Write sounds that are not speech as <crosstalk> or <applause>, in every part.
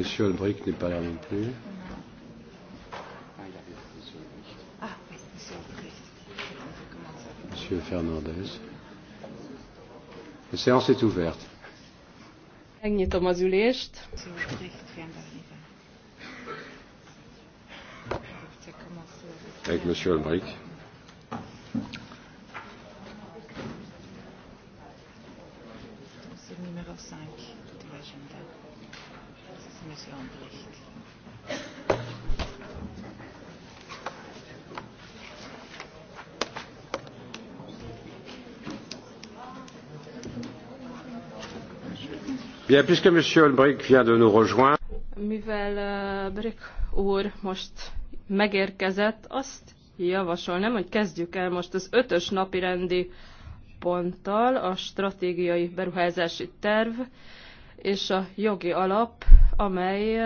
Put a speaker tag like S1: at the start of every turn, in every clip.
S1: Monsieur Olbrich n'est pas là non plus. Monsieur Fernandez. La séance est ouverte.
S2: Megnyitom az ülést.
S1: Avec Monsieur Olbrich. Bien, puisque Monsieur Olbrich vient de nous rejoindre.
S2: Mivel uh, Brick úr most megérkezett, azt javasolnám, hogy kezdjük el most az ötös napi rendi ponttal a stratégiai beruházási terv és a jogi alap, amely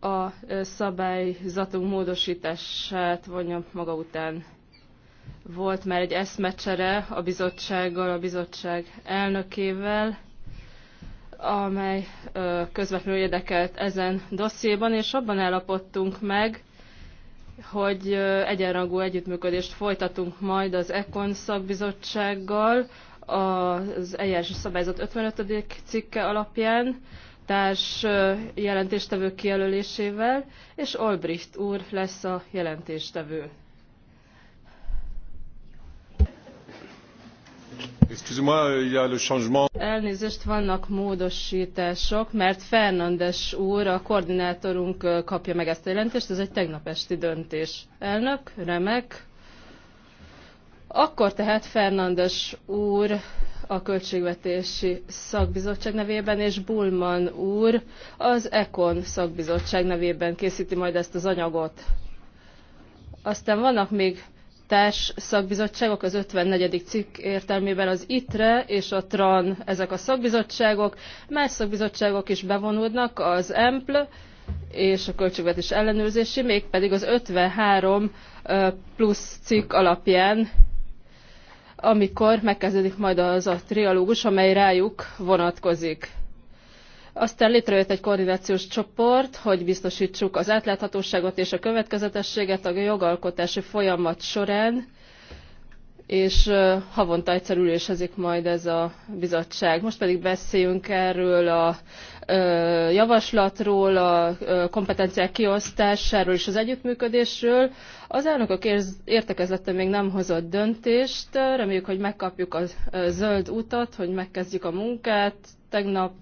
S2: a uh, szabályzatunk módosítását vonja maga után. Volt már egy eszmecsere a bizottsággal, a bizottság elnökével, amely közvetlenül érdekelt ezen dossziéban, és abban állapodtunk meg, hogy egyenrangú együttműködést folytatunk majd az ECON szakbizottsággal az eljárási szabályzat 55. cikke alapján, társ jelentéstevő kijelölésével, és Olbricht úr lesz a jelentéstevő.
S1: Euh,
S2: Elnézést, vannak módosítások, mert Fernandes úr, a koordinátorunk kapja meg ezt a jelentést, ez egy tegnap esti döntés. Elnök, remek. Akkor tehát Fernandes úr a Költségvetési Szakbizottság nevében, és Bulman úr az Ekon Szakbizottság nevében készíti majd ezt az anyagot. Aztán vannak még társ szakbizottságok, az 54. cikk értelmében az ITRE és a TRAN ezek a szakbizottságok, más szakbizottságok is bevonulnak az EMPL és a költségvetés ellenőrzési, mégpedig az 53 plusz cikk alapján, amikor megkezdődik majd az a trialógus, amely rájuk vonatkozik. Aztán létrejött egy koordinációs csoport, hogy biztosítsuk az átláthatóságot és a következetességet a jogalkotási folyamat során, és havonta egyszer ülésezik majd ez a bizottság. Most pedig beszéljünk erről a javaslatról, a kompetenciák kiosztásáról és az együttműködésről. Az elnökök értekezlete még nem hozott döntést. Reméljük, hogy megkapjuk a zöld utat, hogy megkezdjük a munkát. Tegnap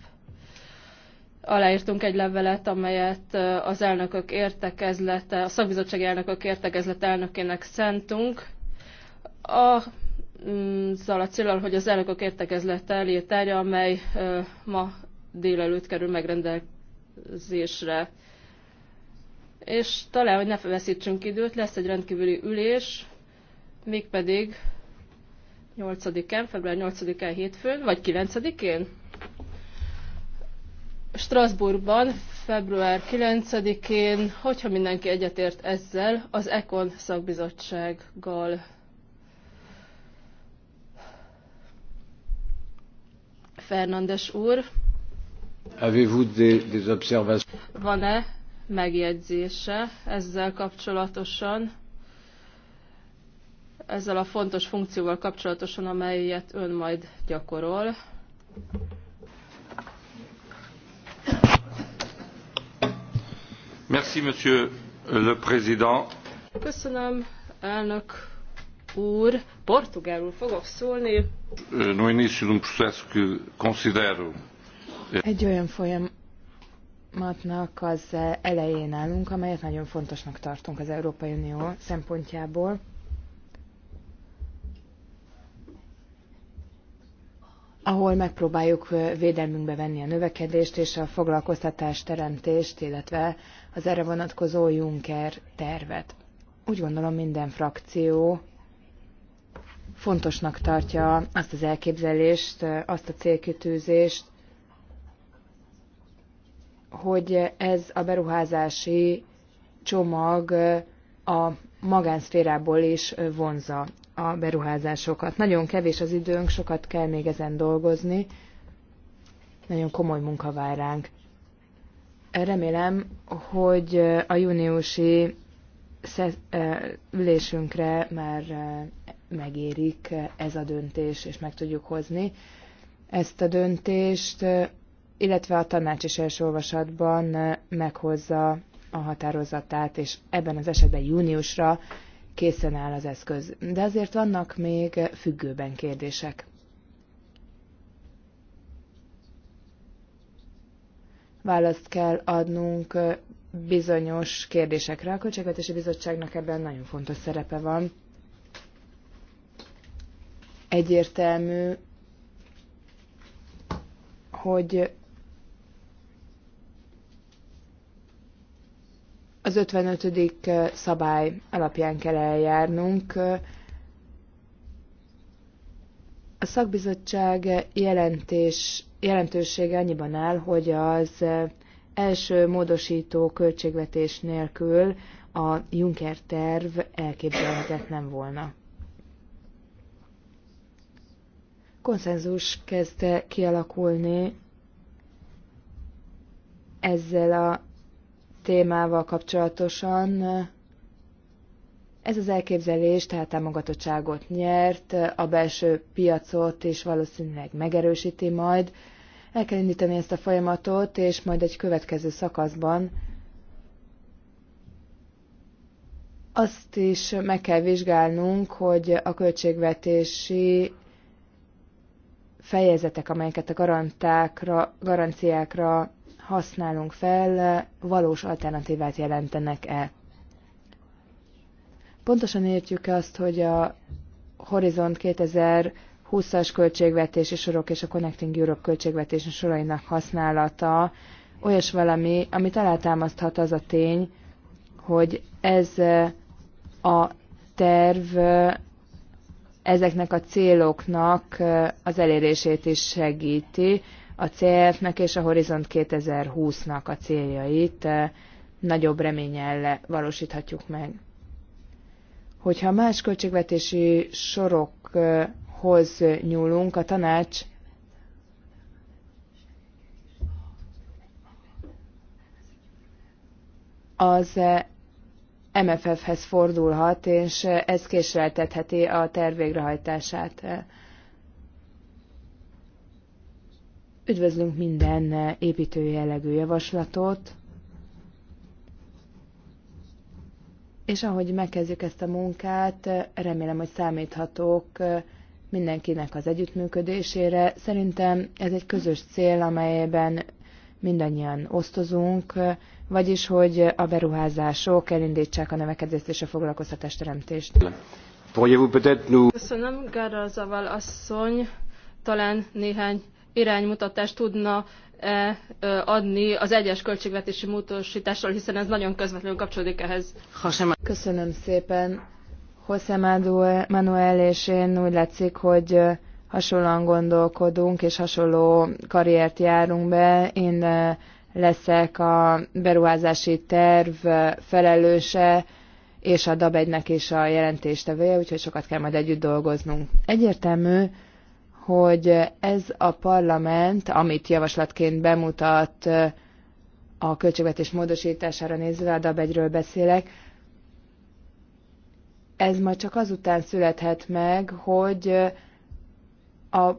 S2: aláírtunk egy levelet, amelyet az elnökök értekezlete, a szakbizottsági elnökök értekezlet elnökének szentünk. A azzal mm, a célral, hogy az elnökök értekezlete elírtárja, amely ma délelőtt kerül megrendelkezésre. És talán, hogy ne veszítsünk időt, lesz egy rendkívüli ülés, mégpedig 8-án, február 8-án hétfőn, vagy 9-én? Strasbourgban február 9-én, hogyha mindenki egyetért ezzel, az ECON szakbizottsággal Fernandes úr. Van-e megjegyzése ezzel kapcsolatosan? ezzel a fontos funkcióval kapcsolatosan, amelyet ön majd gyakorol.
S1: monsieur le président.
S2: elnök úr. Portugálul fogok szólni.
S1: Euh, no início de um processo que considero...
S3: Egy olyan folyamatnak az elején állunk, amelyet nagyon fontosnak tartunk az Európai Unió szempontjából. ahol megpróbáljuk védelmünkbe venni a növekedést és a foglalkoztatás teremtést, illetve az erre vonatkozó Juncker tervet. Úgy gondolom minden frakció fontosnak tartja azt az elképzelést, azt a célkitűzést, hogy ez a beruházási csomag a magánszférából is vonza a beruházásokat. Nagyon kevés az időnk, sokat kell még ezen dolgozni. Nagyon komoly munka vár ránk. Remélem, hogy a júniusi ülésünkre már megérik ez a döntés, és meg tudjuk hozni ezt a döntést, illetve a tanács is első olvasatban meghozza a határozatát, és ebben az esetben júniusra készen áll az eszköz. De azért vannak még függőben kérdések. Választ kell adnunk bizonyos kérdésekre. A Költségvetési Bizottságnak ebben nagyon fontos szerepe van. Egyértelmű, hogy az 55. szabály alapján kell eljárnunk. A szakbizottság jelentés, jelentősége annyiban áll, hogy az első módosító költségvetés nélkül a Juncker terv elképzelhetetlen volna. Konszenzus kezdte kialakulni ezzel a témával kapcsolatosan ez az elképzelés tehát támogatottságot nyert, a belső piacot is valószínűleg megerősíti majd. El kell indítani ezt a folyamatot, és majd egy következő szakaszban azt is meg kell vizsgálnunk, hogy a költségvetési fejezetek, amelyeket a garantákra, garanciákra használunk fel, valós alternatívát jelentenek-e. Pontosan értjük azt, hogy a Horizont 2020-as költségvetési sorok és a Connecting Europe költségvetési sorainak használata olyas valami, amit alátámaszthat az a tény, hogy ez a terv ezeknek a céloknak az elérését is segíti, a cf nek és a Horizont 2020-nak a céljait eh, nagyobb reményel valósíthatjuk meg. Hogyha más költségvetési sorokhoz nyúlunk, a tanács az eh, MFF-hez fordulhat, és eh, ez késleltetheti a terv végrehajtását. Üdvözlünk minden építő jellegű javaslatot, és ahogy megkezdjük ezt a munkát, remélem, hogy számíthatok mindenkinek az együttműködésére. Szerintem ez egy közös cél, amelyben mindannyian osztozunk, vagyis hogy a beruházások elindítsák a növekedést és a foglalkoztatás teremtést.
S2: Köszönöm, Zaval asszony, talán néhány iránymutatást tudna -e adni az egyes költségvetési módosításról, hiszen ez nagyon közvetlenül kapcsolódik ehhez.
S3: Köszönöm szépen. José Manuel és én úgy látszik, hogy hasonlóan gondolkodunk, és hasonló karriert járunk be. Én leszek a beruházási terv felelőse, és a DAB1-nek is a jelentéstevője, úgyhogy sokat kell majd együtt dolgoznunk. Egyértelmű, hogy ez a parlament, amit javaslatként bemutat a költségvetés módosítására nézve, a dab beszélek, ez majd csak azután születhet meg, hogy a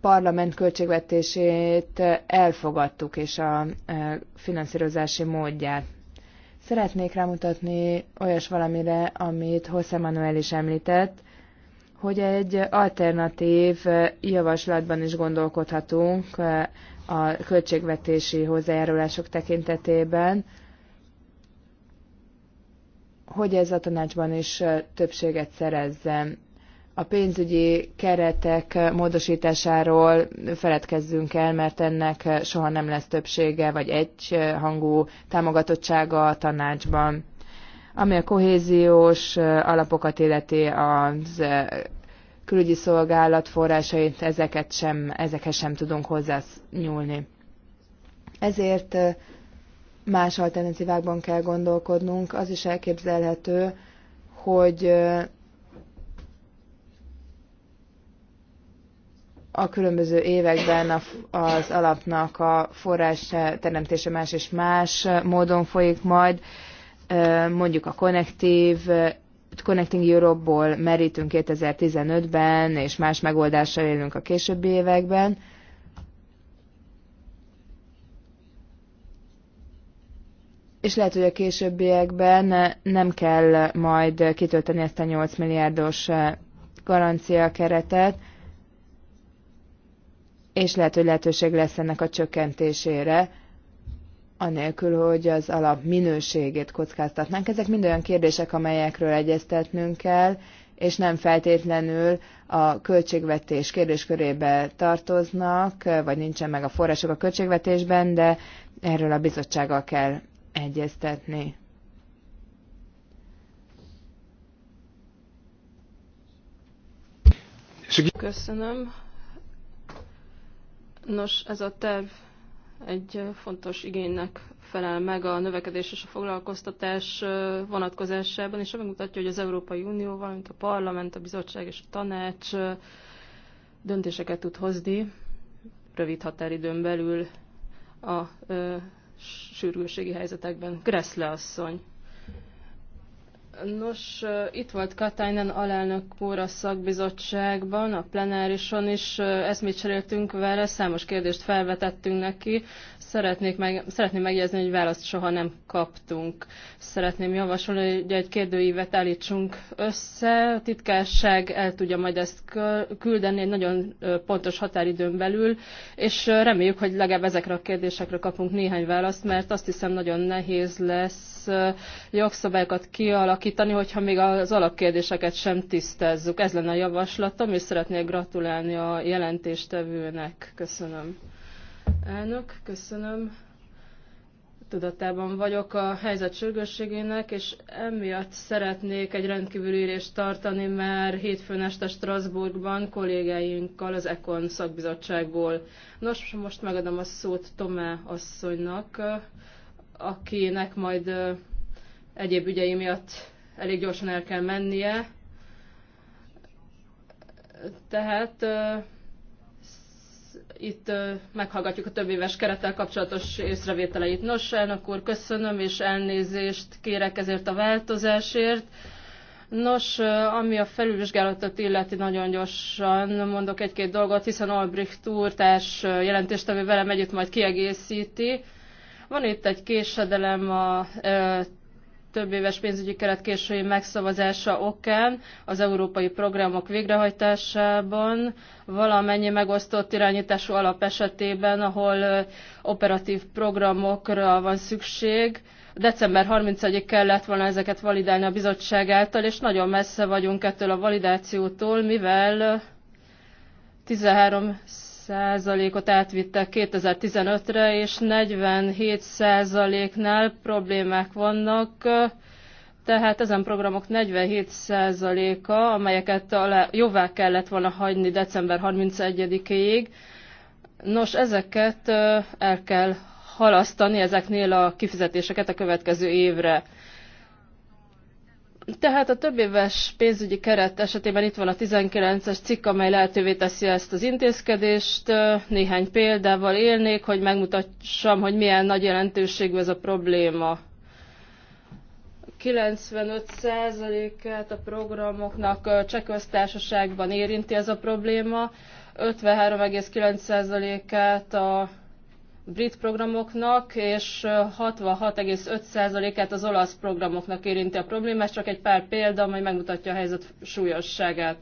S3: parlament költségvetését elfogadtuk, és a finanszírozási módját. Szeretnék rámutatni olyas valamire, amit José Manuel is említett, hogy egy alternatív javaslatban is gondolkodhatunk a költségvetési hozzájárulások tekintetében, hogy ez a tanácsban is többséget szerezzen. A pénzügyi keretek módosításáról feledkezzünk el, mert ennek soha nem lesz többsége vagy hangú támogatottsága a tanácsban ami a kohéziós alapokat illeti az külügyi szolgálat forrásait, ezeket sem, ezekhez sem tudunk hozzányúlni. Ezért más alternatívákban kell gondolkodnunk. Az is elképzelhető, hogy a különböző években az alapnak a forrás teremtése más és más módon folyik majd, mondjuk a konnektív Connecting Europe-ból merítünk 2015-ben, és más megoldással élünk a későbbi években. És lehet, hogy a későbbiekben nem kell majd kitölteni ezt a 8 milliárdos garancia keretet, és lehet, hogy lehetőség lesz ennek a csökkentésére anélkül, hogy az alap minőségét kockáztatnánk. Ezek mind olyan kérdések, amelyekről egyeztetnünk kell, és nem feltétlenül a költségvetés kérdéskörébe tartoznak, vagy nincsen meg a források a költségvetésben, de erről a bizottsággal kell egyeztetni.
S2: Köszönöm. Nos, ez a terv egy fontos igénynek felel meg a növekedés és a foglalkoztatás vonatkozásában, és megmutatja, hogy az Európai Unió, valamint a Parlament, a Bizottság és a Tanács döntéseket tud hozni rövid határidőn belül a sűrűségi helyzetekben. Gressle asszony. Nos, itt volt Katainen alelnök úr a szakbizottságban, a plenárison is eszmét cseréltünk vele, számos kérdést felvetettünk neki. Szeretnék meg, szeretném megjegyezni, hogy választ soha nem kaptunk. Szeretném javasolni, hogy egy kérdőívet állítsunk össze. A titkárság el tudja majd ezt küldeni egy nagyon pontos határidőn belül, és reméljük, hogy legalább ezekre a kérdésekre kapunk néhány választ, mert azt hiszem nagyon nehéz lesz jogszabályokat kialakítani, hogyha még az alapkérdéseket sem tisztázzuk. Ez lenne a javaslatom, és szeretnék gratulálni a jelentéstevőnek. Köszönöm. Elnök, köszönöm. Tudatában vagyok a helyzet sürgősségének, és emiatt szeretnék egy rendkívüli írést tartani, mert hétfőn este Strasbourgban kollégáinkkal az Ekon szakbizottságból. Nos, most megadom a szót Tomá asszonynak, akinek majd egyéb ügyei miatt elég gyorsan el kell mennie. Tehát itt meghallgatjuk a több éves kerettel kapcsolatos észrevételeit. Nos, elnök úr, köszönöm, és elnézést kérek ezért a változásért. Nos, ami a felülvizsgálatot illeti, nagyon gyorsan mondok egy-két dolgot, hiszen Albrecht úr társ ami velem együtt majd kiegészíti. Van itt egy késedelem a több éves pénzügyi keret késői megszavazása okán az európai programok végrehajtásában, valamennyi megosztott irányítású alap esetében, ahol operatív programokra van szükség, december 30-ig kellett volna ezeket validálni a bizottság által, és nagyon messze vagyunk ettől a validációtól, mivel 13 százalékot átvittek 2015-re, és 47 százaléknál problémák vannak, tehát ezen programok 47 a amelyeket alá, jóvá kellett volna hagyni december 31-ig, nos, ezeket el kell halasztani, ezeknél a kifizetéseket a következő évre. Tehát a több éves pénzügyi keret esetében itt van a 19-es cikk, amely lehetővé teszi ezt az intézkedést. Néhány példával élnék, hogy megmutassam, hogy milyen nagy jelentőségű ez a probléma. 95%-át a programoknak csekköztársaságban érinti ez a probléma, 53,9%-át a brit programoknak, és 66,5%-át az olasz programoknak érinti a problémát, csak egy pár példa, amely megmutatja a helyzet súlyosságát.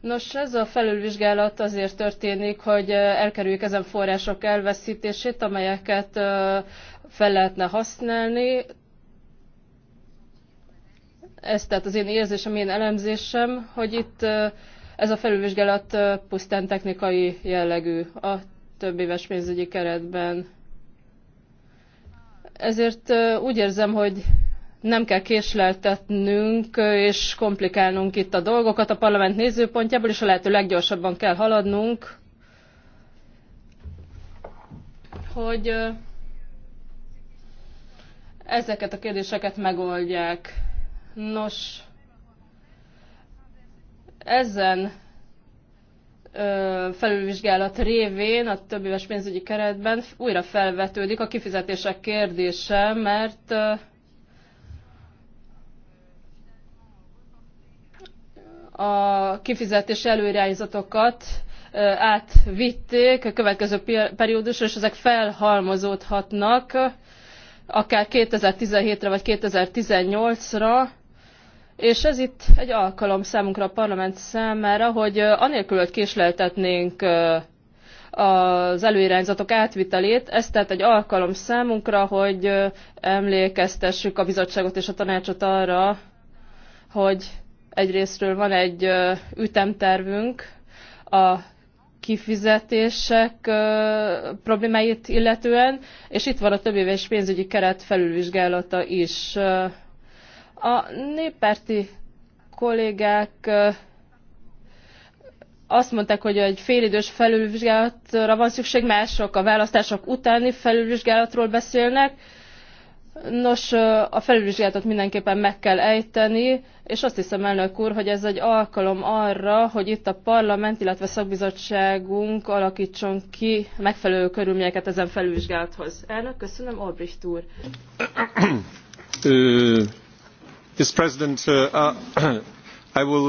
S2: Nos, ez a felülvizsgálat azért történik, hogy elkerüljük ezen források elveszítését, amelyeket fel lehetne használni. Ez tehát az én érzésem, én elemzésem, hogy itt ez a felülvizsgálat pusztán technikai jellegű. A több éves pénzügyi keretben. Ezért úgy érzem, hogy nem kell késleltetnünk és komplikálnunk itt a dolgokat a parlament nézőpontjából, és a lehető leggyorsabban kell haladnunk, hogy ezeket a kérdéseket megoldják. Nos, ezen felülvizsgálat révén a több éves pénzügyi keretben újra felvetődik a kifizetések kérdése, mert a kifizetés előirányzatokat átvitték a következő periódusra, és ezek felhalmozódhatnak akár 2017-re vagy 2018-ra, és ez itt egy alkalom számunkra a parlament számára, hogy anélkül, hogy késleltetnénk az előirányzatok átvitelét. Ez tehát egy alkalom számunkra, hogy emlékeztessük a bizottságot és a tanácsot arra, hogy egyrésztről van egy ütemtervünk a kifizetések problémáit illetően, és itt van a több éves pénzügyi keret felülvizsgálata is. A néppárti kollégák azt mondták, hogy egy félidős felülvizsgálatra van szükség, mások a választások utáni felülvizsgálatról beszélnek. Nos, a felülvizsgálatot mindenképpen meg kell ejteni, és azt hiszem, elnök úr, hogy ez egy alkalom arra, hogy itt a parlament, illetve szakbizottságunk alakítson ki megfelelő körülményeket ezen felülvizsgálathoz. Elnök, köszönöm, Albrecht úr.
S1: Uh, uh,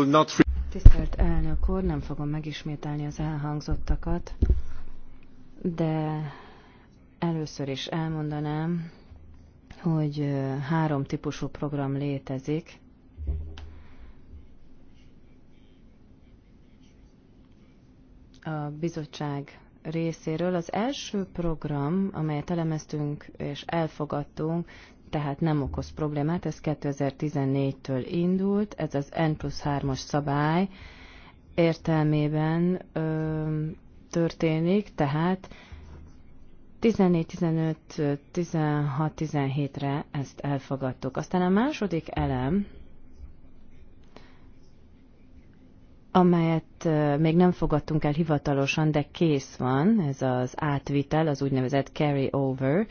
S1: <coughs> Tisztelt
S4: elnök úr, nem fogom megismételni az elhangzottakat, de először is elmondanám, hogy uh, három típusú program létezik. A bizottság részéről az első program, amelyet elemeztünk és elfogadtunk, tehát nem okoz problémát, ez 2014-től indult, ez az N plusz 3-os szabály értelmében ö, történik, tehát 14, 15, 16, 17-re ezt elfogadtuk. Aztán a második elem, amelyet még nem fogadtunk el hivatalosan, de kész van, ez az átvitel, az úgynevezett carry over,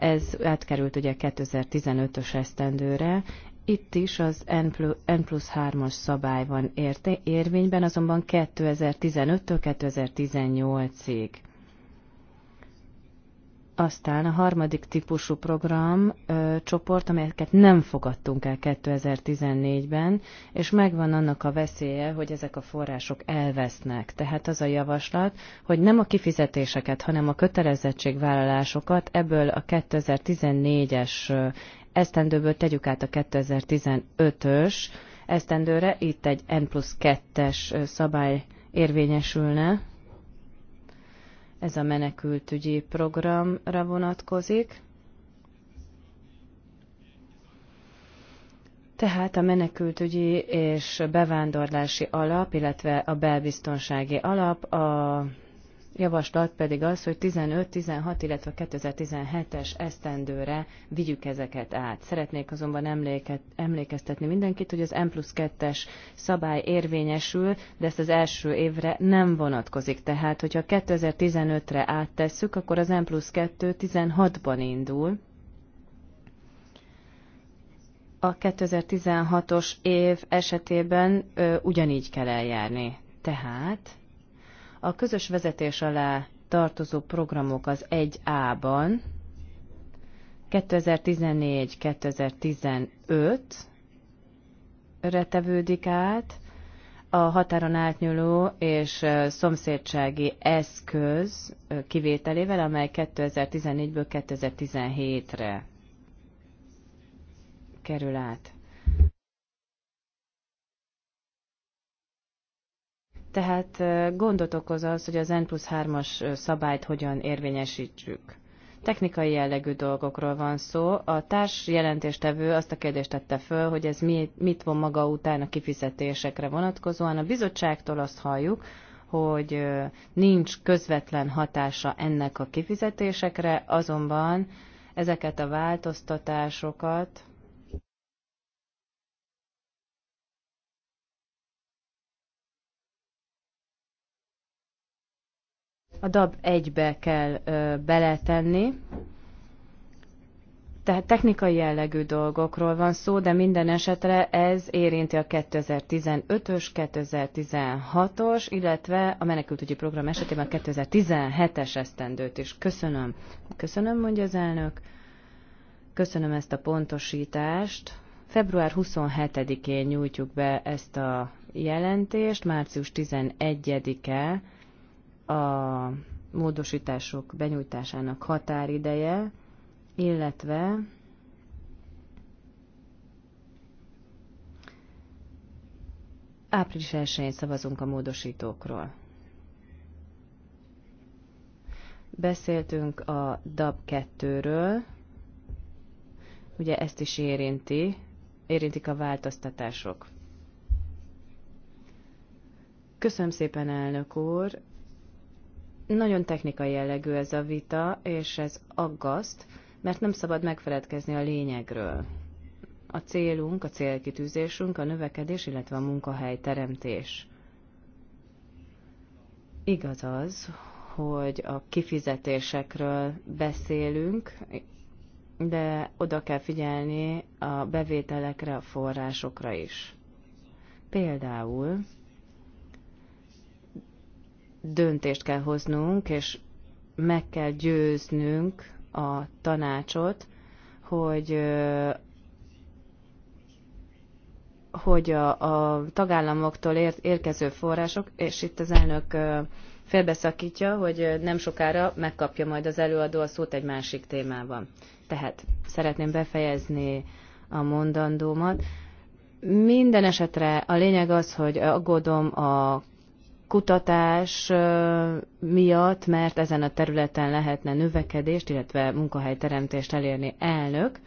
S4: ez átkerült ugye 2015-ös esztendőre, itt is az N plusz 3-as szabály van érte, érvényben, azonban 2015-től 2018-ig. Aztán a harmadik típusú program ö, csoport, amelyeket nem fogadtunk el 2014-ben, és megvan annak a veszélye, hogy ezek a források elvesznek. Tehát az a javaslat, hogy nem a kifizetéseket, hanem a kötelezettségvállalásokat ebből a 2014-es esztendőből tegyük át a 2015-ös esztendőre, itt egy N plusz 2-es szabály érvényesülne, ez a menekültügyi programra vonatkozik. Tehát a menekültügyi és bevándorlási alap, illetve a belbiztonsági alap a javaslat pedig az, hogy 15, 16, illetve 2017-es esztendőre vigyük ezeket át. Szeretnék azonban emléket, emlékeztetni mindenkit, hogy az M plusz 2-es szabály érvényesül, de ezt az első évre nem vonatkozik. Tehát, hogyha 2015-re áttesszük, akkor az M plusz 2 16-ban indul. A 2016-os év esetében ö, ugyanígy kell eljárni. Tehát a közös vezetés alá tartozó programok az 1A-ban 2014-2015-re tevődik át, a határon átnyúló és szomszédsági eszköz kivételével, amely 2014-ből 2017-re kerül át. Tehát gondot okoz az, hogy az N plusz 3-as szabályt hogyan érvényesítsük. Technikai jellegű dolgokról van szó. A társ jelentéstevő azt a kérdést tette föl, hogy ez mit von maga után a kifizetésekre vonatkozóan. A bizottságtól azt halljuk, hogy nincs közvetlen hatása ennek a kifizetésekre, azonban ezeket a változtatásokat a DAB egybe kell ö, beletenni. Tehát technikai jellegű dolgokról van szó, de minden esetre ez érinti a 2015-ös, 2016-os, illetve a menekültügyi program esetében a 2017-es esztendőt is. Köszönöm. Köszönöm, mondja az elnök. Köszönöm ezt a pontosítást. Február 27-én nyújtjuk be ezt a jelentést, március 11-e a módosítások benyújtásának határideje, illetve április 1-én szavazunk a módosítókról. Beszéltünk a DAB 2-ről, ugye ezt is érinti, érintik a változtatások. Köszönöm szépen, elnök úr! Nagyon technikai jellegű ez a vita, és ez aggaszt, mert nem szabad megfeledkezni a lényegről. A célunk, a célkitűzésünk a növekedés, illetve a munkahely teremtés. Igaz az, hogy a kifizetésekről beszélünk, de oda kell figyelni a bevételekre, a forrásokra is. Például döntést kell hoznunk, és meg kell győznünk a tanácsot, hogy hogy a, a tagállamoktól ér, érkező források, és itt az elnök félbeszakítja, hogy nem sokára megkapja majd az előadó a szót egy másik témában. Tehát szeretném befejezni a mondandómat. Minden esetre a lényeg az, hogy aggódom a kutatás miatt, mert ezen a területen lehetne növekedést, illetve munkahelyteremtést elérni elnök.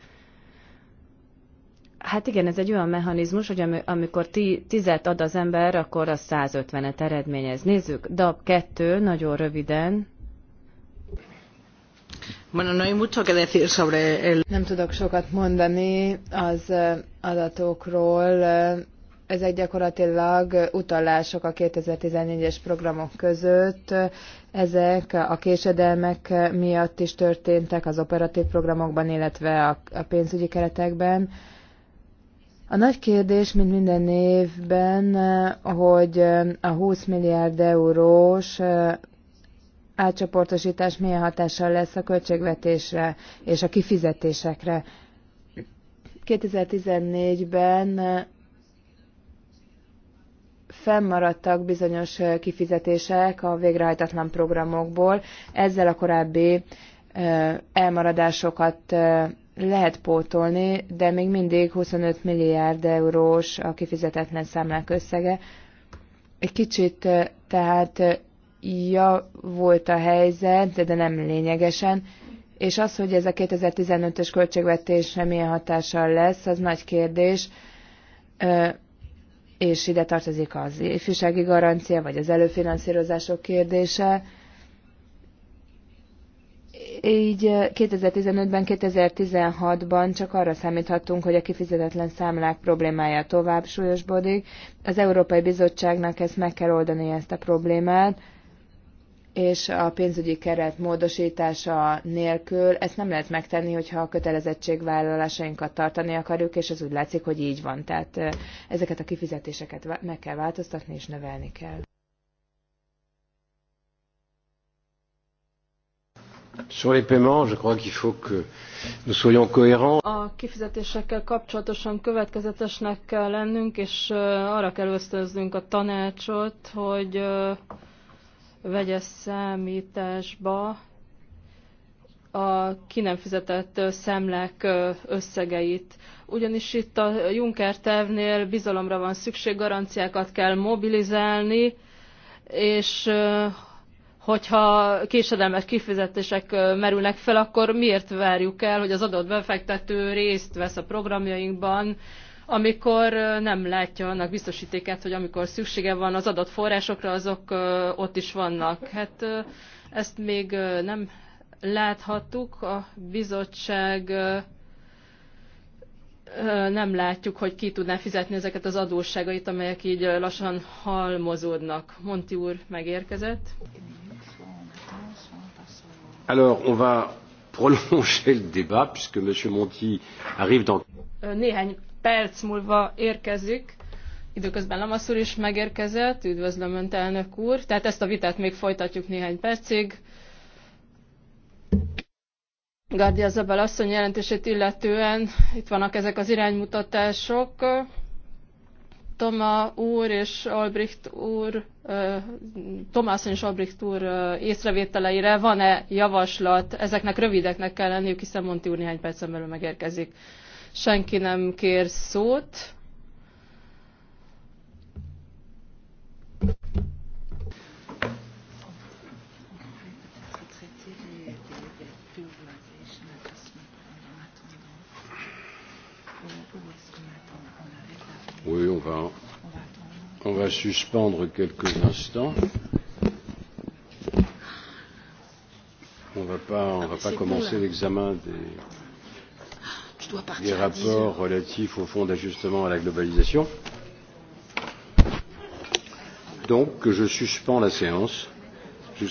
S4: Hát igen, ez egy olyan mechanizmus, hogy amikor ti, tizet ad az ember, akkor az 150-et eredményez. Nézzük, DAB 2, nagyon röviden. Nem tudok sokat mondani az
S3: adatokról, ezek gyakorlatilag utalások a 2014-es programok között. Ezek a késedelmek miatt is történtek az operatív programokban, illetve a pénzügyi keretekben. A nagy kérdés, mint minden évben, hogy a 20 milliárd eurós átcsoportosítás milyen hatással lesz a költségvetésre és a kifizetésekre. 2014-ben fennmaradtak bizonyos kifizetések a végrehajtatlan programokból. Ezzel a korábbi elmaradásokat lehet pótolni, de még mindig 25 milliárd eurós a kifizetetlen számlák összege. Egy kicsit tehát ja, volt a helyzet, de nem lényegesen, és az, hogy ez a 2015-ös költségvetésre milyen hatással lesz, az nagy kérdés és ide tartozik az ifjúsági garancia, vagy az előfinanszírozások kérdése. Így 2015-ben, eh, 2016-ban csak arra számíthatunk, hogy a kifizetetlen számlák problémája tovább súlyosbodik. Az Európai Bizottságnak ezt meg kell oldani ezt a problémát és a pénzügyi keret módosítása nélkül ezt nem lehet megtenni, hogyha a kötelezettségvállalásainkat tartani akarjuk, és ez úgy látszik, hogy így van. Tehát ezeket a kifizetéseket meg kell változtatni, és növelni kell.
S1: Sur les paiements, je crois qu'il faut que nous soyons cohérents.
S2: A kifizetésekkel kapcsolatosan következetesnek kell lennünk, és arra kell ösztönöznünk a tanácsot, hogy vegye számításba a ki nem fizetett szemlek összegeit. Ugyanis itt a Juncker tervnél bizalomra van szükség, garanciákat kell mobilizálni, és hogyha késedelmes kifizetések merülnek fel, akkor miért várjuk el, hogy az adott befektető részt vesz a programjainkban, amikor nem látja annak biztosítéket, hogy amikor szüksége van az adatforrásokra, azok ott is vannak. Hát ezt még nem láthattuk, a bizottság nem látjuk, hogy ki tudná fizetni ezeket az adósságait, amelyek így lassan halmozódnak. Monti úr megérkezett.
S1: Alors, on va prolonger le débat, puisque M. Monti arrive dans...
S2: Néhány perc múlva érkezik. Időközben Lamaszúr is megérkezett, üdvözlöm Önt, elnök úr. Tehát ezt a vitát még folytatjuk néhány percig. Gárdia Zabel asszony jelentését illetően itt vannak ezek az iránymutatások. Toma úr és Albrecht úr, Tomás és Albrecht úr észrevételeire van-e javaslat? Ezeknek rövideknek kell lenniük, hiszen Monti úr néhány percen belül megérkezik senki nem kér szót.
S1: Oui, on va, on va suspendre quelques instants. On ne va pas, on va pas commencer l'examen des des rapports relatifs au fonds d'ajustement à la globalisation. Donc, je suspends la séance. Je...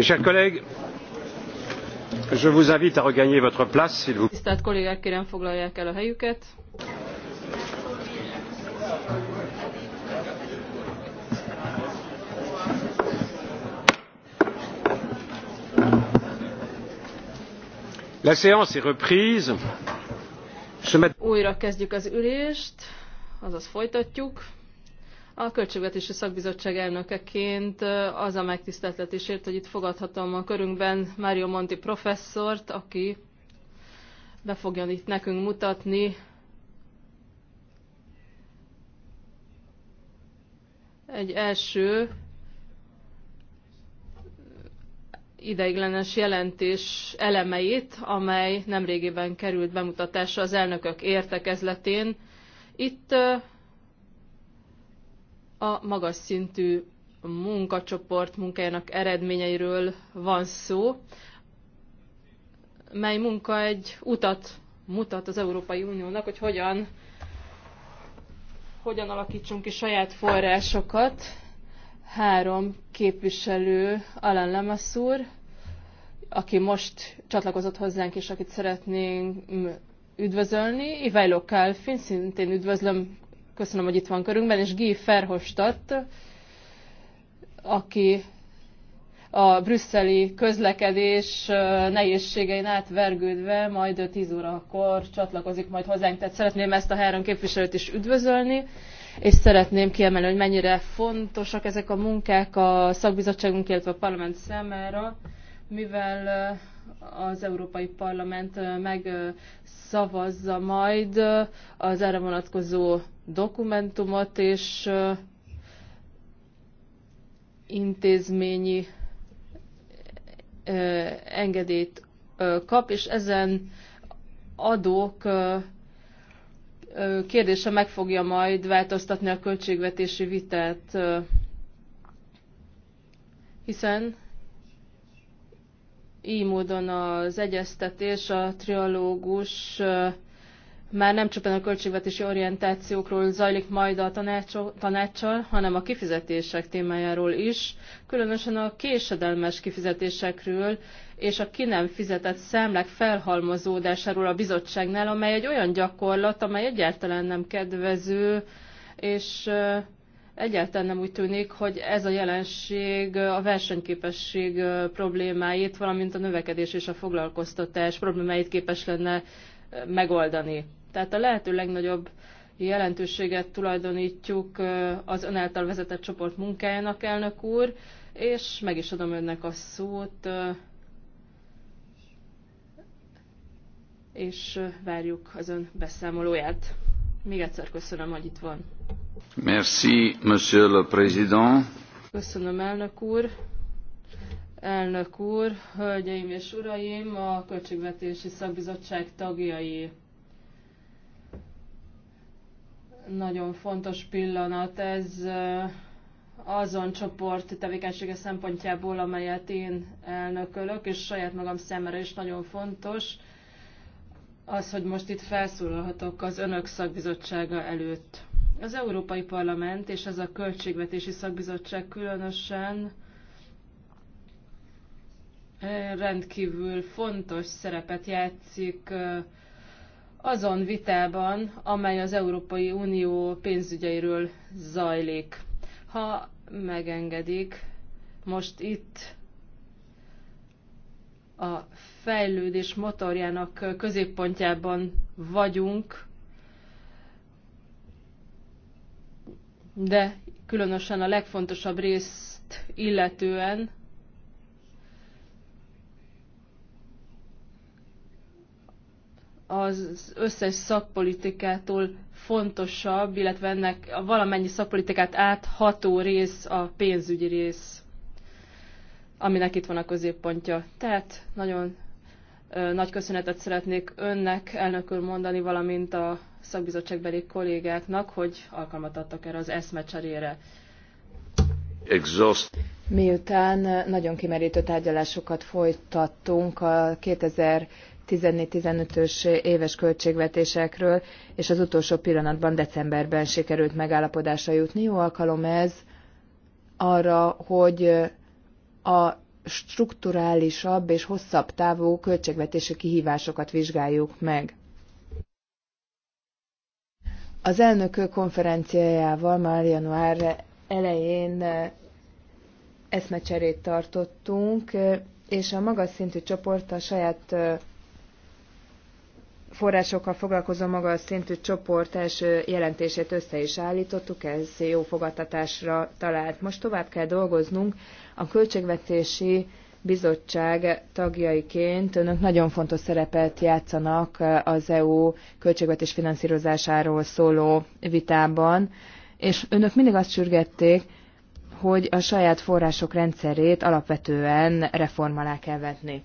S1: chers collègues, je vous invite à regagner votre place, s'il vous plaît.
S2: Tisztelt kollégák, kérem foglalják el a helyüket.
S1: La séance est reprise.
S2: Újra kezdjük az ülést, azaz folytatjuk. A Költségvetési Szakbizottság elnökeként az a megtiszteltetésért, hogy itt fogadhatom a körünkben Mário Monti professzort, aki be fogja itt nekünk mutatni egy első ideiglenes jelentés elemeit, amely nemrégében került bemutatásra az elnökök értekezletén. Itt a magas szintű munkacsoport munkájának eredményeiről van szó, mely munka egy utat mutat az Európai Uniónak, hogy hogyan, hogyan alakítsunk ki saját forrásokat. Három képviselő, Alan Lemassur, aki most csatlakozott hozzánk, és akit szeretnénk üdvözölni. Ivailo Kálfin, szintén üdvözlöm köszönöm, hogy itt van körünkben, és Guy Verhofstadt, aki a brüsszeli közlekedés nehézségein átvergődve, majd 10 órakor csatlakozik majd hozzánk. Tehát szeretném ezt a három képviselőt is üdvözölni, és szeretném kiemelni, hogy mennyire fontosak ezek a munkák a szakbizottságunk, illetve a parlament számára mivel az Európai Parlament megszavazza majd az erre vonatkozó dokumentumot, és intézményi engedélyt kap, és ezen adók kérdése meg fogja majd változtatni a költségvetési vitát, hiszen így módon az egyeztetés, a trialógus már nem csupán a költségvetési orientációkról zajlik majd a tanácssal, hanem a kifizetések témájáról is, különösen a késedelmes kifizetésekről és a ki nem fizetett számlák felhalmozódásáról a bizottságnál, amely egy olyan gyakorlat, amely egyáltalán nem kedvező, és Egyáltalán nem úgy tűnik, hogy ez a jelenség a versenyképesség problémáit, valamint a növekedés és a foglalkoztatás problémáit képes lenne megoldani. Tehát a lehető legnagyobb jelentőséget tulajdonítjuk az ön által vezetett csoport munkájának, elnök úr, és meg is adom önnek a szót, és várjuk az ön beszámolóját. Még egyszer köszönöm, hogy itt van. Köszönöm, elnök úr. Elnök úr, hölgyeim és uraim, a Költségvetési Szakbizottság tagjai. Nagyon fontos pillanat ez eh, azon csoport tevékenysége szempontjából, amelyet én elnökölök, és saját magam számára is nagyon fontos az, hogy most itt felszólalhatok az önök szakbizottsága előtt. Az Európai Parlament és ez a Költségvetési Szakbizottság különösen eh, rendkívül fontos szerepet játszik eh, azon vitában, amely az Európai Unió pénzügyeiről zajlik. Ha megengedik, most itt a fejlődés motorjának középpontjában vagyunk, de különösen a legfontosabb részt illetően az összes szakpolitikától fontosabb, illetve ennek a valamennyi szakpolitikát átható rész a pénzügyi rész, aminek itt van a középpontja. Tehát nagyon nagy köszönetet szeretnék önnek, elnökül mondani, valamint a szakbizottságbeli kollégáknak, hogy alkalmat adtak erre az eszmecserére.
S1: Exhaust.
S3: Miután nagyon kimerítő tárgyalásokat folytattunk a 2000 14-15-ös éves költségvetésekről, és az utolsó pillanatban decemberben sikerült megállapodásra jutni. Jó alkalom ez arra, hogy a strukturálisabb és hosszabb távú költségvetési kihívásokat vizsgáljuk meg. Az elnök konferenciájával már január elején eh, eszmecserét tartottunk, eh, és a magas szintű csoport a saját eh, forrásokkal foglalkozó magas szintű csoport első jelentését össze is állítottuk, ez jó fogadtatásra talált. Most tovább kell dolgoznunk a költségvetési bizottság tagjaiként önök nagyon fontos szerepet játszanak az EU költségvetés finanszírozásáról szóló vitában, és önök mindig azt sürgették, hogy a saját források rendszerét alapvetően reform alá kell vetni.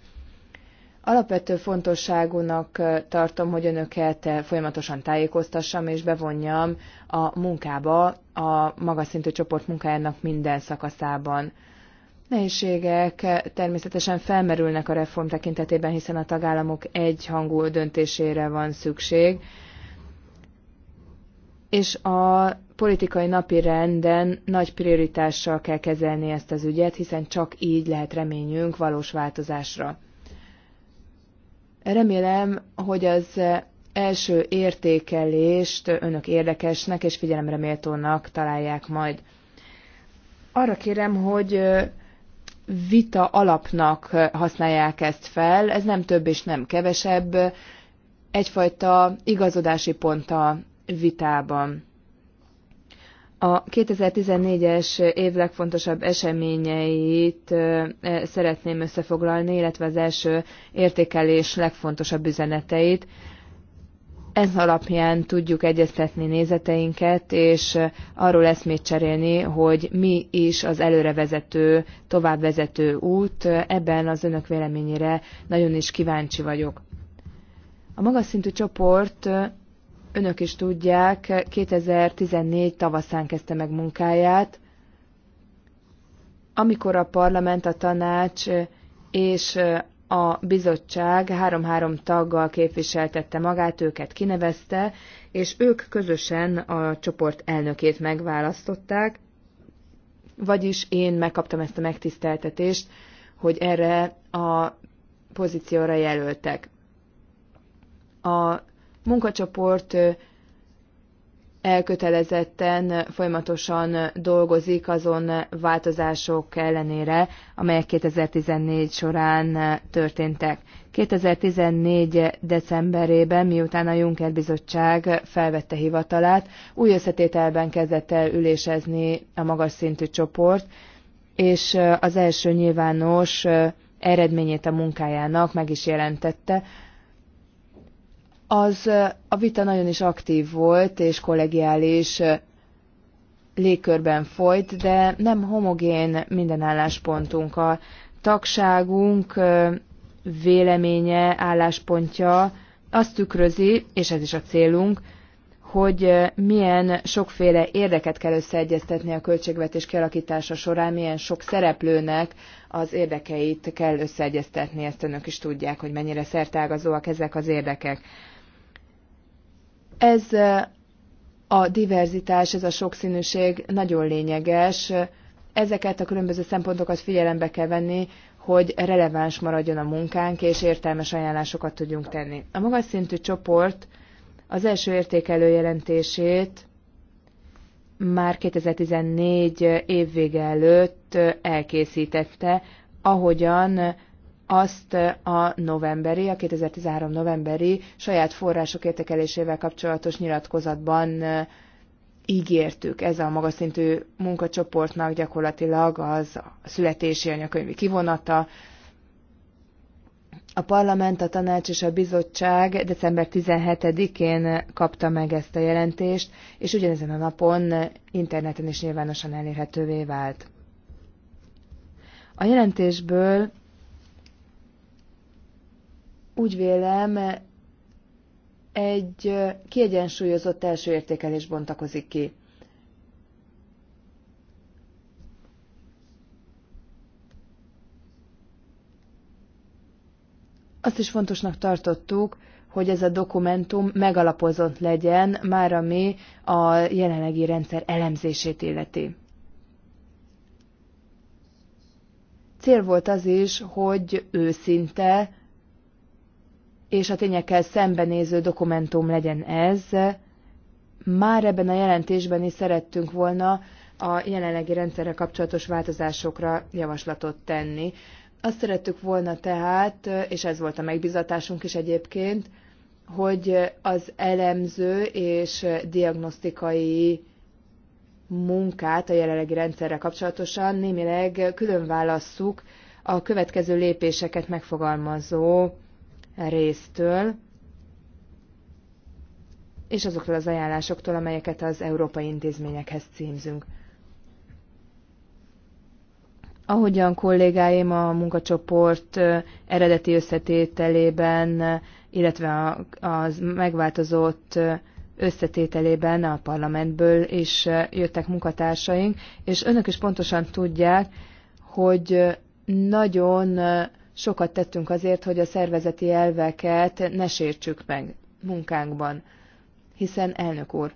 S3: Alapvető fontosságúnak tartom, hogy önöket folyamatosan tájékoztassam és bevonjam a munkába a magas szintű csoport munkájának minden szakaszában. Nehézségek természetesen felmerülnek a reform tekintetében, hiszen a tagállamok egyhangú döntésére van szükség, és a politikai napi renden nagy prioritással kell kezelni ezt az ügyet, hiszen csak így lehet reményünk valós változásra. Remélem, hogy az első értékelést önök érdekesnek és figyelemre méltónak találják majd. Arra kérem, hogy vita alapnak használják ezt fel, ez nem több és nem kevesebb, egyfajta igazodási pont a vitában a 2014-es év legfontosabb eseményeit szeretném összefoglalni, illetve az első értékelés legfontosabb üzeneteit. Ez alapján tudjuk egyeztetni nézeteinket, és arról eszmét cserélni, hogy mi is az előrevezető, továbbvezető út. Ebben az önök véleményére nagyon is kíváncsi vagyok. A magas szintű csoport Önök is tudják, 2014 tavaszán kezdte meg munkáját, amikor a parlament, a tanács és a bizottság három-három taggal képviseltette magát, őket kinevezte, és ők közösen a csoport elnökét megválasztották, vagyis én megkaptam ezt a megtiszteltetést, hogy erre a pozícióra jelöltek. A munkacsoport elkötelezetten folyamatosan dolgozik azon változások ellenére, amelyek 2014 során történtek. 2014. decemberében, miután a Juncker Bizottság felvette hivatalát, új összetételben kezdett el ülésezni a magas szintű csoport, és az első nyilvános eredményét a munkájának meg is jelentette, az a vita nagyon is aktív volt, és kollegiális légkörben folyt, de nem homogén minden álláspontunk. A tagságunk véleménye, álláspontja azt tükrözi, és ez is a célunk, hogy milyen sokféle érdeket kell összeegyeztetni a költségvetés kialakítása során, milyen sok szereplőnek az érdekeit kell összeegyeztetni, ezt önök is tudják, hogy mennyire szertágazóak ezek az érdekek. Ez a diverzitás, ez a sokszínűség nagyon lényeges. Ezeket a különböző szempontokat figyelembe kell venni, hogy releváns maradjon a munkánk, és értelmes ajánlásokat tudjunk tenni. A magas szintű csoport az első értékelő jelentését már 2014 évvége előtt elkészítette, ahogyan azt a novemberi, a 2013 novemberi saját források értékelésével kapcsolatos nyilatkozatban ígértük. Ez a magas szintű munkacsoportnak gyakorlatilag az a születési anyakönyvi kivonata. A parlament, a tanács és a bizottság december 17-én kapta meg ezt a jelentést, és ugyanezen a napon interneten is nyilvánosan elérhetővé vált. A jelentésből úgy vélem, egy kiegyensúlyozott első értékelés bontakozik ki. Azt is fontosnak tartottuk, hogy ez a dokumentum megalapozott legyen, már ami a jelenlegi rendszer elemzését illeti. Cél volt az is, hogy őszinte, és a tényekkel szembenéző dokumentum legyen ez. Már ebben a jelentésben is szerettünk volna a jelenlegi rendszerre kapcsolatos változásokra javaslatot tenni. Azt szerettük volna tehát, és ez volt a megbizatásunk is egyébként, hogy az elemző és diagnosztikai munkát a jelenlegi rendszerre kapcsolatosan némileg külön válasszuk a következő lépéseket megfogalmazó résztől, és azokról az ajánlásoktól, amelyeket az európai intézményekhez címzünk. Ahogyan kollégáim a munkacsoport eredeti összetételében, illetve az megváltozott összetételében a parlamentből is jöttek munkatársaink, és önök is pontosan tudják, hogy nagyon sokat tettünk azért, hogy a szervezeti elveket ne sértsük meg munkánkban, hiszen elnök úr,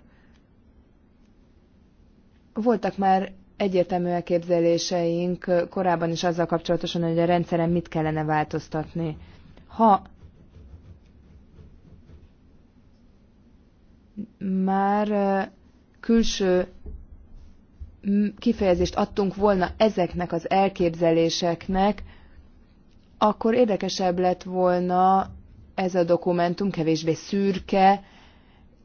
S3: voltak már egyértelmű elképzeléseink korábban is azzal kapcsolatosan, hogy a rendszeren mit kellene változtatni. Ha már külső kifejezést adtunk volna ezeknek az elképzeléseknek, akkor érdekesebb lett volna ez a dokumentum, kevésbé szürke,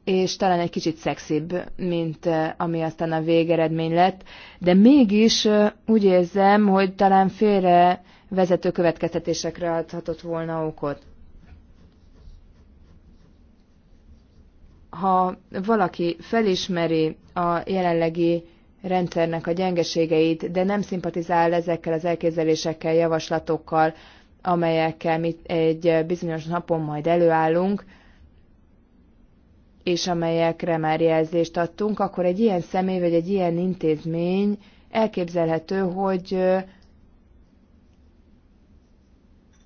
S3: és talán egy kicsit szexibb, mint eh, ami aztán a végeredmény lett, de mégis eh, úgy érzem, hogy talán félre vezető következtetésekre adhatott volna okot. Ha valaki felismeri a jelenlegi rendszernek a gyengeségeit, de nem szimpatizál ezekkel az elképzelésekkel, javaslatokkal, amelyekkel mi egy bizonyos napon majd előállunk, és amelyekre már jelzést adtunk, akkor egy ilyen személy vagy egy ilyen intézmény elképzelhető, hogy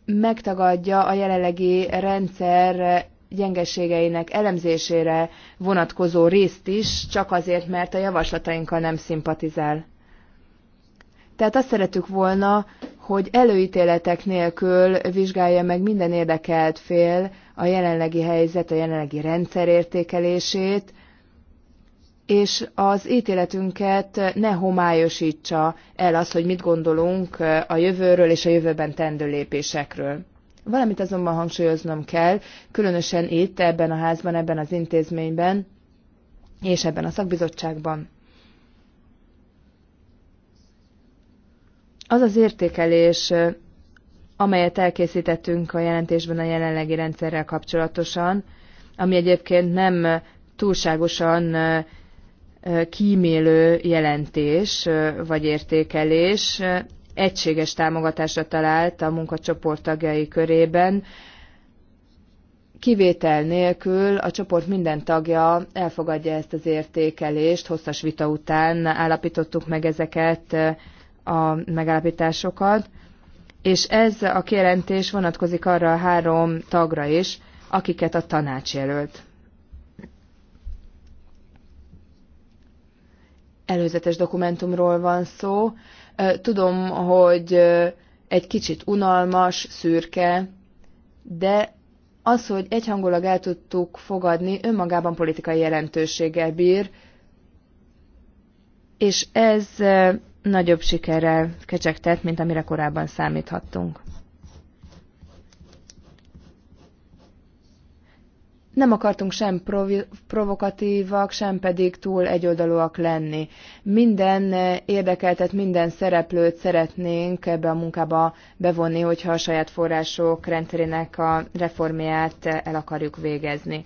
S3: megtagadja a jelenlegi rendszer gyengeségeinek elemzésére vonatkozó részt is, csak azért, mert a javaslatainkkal nem szimpatizál. Tehát azt szeretük volna, hogy előítéletek nélkül vizsgálja meg minden érdekelt fél a jelenlegi helyzet, a jelenlegi rendszer értékelését, és az ítéletünket ne homályosítsa el az, hogy mit gondolunk a jövőről és a jövőben tendő lépésekről. Valamit azonban hangsúlyoznom kell, különösen itt, ebben a házban, ebben az intézményben és ebben a szakbizottságban. Az az értékelés, amelyet elkészítettünk a jelentésben a jelenlegi rendszerrel kapcsolatosan, ami egyébként nem túlságosan kímélő jelentés vagy értékelés, egységes támogatásra talált a munkacsoport tagjai körében, kivétel nélkül a csoport minden tagja elfogadja ezt az értékelést, hosszas vita után állapítottuk meg ezeket a megállapításokat, és ez a kijelentés vonatkozik arra a három tagra is, akiket a tanács jelölt. Előzetes dokumentumról van szó. Tudom, hogy egy kicsit unalmas, szürke, de az, hogy egyhangulag el tudtuk fogadni, önmagában politikai jelentőséggel bír, és ez nagyobb sikerrel kecsegtet, mint amire korábban számíthattunk. nem akartunk sem provi- provokatívak, sem pedig túl egyoldalúak lenni. Minden eh, érdekeltet, minden szereplőt szeretnénk ebbe a munkába bevonni, hogyha a saját források rendszerének a reformját eh, el akarjuk végezni.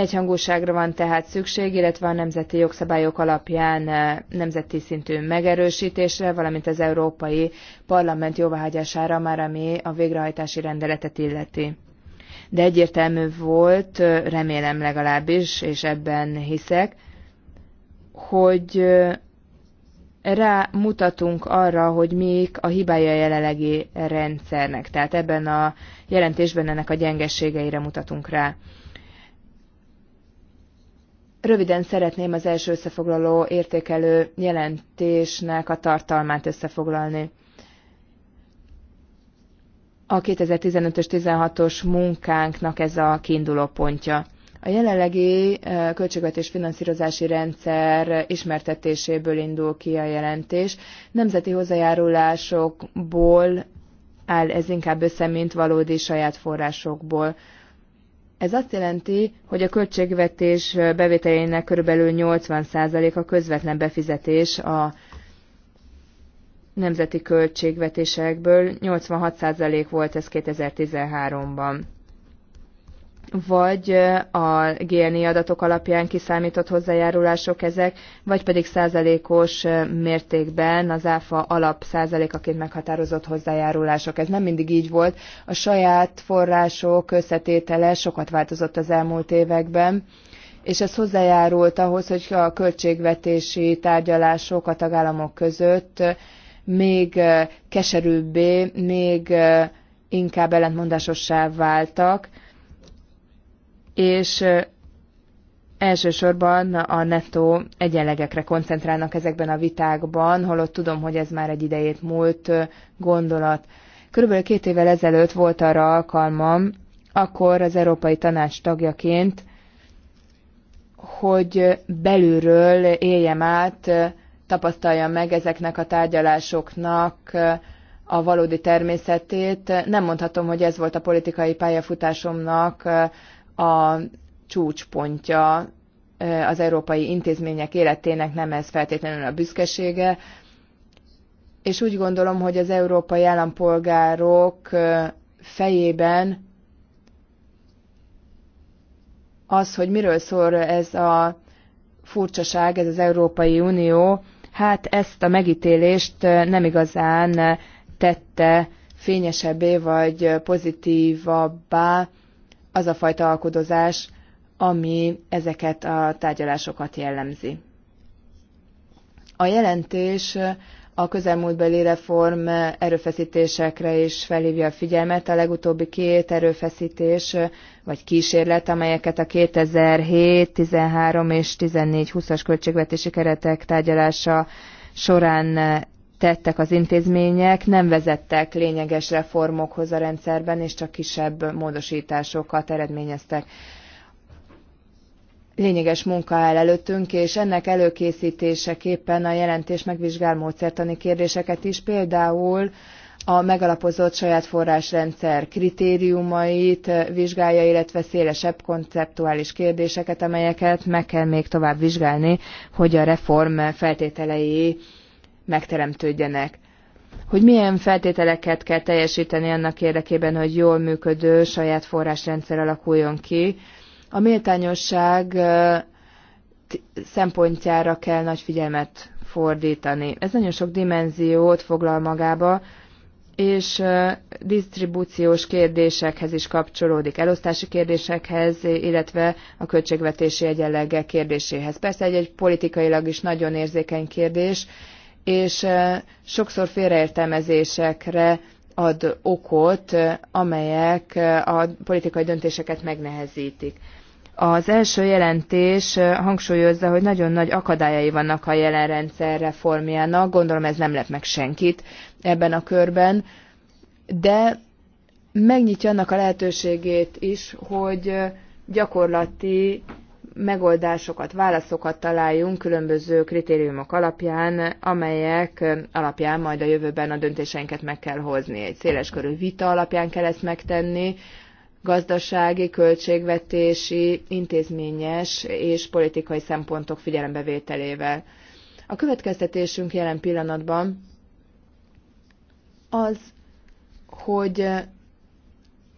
S3: Egyhangúságra van tehát szükség, illetve a nemzeti jogszabályok alapján eh, nemzeti szintű megerősítésre, valamint az Európai Parlament jóváhagyására már, ami a végrehajtási rendeletet illeti. De egyértelmű volt, eh, remélem legalábbis, és ebben hiszek, hogy eh, rámutatunk arra, hogy mik a hibája a jelenlegi rendszernek. Tehát ebben a jelentésben ennek a gyengességeire mutatunk rá. Röviden szeretném az első összefoglaló értékelő jelentésnek a tartalmát összefoglalni. A 2015-ös 16-os munkánknak ez a kiinduló pontja. A jelenlegi eh, költségvetés finanszírozási rendszer ismertetéséből indul ki a jelentés. Nemzeti hozzájárulásokból áll ez inkább össze, mint valódi saját forrásokból. Ez azt jelenti, hogy a költségvetés bevételének körülbelül 80% a közvetlen befizetés a nemzeti költségvetésekből, 86% volt ez 2013-ban vagy a GNI adatok alapján kiszámított hozzájárulások ezek, vagy pedig százalékos mértékben az ÁFA alap százalékaként meghatározott hozzájárulások. Ez nem mindig így volt. A saját források összetétele sokat változott az elmúlt években és ez hozzájárult ahhoz, hogy a költségvetési tárgyalások a tagállamok között még keserűbbé, még inkább ellentmondásossá váltak, és elsősorban a nettó egyenlegekre koncentrálnak ezekben a vitákban, holott tudom, hogy ez már egy idejét múlt gondolat. Körülbelül két évvel ezelőtt volt arra alkalmam, akkor az Európai Tanács tagjaként, hogy belülről éljem át, tapasztaljam meg ezeknek a tárgyalásoknak a valódi természetét. Nem mondhatom, hogy ez volt a politikai pályafutásomnak a csúcspontja az európai intézmények életének, nem ez feltétlenül a büszkesége. És úgy gondolom, hogy az európai állampolgárok fejében az, hogy miről szól ez a furcsaság, ez az Európai Unió, hát ezt a megítélést nem igazán tette fényesebbé vagy pozitívabbá az a fajta alkodozás, ami ezeket a tárgyalásokat jellemzi. A jelentés a közelmúltbeli reform erőfeszítésekre is felhívja a figyelmet. A legutóbbi két erőfeszítés, vagy kísérlet, amelyeket a 2007, 13 és 14-20-as költségvetési keretek tárgyalása során tettek az intézmények, nem vezettek lényeges reformokhoz a rendszerben, és csak kisebb módosításokat eredményeztek. Lényeges munka áll előttünk, és ennek előkészítéseképpen a jelentés megvizsgál módszertani kérdéseket is, például a megalapozott saját forrásrendszer kritériumait vizsgálja, illetve szélesebb konceptuális kérdéseket, amelyeket meg kell még tovább vizsgálni, hogy a reform feltételei megteremtődjenek. Hogy milyen feltételeket kell teljesíteni annak érdekében, hogy jól működő saját forrásrendszer alakuljon ki. A méltányosság szempontjára kell nagy figyelmet fordítani. Ez nagyon sok dimenziót foglal magába, és disztribúciós kérdésekhez is kapcsolódik, elosztási kérdésekhez, illetve a költségvetési egyenlege kérdéséhez. Persze egy, egy politikailag is nagyon érzékeny kérdés, és sokszor félreértelmezésekre ad okot, amelyek a politikai döntéseket megnehezítik. Az első jelentés hangsúlyozza, hogy nagyon nagy akadályai vannak a jelen rendszer reformjának, gondolom ez nem lep meg senkit ebben a körben, de megnyitja annak a lehetőségét is, hogy gyakorlati megoldásokat, válaszokat találjunk különböző kritériumok alapján, amelyek alapján majd a jövőben a döntéseinket meg kell hozni. Egy körű vita alapján kell ezt megtenni, gazdasági, költségvetési, intézményes és politikai szempontok figyelembevételével. A következtetésünk jelen pillanatban az, hogy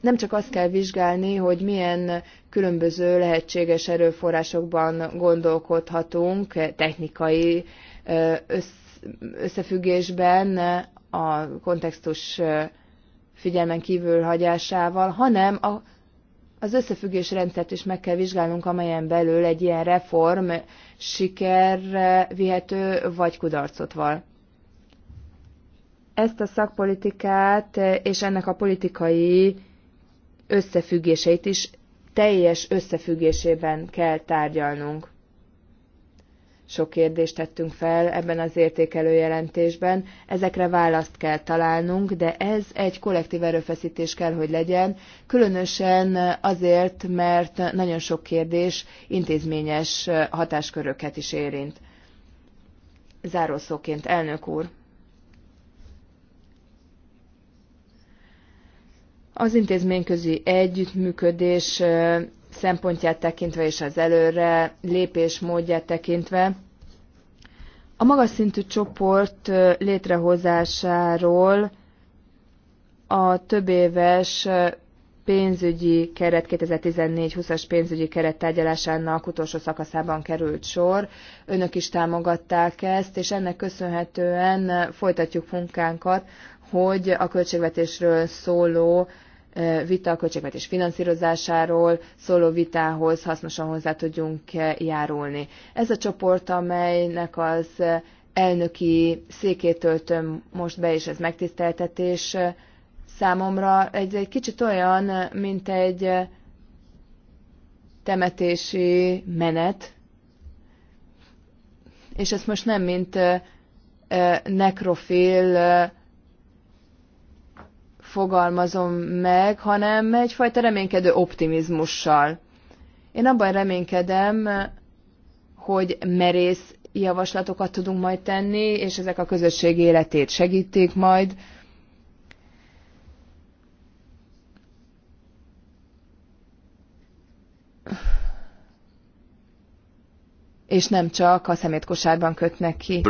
S3: nem csak azt kell vizsgálni, hogy milyen különböző lehetséges erőforrásokban gondolkodhatunk technikai összefüggésben a kontextus figyelmen kívül hagyásával, hanem a, az összefüggés rendszert is meg kell vizsgálnunk, amelyen belül egy ilyen reform siker vihető vagy kudarcot val ezt a szakpolitikát és ennek a politikai összefüggéseit is teljes összefüggésében kell tárgyalnunk. Sok kérdést tettünk fel ebben az értékelő jelentésben, ezekre választ kell találnunk, de ez egy kollektív erőfeszítés kell, hogy legyen, különösen azért, mert nagyon sok kérdés intézményes hatásköröket is érint. Zárószóként, elnök úr! Az intézményközi együttműködés szempontját tekintve és az előre lépés módját tekintve a magas szintű csoport létrehozásáról a több éves pénzügyi keret 2014-20-as pénzügyi keret tárgyalásának utolsó szakaszában került sor. Önök is támogatták ezt, és ennek köszönhetően folytatjuk munkánkat, hogy a költségvetésről szóló vita a költségvetés finanszírozásáról szóló vitához hasznosan hozzá tudjunk járulni. Ez a csoport, amelynek az elnöki székét töltöm most be, és ez megtiszteltetés számomra, egy, egy kicsit olyan, mint egy temetési menet, és ezt most nem mint nekrofil fogalmazom meg, hanem egyfajta reménykedő optimizmussal. Én abban reménykedem, hogy merész javaslatokat tudunk majd tenni, és ezek a közösség életét segítik majd és nem csak a szemétkosárban kötnek ki.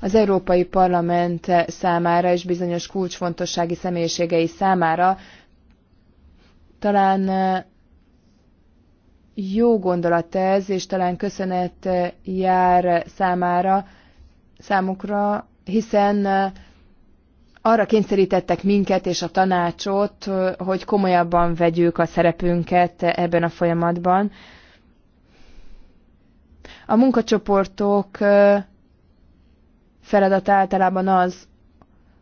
S3: Az Európai Parlament számára és bizonyos kulcsfontossági személyiségei számára talán eh, jó gondolat ez, és talán köszönet eh, jár számára, számukra, hiszen eh, arra kényszerítettek minket és a tanácsot, hogy komolyabban vegyük a szerepünket ebben a folyamatban. A munkacsoportok feladata általában az,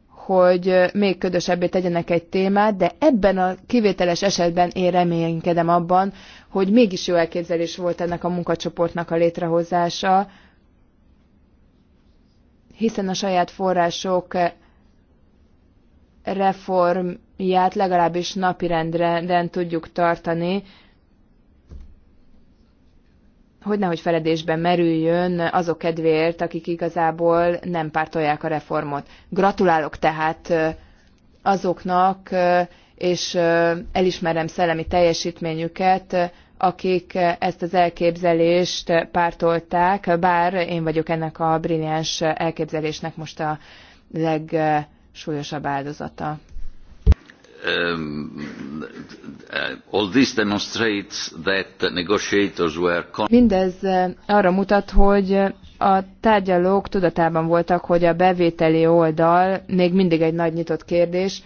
S3: hogy még ködösebbé tegyenek egy témát, de ebben a kivételes esetben én reménykedem abban, hogy mégis jó elképzelés volt ennek a munkacsoportnak a létrehozása, hiszen a saját források reformját legalábbis napirenden tudjuk tartani, hogy nehogy feledésben merüljön azok kedvéért, akik igazából nem pártolják a reformot. Gratulálok tehát azoknak, és elismerem szellemi teljesítményüket, akik ezt az elképzelést pártolták, bár én vagyok ennek a brilliáns elképzelésnek most a leg súlyosabb áldozata.
S1: Um,
S3: Mindez eh, arra mutat, hogy a tárgyalók tudatában voltak, hogy a bevételi oldal még mindig egy nagy nyitott kérdés,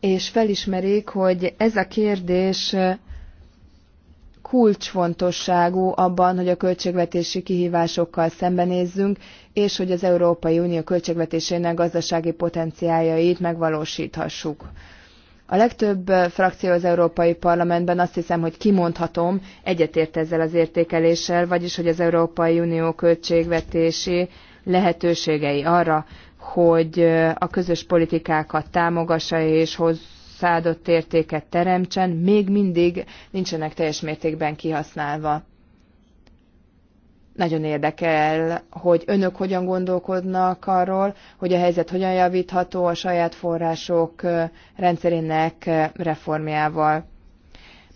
S3: és felismerik, hogy ez a kérdés eh, kulcsfontosságú abban, hogy a költségvetési kihívásokkal szembenézzünk, és hogy az Európai Unió költségvetésének gazdasági potenciáljait megvalósíthassuk. A legtöbb frakció az Európai Parlamentben azt hiszem, hogy kimondhatom, egyetért ezzel az értékeléssel, vagyis hogy az Európai Unió költségvetési lehetőségei arra, hogy a közös politikákat támogassa és hoz, hozzáadott értéket teremtsen, még mindig nincsenek teljes mértékben kihasználva. Nagyon érdekel, hogy önök hogyan gondolkodnak arról, hogy a helyzet hogyan javítható a saját források rendszerének reformjával.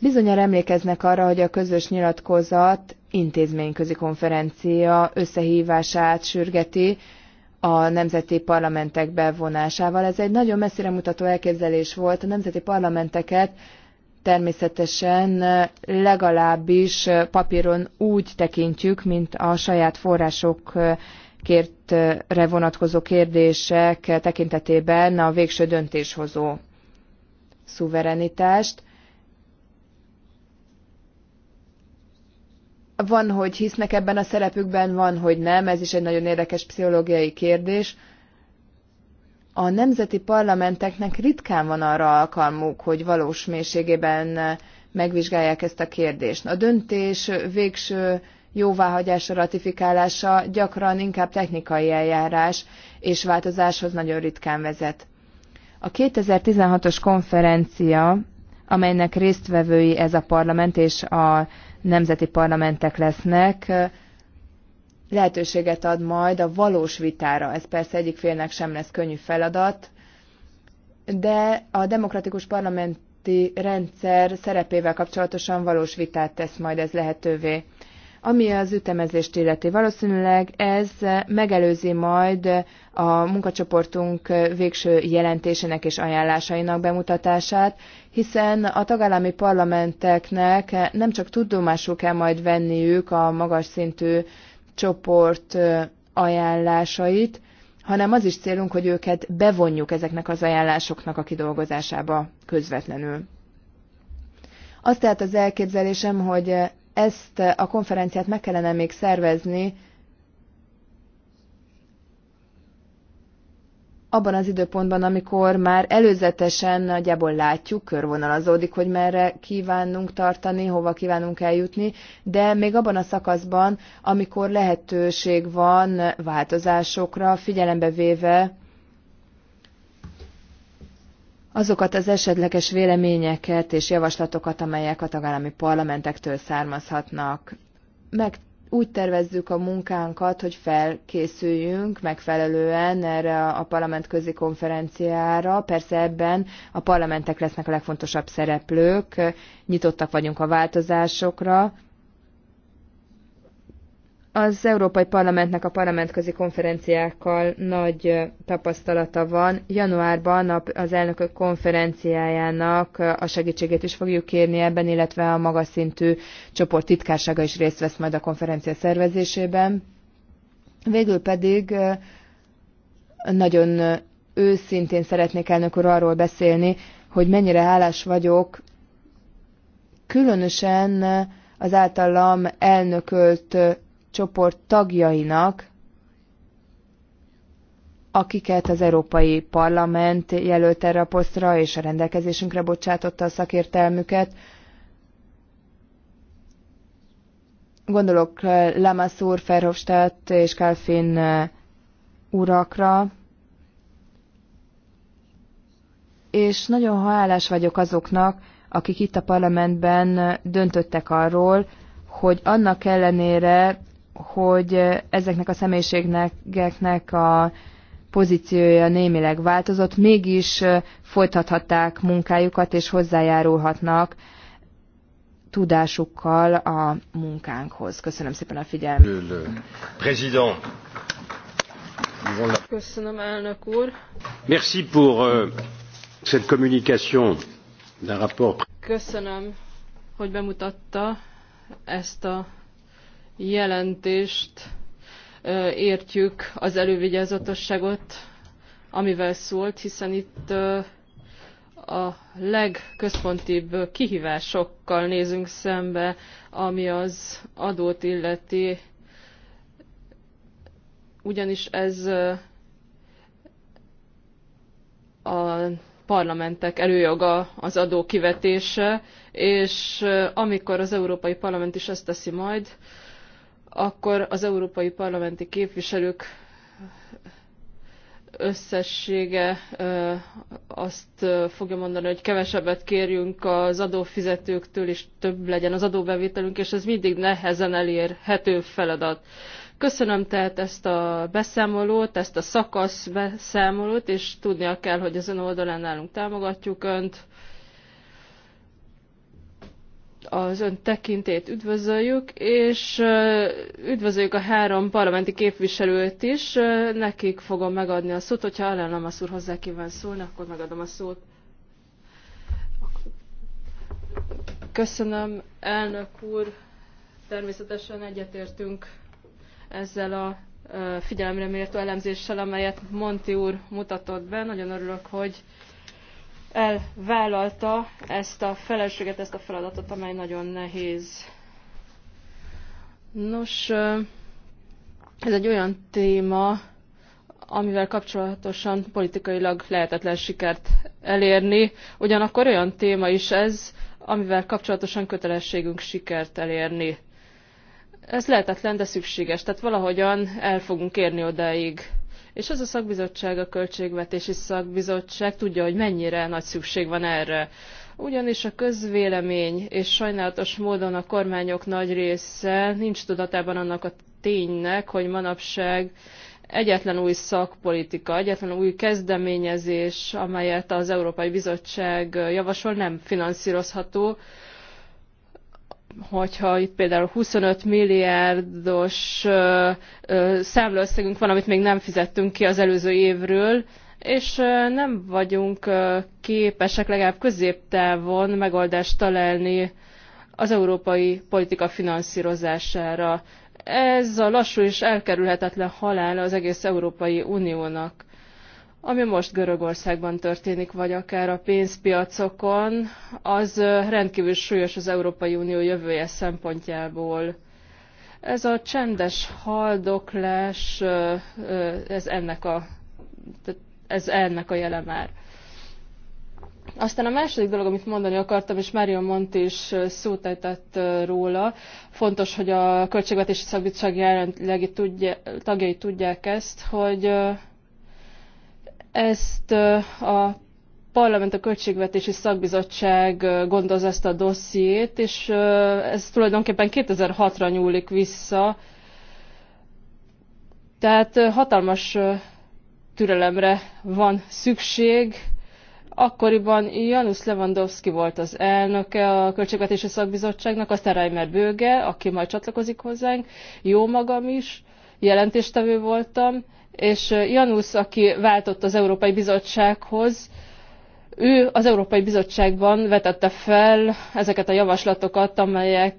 S3: Bizonyára emlékeznek arra, hogy a közös nyilatkozat intézményközi konferencia összehívását sürgeti, a nemzeti parlamentek bevonásával. Ez egy nagyon messzire mutató elképzelés volt. A nemzeti parlamenteket természetesen legalábbis papíron úgy tekintjük, mint a saját források kértre vonatkozó kérdések tekintetében a végső döntéshozó szuverenitást. Van, hogy hisznek ebben a szerepükben, van, hogy nem, ez is egy nagyon érdekes pszichológiai kérdés. A nemzeti parlamenteknek ritkán van arra alkalmuk, hogy valós mélységében megvizsgálják ezt a kérdést. A döntés végső jóváhagyása, ratifikálása gyakran inkább technikai eljárás és változáshoz nagyon ritkán vezet. A 2016-os konferencia, amelynek résztvevői ez a parlament és a nemzeti parlamentek lesznek, lehetőséget ad majd a valós vitára. Ez persze egyik félnek sem lesz könnyű feladat, de a demokratikus parlamenti rendszer szerepével kapcsolatosan valós vitát tesz majd ez lehetővé. Ami az ütemezést illeti, valószínűleg ez megelőzi majd a munkacsoportunk végső jelentésének és ajánlásainak bemutatását, hiszen a tagállami parlamenteknek nem csak tudomásul kell majd venniük a magas szintű csoport ajánlásait, hanem az is célunk, hogy őket bevonjuk ezeknek az ajánlásoknak a kidolgozásába közvetlenül. Azt tehát az elképzelésem, hogy ezt a konferenciát meg kellene még szervezni abban az időpontban, amikor már előzetesen nagyjából látjuk, körvonalazódik, hogy merre kívánunk tartani, hova kívánunk eljutni, de még abban a szakaszban, amikor lehetőség van változásokra, figyelembe véve azokat az esetleges véleményeket és javaslatokat, amelyek a tagállami parlamentektől származhatnak. Meg úgy tervezzük a munkánkat, hogy felkészüljünk megfelelően erre a parlamentközi konferenciára. Persze ebben a parlamentek lesznek a legfontosabb szereplők, nyitottak vagyunk a változásokra, az Európai Parlamentnek a parlamentközi konferenciákkal nagy tapasztalata van. Januárban az elnökök konferenciájának a segítségét is fogjuk kérni ebben, illetve a magas szintű csoport titkársága is részt vesz majd a konferencia szervezésében. Végül pedig nagyon őszintén szeretnék elnök úr arról beszélni, hogy mennyire hálás vagyok, különösen az általam elnökölt csoport tagjainak, akiket az Európai Parlament jelölt erre a posztra, és a rendelkezésünkre bocsátotta a szakértelmüket. Gondolok eh, Lamassur, Ferhofstadt és Kalfin eh, urakra, és nagyon hálás vagyok azoknak, akik itt a parlamentben eh, döntöttek arról, hogy annak ellenére, hogy ezeknek a személyiségeknek a pozíciója némileg változott, mégis folytathatták munkájukat és hozzájárulhatnak tudásukkal a
S2: munkánkhoz. Köszönöm szépen a figyelmet. Köszönöm, elnök úr.
S1: Merci pour euh, cette communication d'un rapport.
S2: Köszönöm, hogy bemutatta ezt a jelentést értjük az elővigyázatosságot, amivel szólt, hiszen itt a legközpontibb kihívásokkal nézünk szembe, ami az adót illeti, ugyanis ez a parlamentek előjoga az adó kivetése, és amikor az Európai Parlament is ezt teszi majd, akkor az európai parlamenti képviselők összessége azt fogja mondani, hogy kevesebbet kérjünk az adófizetőktől, és több legyen az adóbevételünk, és ez mindig nehezen elérhető feladat. Köszönöm tehát ezt a beszámolót, ezt a szakasz beszámolót, és tudnia kell, hogy az ön oldalán nálunk támogatjuk önt az ön tekintét üdvözöljük, és üdvözöljük a három parlamenti képviselőt is. Nekik fogom megadni a szót, hogyha Alán Lamasz úr hozzá kíván szólni, akkor megadom a szót. Köszönöm, elnök úr. Természetesen egyetértünk ezzel a figyelemre méltó elemzéssel, amelyet Monti úr mutatott be. Nagyon örülök, hogy elvállalta ezt a felelősséget, ezt a feladatot, amely nagyon nehéz. Nos, ez egy olyan téma, amivel kapcsolatosan politikailag lehetetlen sikert elérni, ugyanakkor olyan téma is ez, amivel kapcsolatosan kötelességünk sikert elérni. Ez lehetetlen, de szükséges, tehát valahogyan el fogunk érni odáig. És ez a szakbizottság, a költségvetési szakbizottság tudja, hogy mennyire nagy szükség van erre. Ugyanis a közvélemény és sajnálatos módon a kormányok nagy része nincs tudatában annak a ténynek, hogy manapság egyetlen új szakpolitika, egyetlen új kezdeményezés, amelyet az Európai Bizottság javasol, nem finanszírozható, hogyha itt például 25 milliárdos számlaösszegünk van, amit még nem fizettünk ki az előző évről, és nem vagyunk képesek legalább középtávon megoldást találni az európai politika finanszírozására. Ez a lassú és elkerülhetetlen halál az egész Európai Uniónak ami most Görögországban történik, vagy akár a pénzpiacokon, az rendkívül súlyos az Európai Unió jövője szempontjából. Ez a csendes haldoklás, ez ennek a, ez ennek a jele már. Aztán a második dolog, amit mondani akartam, és Mária Mont is szót ejtett róla, fontos, hogy a Költségvetési Szakbizottság jelenlegi tudja, tagjai tudják ezt, hogy ezt a parlament, a Költségvetési Szakbizottság gondoz ezt a dossziét, és ez tulajdonképpen 2006-ra nyúlik vissza. Tehát hatalmas türelemre van szükség. Akkoriban Janusz Lewandowski volt az elnöke a Költségvetési Szakbizottságnak, aztán Reimer Bőge, aki majd csatlakozik hozzánk, jó magam is, jelentéstevő voltam, és Janusz, aki váltott az Európai Bizottsághoz, ő az Európai Bizottságban vetette fel ezeket a javaslatokat, amelyek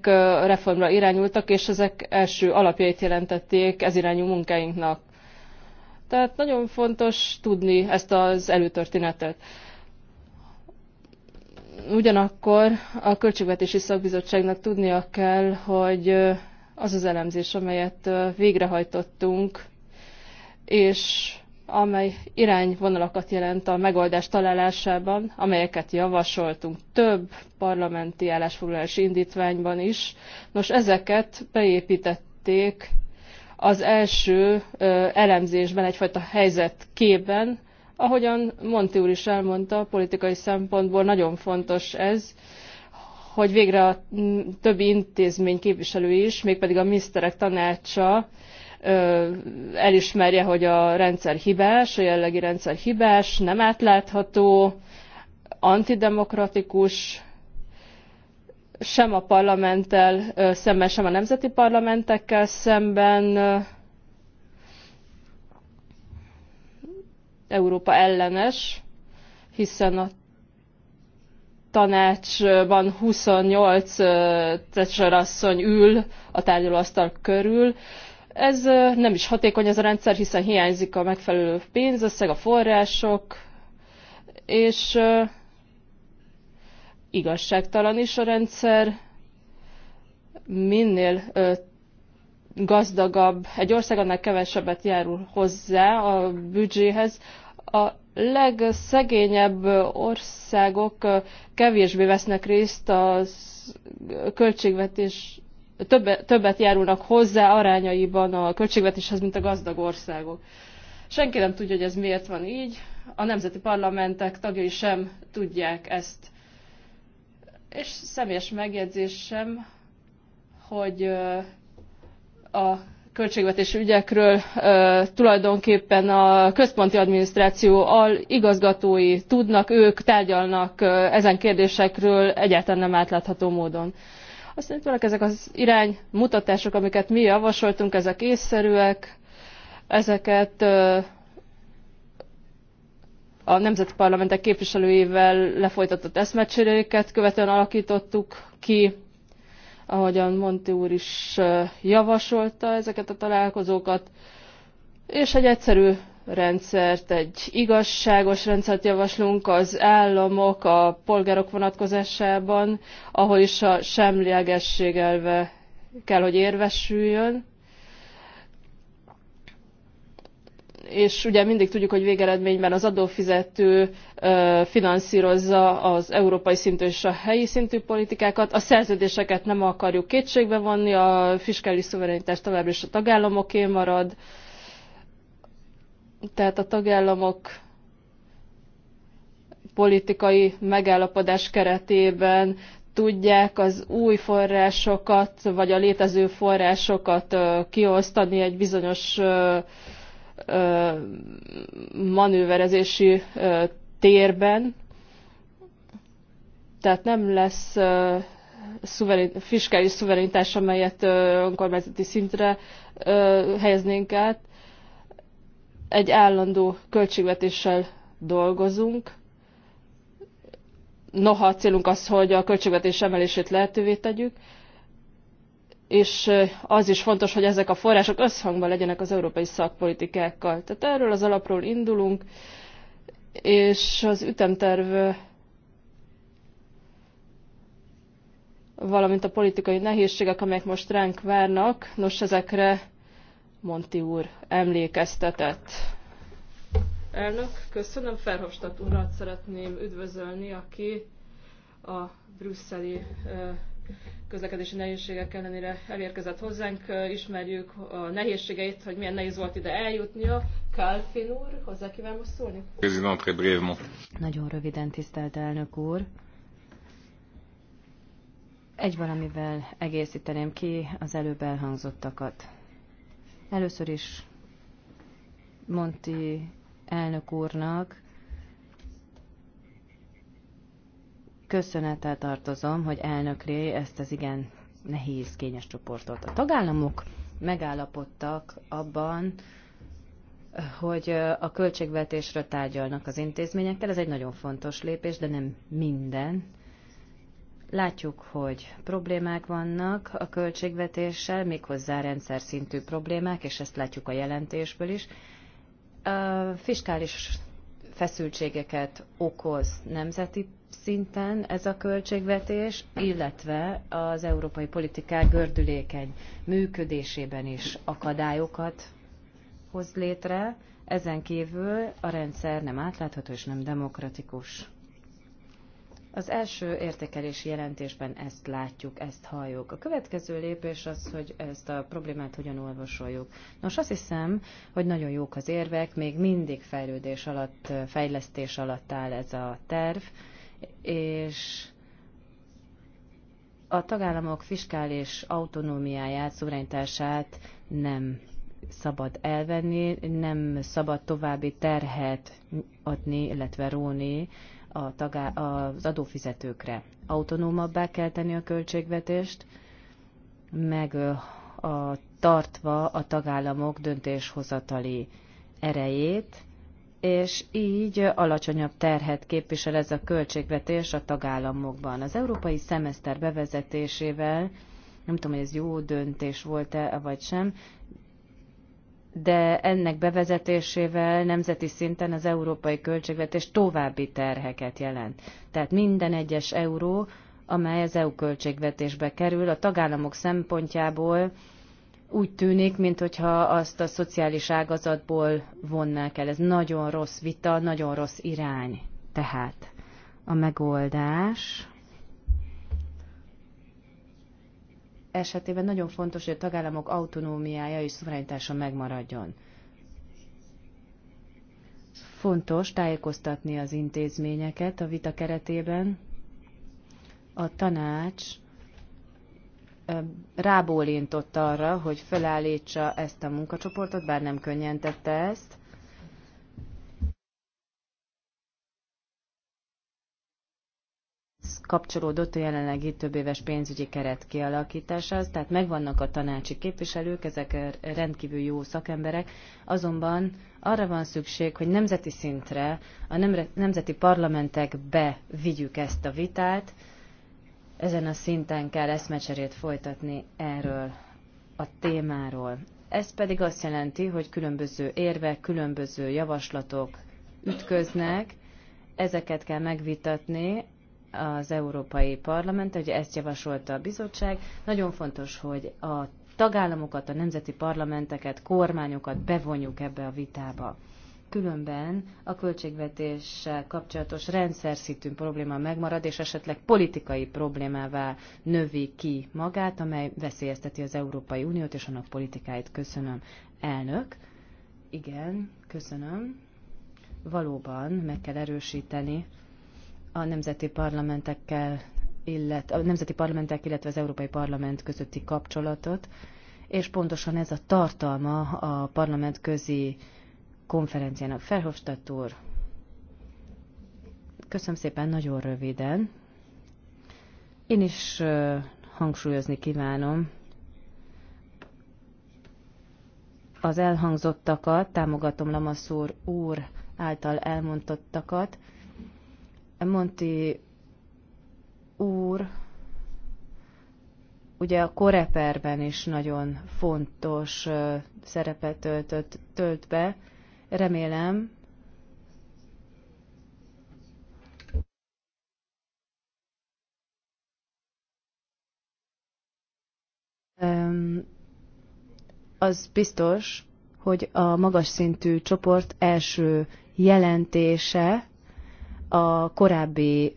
S2: reformra irányultak, és ezek első alapjait jelentették ez irányú munkáinknak. Tehát nagyon fontos tudni ezt az előtörténetet. Ugyanakkor a Költségvetési Szakbizottságnak tudnia kell, hogy az az elemzés, amelyet végrehajtottunk, és amely irányvonalakat jelent a megoldás találásában, amelyeket javasoltunk több parlamenti állásfoglalási indítványban is. Nos, ezeket beépítették az első elemzésben, egyfajta helyzetkében. Ahogyan Monti úr is elmondta, politikai szempontból nagyon fontos ez, hogy végre a többi intézmény képviselői is, mégpedig a miniszterek tanácsa elismerje, hogy a rendszer hibás, a jellegi rendszer hibás, nem átlátható, antidemokratikus, sem a parlamenttel szemben, sem a nemzeti parlamentekkel szemben Európa ellenes, hiszen a tanácsban 28 tecsorasszony ül a tárgyalóasztal körül, ez nem is hatékony ez a rendszer, hiszen hiányzik a megfelelő pénzösszeg, a források, és igazságtalan is a rendszer. Minél gazdagabb egy ország, annál kevesebbet járul hozzá a büdzséhez. A legszegényebb országok kevésbé vesznek részt a költségvetés többet, többet járulnak hozzá arányaiban a költségvetéshez, mint a gazdag országok. Senki nem tudja, hogy ez miért van így. A nemzeti parlamentek tagjai sem tudják ezt. És személyes megjegyzésem, hogy a költségvetési ügyekről tulajdonképpen a központi adminisztráció al igazgatói tudnak, ők tárgyalnak ezen kérdésekről egyáltalán nem átlátható módon. Aztán hogy ezek az iránymutatások, amiket mi javasoltunk, ezek észszerűek, ezeket a nemzeti parlamentek képviselőivel lefolytatott eszmecseréket követően alakítottuk ki, ahogyan Monti úr is javasolta ezeket a találkozókat, és egy egyszerű rendszert, egy igazságos rendszert javaslunk az államok, a polgárok vonatkozásában, ahol is a semlegesség elve kell, hogy érvesüljön. és ugye mindig tudjuk, hogy végeredményben az adófizető finanszírozza az európai szintű és a helyi szintű politikákat. A szerződéseket nem akarjuk kétségbe vonni, a fiskális szuverenitás továbbra is a tagállamoké marad. Ö, tehát a tagállamok politikai megállapodás keretében tudják az új forrásokat, vagy a létező forrásokat kiosztani egy bizonyos manőverezési térben. Tehát nem lesz szuverin, fiskális szuverenitás, amelyet önkormányzati szintre helyeznénk át, egy állandó költségvetéssel dolgozunk. Noha a célunk az, hogy a költségvetés emelését lehetővé tegyük, és az is fontos, hogy ezek a források összhangban legyenek az európai szakpolitikákkal. Tehát erről az alapról indulunk, és az ütemterv valamint a politikai nehézségek, amelyek most ránk várnak, nos ezekre Monti úr emlékeztetett. Elnök, köszönöm. Ferhofstadt urat szeretném üdvözölni, aki a brüsszeli közlekedési nehézségek ellenére elérkezett hozzánk. Ismerjük a nehézségeit, hogy milyen nehéz volt ide eljutnia. Kálfin úr, hozzá kíván most szólni?
S4: Nagyon röviden, tisztelt elnök úr. Egy valamivel egészíteném ki az előbb elhangzottakat. Először is Monti elnök úrnak köszönettel tartozom, hogy elnökli ezt az igen nehéz, kényes csoportot. A tagállamok megállapodtak abban, hogy a költségvetésről tárgyalnak az intézményekkel. Ez egy nagyon fontos lépés, de nem minden. Látjuk, hogy problémák vannak a költségvetéssel, méghozzá rendszer szintű problémák, és ezt látjuk a jelentésből is. A fiskális feszültségeket okoz nemzeti szinten ez a költségvetés, illetve az európai politikák gördülékeny működésében is akadályokat hoz létre. Ezen kívül a rendszer nem átlátható és nem demokratikus. Az első értékelési jelentésben ezt látjuk, ezt halljuk. A következő lépés az, hogy ezt a problémát hogyan orvosoljuk. Nos, azt hiszem, hogy nagyon jók az érvek, még mindig fejlődés alatt, fejlesztés alatt áll ez a terv, és a tagállamok fiskális autonómiáját, szuverenitását nem szabad elvenni, nem szabad további terhet adni, illetve róni a tagá, az adófizetőkre. Autonómabbá kell tenni a költségvetést, meg a, tartva a tagállamok döntéshozatali erejét, és így alacsonyabb terhet képvisel ez a költségvetés a tagállamokban. Az európai szemeszter bevezetésével, nem tudom, hogy ez jó döntés volt-e vagy sem, de ennek bevezetésével nemzeti szinten az európai költségvetés további terheket jelent. Tehát minden egyes euró, amely az EU költségvetésbe kerül, a tagállamok szempontjából úgy tűnik, mintha azt a szociális ágazatból vonnák el. Ez nagyon rossz vita, nagyon rossz irány. Tehát a megoldás esetében nagyon fontos, hogy a tagállamok autonómiája és szuverenitása megmaradjon. Fontos tájékoztatni az intézményeket a vita keretében. A tanács rábólintott arra, hogy felállítsa ezt a munkacsoportot, bár nem könnyen tette ezt. kapcsolódott a jelenlegi több éves pénzügyi keret kialakításához, tehát megvannak a tanácsi képviselők, ezek rendkívül jó szakemberek, azonban arra van szükség, hogy nemzeti szintre, a nemzeti parlamentekbe vigyük ezt a vitát, ezen a szinten kell eszmecserét folytatni erről a témáról. Ez pedig azt jelenti, hogy különböző érvek, különböző javaslatok ütköznek, ezeket kell megvitatni, az Európai Parlament, hogy ezt javasolta a bizottság. Nagyon fontos, hogy a tagállamokat, a nemzeti parlamenteket, kormányokat bevonjuk ebbe a vitába. Különben a költségvetéssel kapcsolatos rendszer szintű probléma megmarad, és esetleg politikai problémává növi ki magát, amely veszélyezteti az Európai Uniót és annak politikáit. Köszönöm, elnök. Igen, köszönöm. Valóban meg kell erősíteni a nemzeti parlamentekkel, illet, a nemzeti parlamentek, illetve az Európai Parlament közötti kapcsolatot, és pontosan ez a tartalma a parlament közi konferenciának. Ferhofstadt úr, köszönöm szépen, nagyon röviden. Én is hangsúlyozni kívánom az elhangzottakat, támogatom Lamaszúr úr által elmondottakat, Monti úr ugye a koreperben is nagyon fontos szerepet töltött, tölt be. Remélem, az biztos, hogy a magas szintű csoport első jelentése a korábbi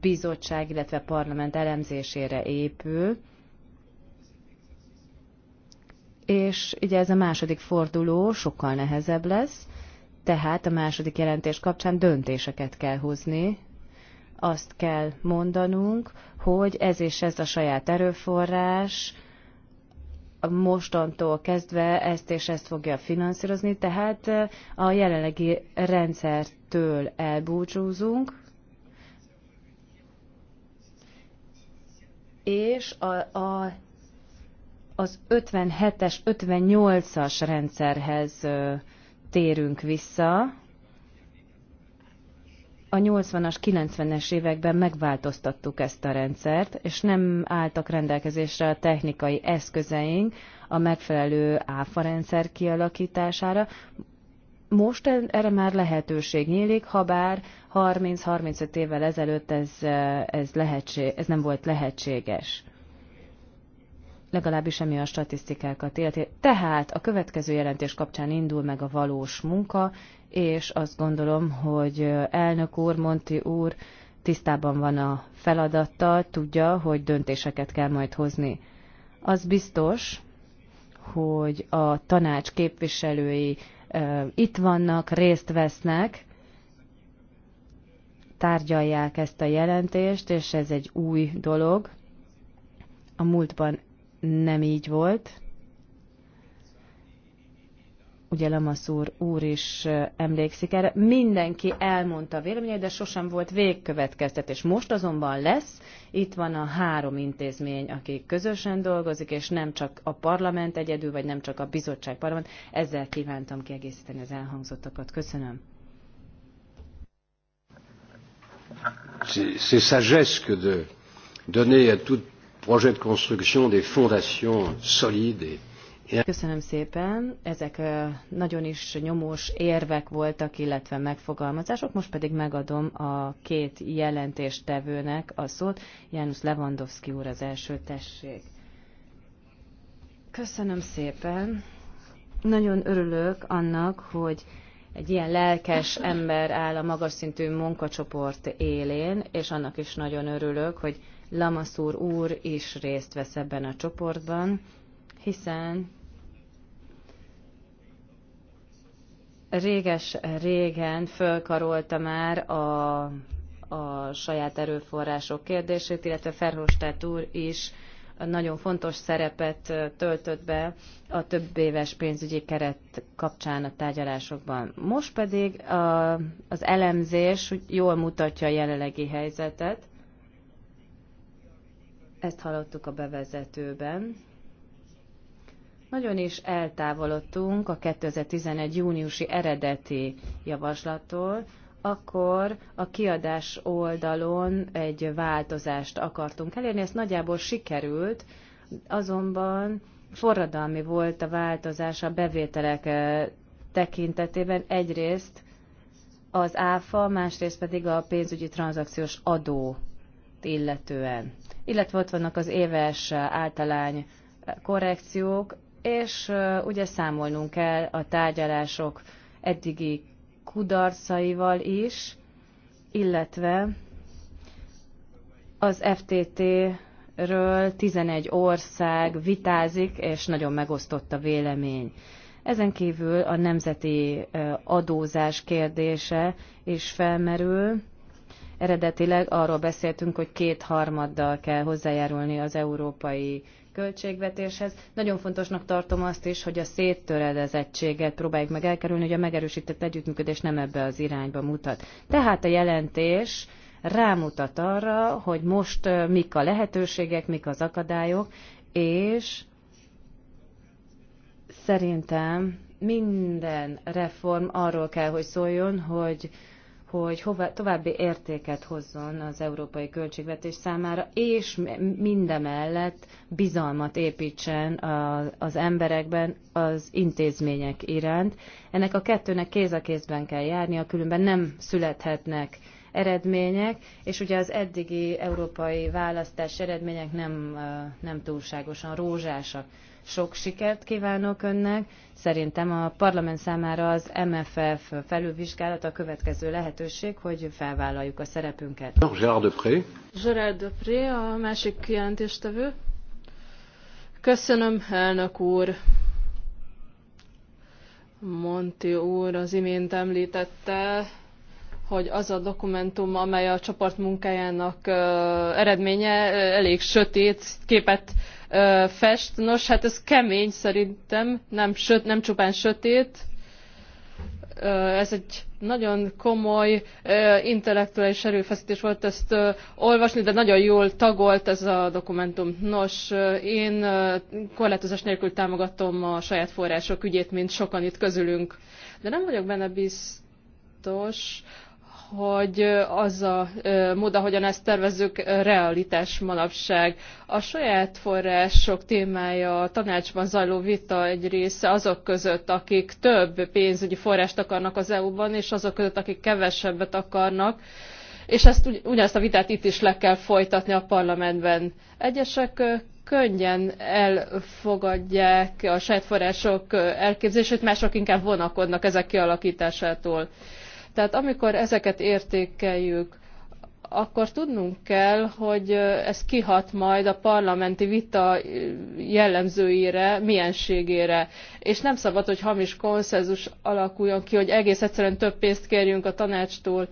S4: bizottság, illetve parlament elemzésére épül, és ugye ez a második forduló sokkal nehezebb lesz, tehát a második jelentés kapcsán döntéseket kell hozni, azt kell mondanunk, hogy ez és ez a saját erőforrás, mostantól kezdve ezt és ezt fogja finanszírozni, tehát a jelenlegi rendszert től elbúcsúzunk, és a, a, az 57-es, 58-as rendszerhez térünk vissza. A 80-as, 90-es években megváltoztattuk ezt a rendszert, és nem álltak rendelkezésre a technikai eszközeink a megfelelő áfa rendszer kialakítására most erre már lehetőség nyílik, ha bár 30-35 évvel ezelőtt ez, ez, lehetség, ez nem volt lehetséges. Legalábbis semmi a statisztikákat illeti. Tehát a következő jelentés kapcsán indul meg a valós munka, és azt gondolom, hogy elnök úr, Monti úr tisztában van a feladattal, tudja, hogy döntéseket kell majd hozni. Az biztos, hogy a tanács képviselői itt vannak, részt vesznek, tárgyalják ezt a jelentést, és ez egy új dolog. A múltban nem így volt ugye Lamaszúr úr is emlékszik erre, mindenki elmondta véleményét, de sosem volt végkövetkeztetés. Most azonban lesz, itt van a három intézmény, aki közösen dolgozik, és nem csak a parlament egyedül, vagy nem csak a bizottság parlament. Ezzel kívántam kiegészíteni az elhangzottakat. Köszönöm.
S1: C'est sagesse que de donner à tout projet de construction des fondations solides et
S4: Köszönöm szépen. Ezek nagyon is nyomós érvek voltak, illetve megfogalmazások. Most pedig megadom a két jelentéstevőnek a szót. János Lewandowski úr az első, tessék. Köszönöm szépen. Nagyon örülök annak, hogy egy ilyen lelkes ember áll a magas szintű munkacsoport élén, és annak is nagyon örülök, hogy Lamaszúr úr is részt vesz ebben a csoportban, hiszen réges-régen fölkarolta már a, a saját erőforrások kérdését, illetve Ferhostát úr is nagyon fontos szerepet töltött be a több éves pénzügyi keret kapcsán a tárgyalásokban. Most pedig a, az elemzés jól mutatja a jelenlegi helyzetet. Ezt hallottuk a bevezetőben. Nagyon is eltávolodtunk a 2011. júniusi eredeti javaslattól, akkor a kiadás oldalon egy változást akartunk elérni, ez nagyjából sikerült, azonban forradalmi volt a változás a bevételek eh, tekintetében egyrészt az áfa, másrészt pedig a pénzügyi tranzakciós adó illetően. Illetve ott vannak az éves eh, általány eh, korrekciók, és ugye számolnunk kell a tárgyalások eddigi kudarcaival is, illetve az FTT-ről 11 ország vitázik, és nagyon megosztott a vélemény. Ezen kívül a nemzeti adózás kérdése is felmerül. Eredetileg arról beszéltünk, hogy kétharmaddal kell hozzájárulni az európai költségvetéshez. Nagyon fontosnak tartom azt is, hogy a széttöredezettséget próbáljuk meg elkerülni, hogy a megerősített együttműködés nem ebbe az irányba mutat. Tehát a jelentés rámutat arra, hogy most mik a lehetőségek, mik az akadályok, és szerintem minden reform arról kell, hogy szóljon, hogy hogy hova, további értéket hozzon az európai költségvetés számára, és mindemellett bizalmat építsen a, az emberekben az intézmények iránt. Ennek a kettőnek kéz a kézben kell járnia, különben nem születhetnek eredmények, és ugye az eddigi európai választás eredmények nem, nem túlságosan rózsásak. Sok sikert kívánok önnek. Szerintem a parlament számára az MFF felülvizsgálata a következő lehetőség, hogy felvállaljuk a szerepünket. Gerard
S1: Depré.
S2: Gerard Depré, a másik jelentéstevő. Köszönöm, elnök úr. Monti úr az imént említette, hogy az a dokumentum, amely a csoport munkájának eredménye, elég sötét képet fest. Nos, hát ez kemény szerintem, nem, söt, nem csupán sötét. Ez egy nagyon komoly intellektuális erőfeszítés volt ezt olvasni, de nagyon jól tagolt ez a dokumentum. Nos, én korlátozás nélkül támogatom a saját források ügyét, mint sokan itt közülünk. De nem vagyok benne biztos, hogy az a mód, ahogyan ezt tervezzük, realitás manapság. A saját források témája a tanácsban zajló vita egy része azok között, akik több pénzügyi forrást akarnak az EU-ban, és azok között, akik kevesebbet akarnak és ezt, ugyanezt a vitát itt is le kell folytatni a parlamentben. Egyesek könnyen elfogadják a saját források elképzését, mások inkább vonakodnak ezek kialakításától. Tehát amikor ezeket értékeljük, akkor tudnunk kell, hogy ez kihat majd a parlamenti vita jellemzőire, mienségére. És nem szabad, hogy hamis konszenzus alakuljon ki, hogy egész egyszerűen több pénzt kérjünk a tanácstól.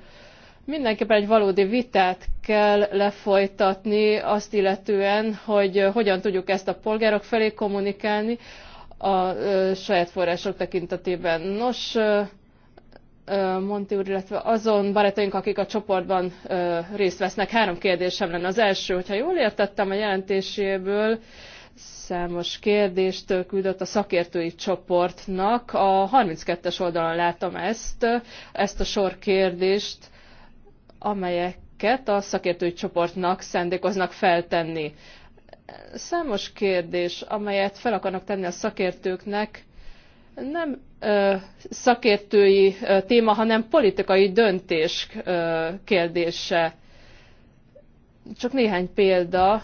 S2: Mindenképpen egy valódi vitát kell lefolytatni azt illetően, hogy hogyan tudjuk ezt a polgárok felé kommunikálni a saját források tekintetében. Nos, Monti úr, illetve azon barátaink, akik a csoportban részt vesznek. Három kérdésem lenne. Az első, hogyha jól értettem a jelentéséből, számos kérdést küldött a szakértői csoportnak. A 32-es oldalon látom ezt, ezt a sor kérdést, amelyeket a szakértői csoportnak szándékoznak feltenni. Számos kérdés, amelyet fel akarnak tenni a szakértőknek, nem ö, szakértői ö, téma, hanem politikai döntés ö, kérdése. Csak néhány példa.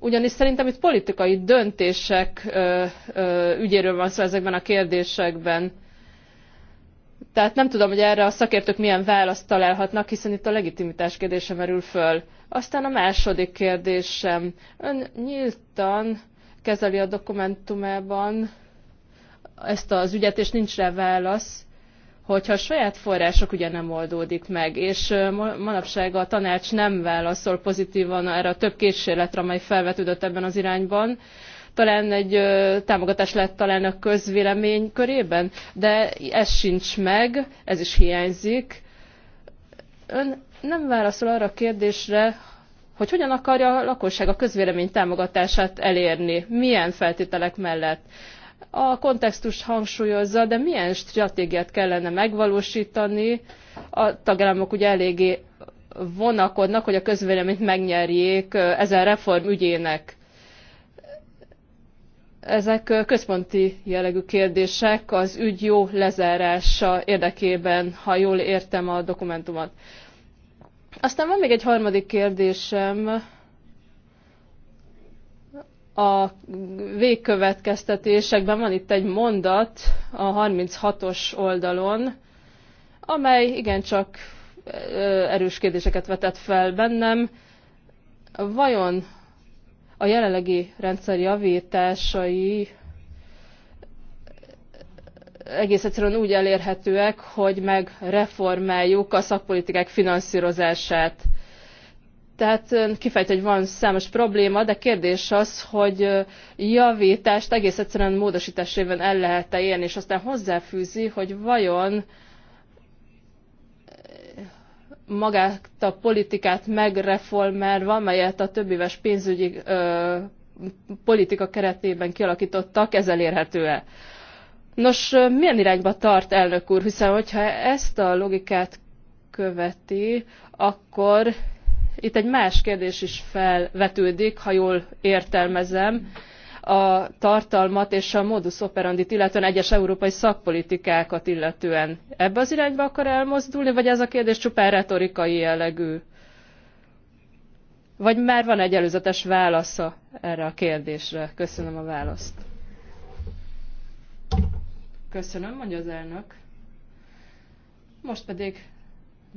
S2: Ugyanis szerintem itt politikai döntések ö, ö, ügyéről van szó ezekben a kérdésekben. Tehát nem tudom, hogy erre a szakértők milyen választ találhatnak, hiszen itt a legitimitás kérdése merül föl. Aztán a második kérdésem. Ön nyíltan kezeli a dokumentumában ezt az ügyet, és nincs rá válasz, hogyha a saját források ugye nem oldódik meg, és manapság a tanács nem válaszol pozitívan erre a több kísérletre, amely felvetődött ebben az irányban, talán egy ö, támogatás lett talán a közvélemény körében, de ez sincs meg, ez is hiányzik. Ön nem válaszol arra a kérdésre, hogy hogyan akarja a lakosság a közvélemény támogatását elérni, milyen feltételek mellett a kontextus hangsúlyozza, de milyen stratégiát kellene megvalósítani. A tagállamok ugye eléggé vonakodnak, hogy a közvéleményt megnyerjék ezen reform ügyének. Ezek központi jellegű kérdések az ügy jó lezárása érdekében, ha jól értem a dokumentumot. Aztán van még egy harmadik kérdésem, a végkövetkeztetésekben van itt egy mondat a 36-os oldalon, amely igencsak erős kérdéseket vetett fel bennem. Vajon a jelenlegi rendszer javításai egész egyszerűen úgy elérhetőek, hogy megreformáljuk a szakpolitikák finanszírozását. Tehát kifejt, hogy van számos probléma, de kérdés az, hogy javítást egész egyszerűen módosításében el lehet -e élni, és aztán hozzáfűzi, hogy vajon magát a politikát megreformálva, melyet a többéves pénzügyi ö, politika keretében kialakítottak, ez elérhető-e? Nos, milyen irányba tart elnök úr? Hiszen, hogyha ezt a logikát követi, akkor itt egy más kérdés is felvetődik, ha jól értelmezem, a tartalmat és a modus operandit, illetően egyes európai szakpolitikákat illetően. Ebbe az irányba akar elmozdulni, vagy ez a kérdés csupán retorikai jellegű? Vagy már van egy előzetes válasza erre a kérdésre? Köszönöm a választ. Köszönöm, mondja az elnök. Most pedig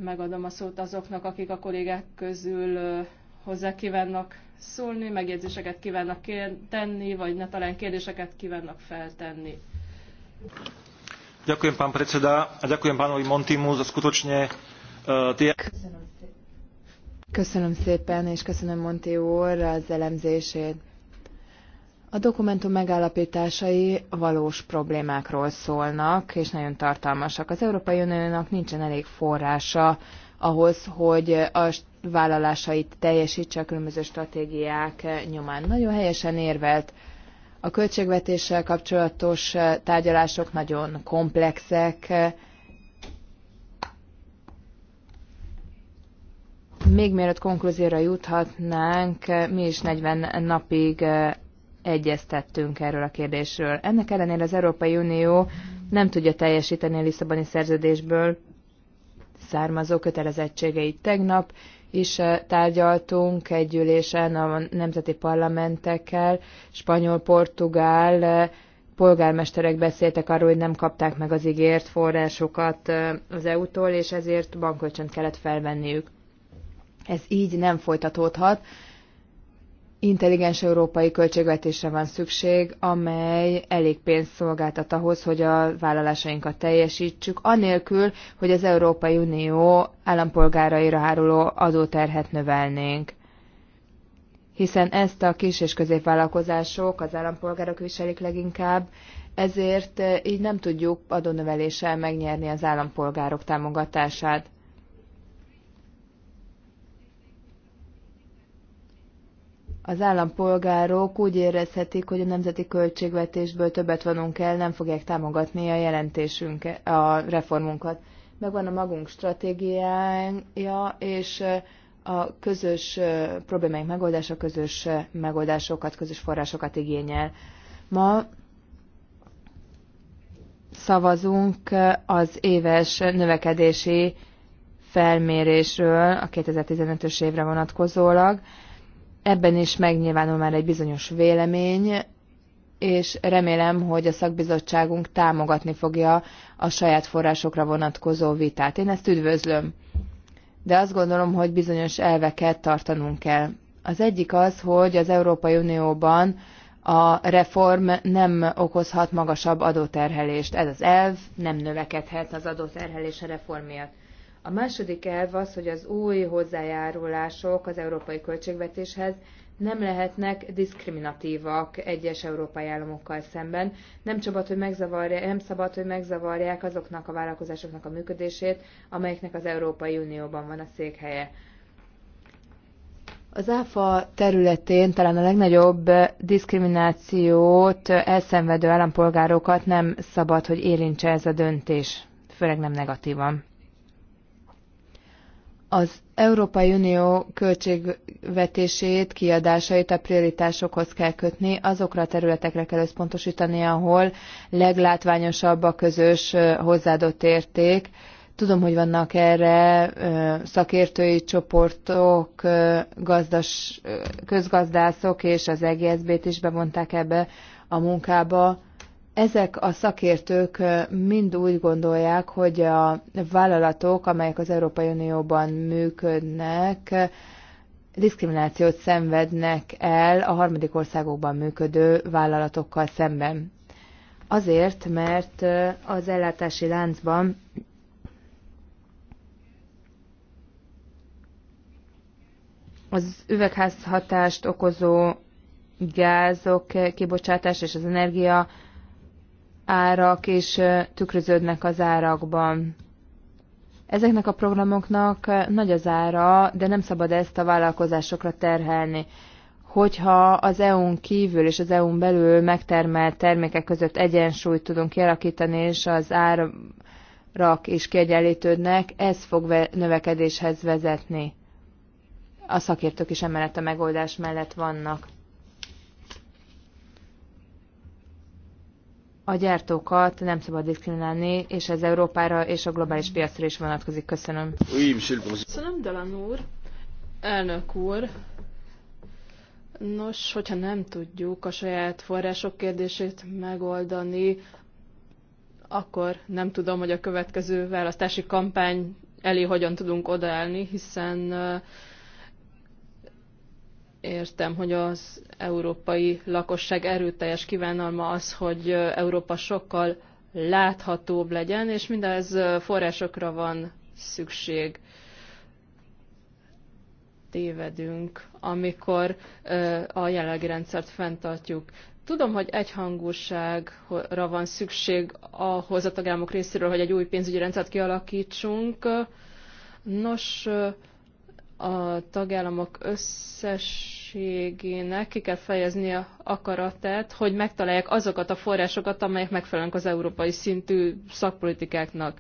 S2: megadom a szót azoknak, akik a kollégák közül hozzá kívánnak szólni, megjegyzéseket kívánnak tenni, vagy ne talán kérdéseket kívánnak feltenni.
S1: Ďakujem, pán predseda, a ďakujem pánovi Montimu za skutočne tie...
S3: Köszönöm szépen, és köszönöm Monti úr az elemzését. A dokumentum megállapításai valós problémákról szólnak, és nagyon tartalmasak. Az Európai Uniónak nincsen elég forrása ahhoz, hogy a vállalásait teljesítse a különböző stratégiák nyomán. Nagyon helyesen érvelt. A költségvetéssel kapcsolatos tárgyalások nagyon komplexek. Még mielőtt konklúzióra juthatnánk, mi is 40 napig egyeztettünk erről a kérdésről. Ennek ellenére az Európai Unió nem tudja teljesíteni a Lisszaboni szerződésből származó kötelezettségeit. Tegnap is eh, tárgyaltunk egy ülésen a nemzeti parlamentekkel, spanyol, portugál eh, polgármesterek beszéltek arról, hogy nem kapták meg az ígért forrásokat eh, az EU-tól, és ezért bankkölcsönt kellett felvenniük. Ez így nem folytatódhat, intelligens európai költségvetésre van szükség, amely elég pénzt szolgáltat ahhoz, hogy a vállalásainkat teljesítsük, anélkül, hogy az Európai Unió állampolgáraira háruló adóterhet növelnénk. Hiszen ezt a kis és középvállalkozások, az állampolgárok viselik leginkább, ezért így nem tudjuk adónöveléssel megnyerni az állampolgárok támogatását. az állampolgárok úgy érezhetik, hogy a nemzeti költségvetésből többet vonunk el, nem fogják támogatni a jelentésünk, a reformunkat. Megvan a magunk stratégiája, és a közös problémáink megoldása közös megoldásokat, közös forrásokat igényel. Ma szavazunk az éves növekedési felmérésről a 2015-ös évre vonatkozólag, Ebben is megnyilvánul már egy bizonyos vélemény, és remélem, hogy a szakbizottságunk támogatni fogja a saját forrásokra vonatkozó vitát. Én ezt üdvözlöm. De azt gondolom, hogy bizonyos elveket tartanunk kell. Az egyik az, hogy az Európai Unióban a reform nem okozhat magasabb adóterhelést. Ez az elv nem növekedhet az adóterhelés a reform miatt. A második elv az, hogy az új hozzájárulások az európai költségvetéshez nem lehetnek diszkriminatívak egyes európai államokkal szemben. Nem, szabad, hogy megzavarják, nem szabad, hogy megzavarják azoknak a vállalkozásoknak a működését, amelyeknek az Európai Unióban van a székhelye. Az ÁFA területén talán a legnagyobb diszkriminációt elszenvedő állampolgárokat nem szabad, hogy érintse ez a döntés, főleg nem negatívan az Európai Unió költségvetését, kiadásait a prioritásokhoz kell kötni, azokra a területekre kell összpontosítani, ahol leglátványosabb a közös hozzáadott érték. Tudom, hogy vannak erre szakértői csoportok, gazdas, közgazdászok és az EGSZB-t is bevonták ebbe a munkába ezek a szakértők mind úgy gondolják, hogy a vállalatok, amelyek az Európai Unióban működnek, diszkriminációt szenvednek el a harmadik országokban működő vállalatokkal szemben. Azért, mert az ellátási láncban az üvegházhatást okozó gázok kibocsátás és az energia árak és tükröződnek az árakban. Ezeknek a programoknak nagy az ára, de nem szabad ezt a vállalkozásokra terhelni. Hogyha az EU-n kívül és az EU-n belül megtermelt termékek között egyensúlyt tudunk kialakítani, és az árak is kiegyenlítődnek, ez fog növekedéshez vezetni. A szakértők is emellett a megoldás mellett vannak. a gyártókat nem szabad diszkriminálni, és ez Európára és a globális piacra is vonatkozik. Köszönöm.
S1: Köszönöm,
S2: Dalan úr. Elnök úr. Nos, hogyha nem tudjuk a saját források kérdését megoldani, akkor nem tudom, hogy a következő választási kampány elé hogyan tudunk odaállni, hiszen értem, hogy az európai lakosság erőteljes kívánalma az, hogy Európa sokkal láthatóbb legyen, és mindez forrásokra van szükség. Tévedünk, amikor a jelenlegi rendszert fenntartjuk. Tudom, hogy egyhangúságra van szükség ahhoz a tagállamok részéről, hogy egy új pénzügyi rendszert kialakítsunk. Nos, a tagállamok összességének ki kell fejezni a akaratát, hogy megtalálják azokat a forrásokat, amelyek megfelelnek az európai szintű szakpolitikáknak.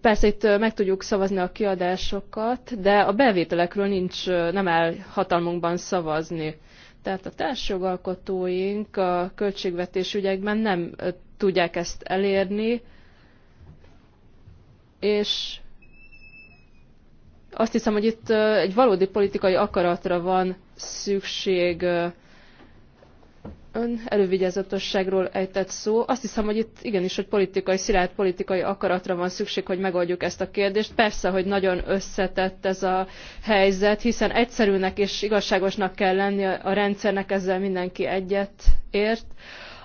S2: Persze itt meg tudjuk szavazni a kiadásokat, de a bevételekről nincs, nem áll hatalmunkban szavazni. Tehát a társjogalkotóink a költségvetés ügyekben nem tudják ezt elérni, és azt hiszem, hogy itt egy valódi politikai akaratra van szükség. Ön elővigyázatosságról ejtett szó. Azt hiszem, hogy itt igenis, hogy politikai, szilárd politikai akaratra van szükség, hogy megoldjuk ezt a kérdést. Persze, hogy nagyon összetett ez a helyzet, hiszen egyszerűnek és igazságosnak kell lenni a rendszernek, ezzel mindenki egyet ért.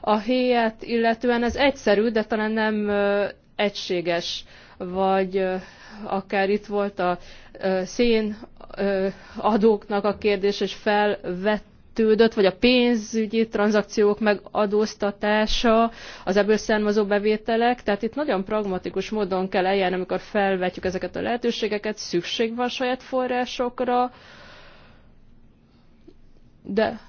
S2: A helyet illetően ez egyszerű, de talán nem egységes vagy akár itt volt a szén adóknak a kérdés, és felvetődött vagy a pénzügyi tranzakciók megadóztatása, az ebből származó bevételek. Tehát itt nagyon pragmatikus módon kell eljárni, amikor felvetjük ezeket a lehetőségeket, szükség van saját forrásokra, de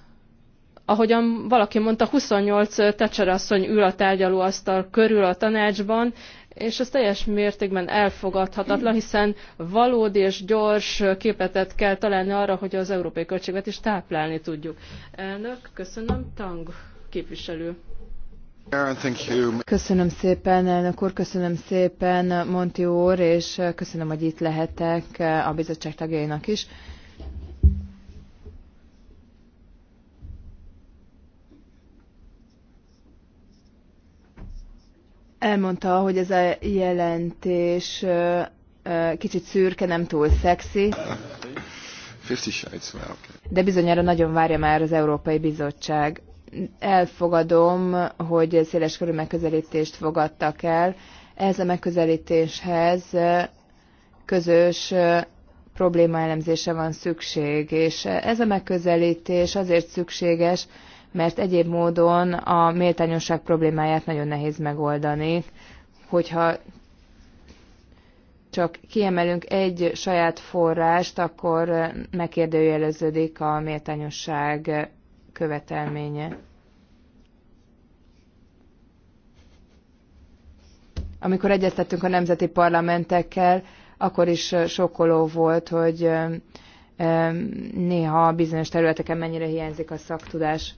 S2: ahogyan valaki mondta, 28 tecserasszony ül a tárgyalóasztal körül a tanácsban, és ez teljes mértékben elfogadhatatlan, hiszen valódi és gyors képetet kell találni arra, hogy az európai is táplálni tudjuk. Elnök, köszönöm, Tang képviselő.
S3: Köszönöm szépen, elnök úr, köszönöm szépen, Monti úr, és köszönöm, hogy itt lehetek a bizottság tagjainak is. elmondta, hogy ez a jelentés kicsit szürke, nem túl szexi. De bizonyára nagyon várja már az Európai Bizottság. Elfogadom, hogy széles körű megközelítést fogadtak el. Ez a megközelítéshez közös problémaelemzése van szükség, és ez a megközelítés azért szükséges, mert egyéb módon a méltányosság problémáját nagyon nehéz megoldani, hogyha csak kiemelünk egy saját forrást, akkor megkérdőjeleződik a méltányosság követelménye. Amikor egyeztettünk a nemzeti parlamentekkel, akkor is sokkoló volt, hogy néha bizonyos területeken mennyire hiányzik a szaktudás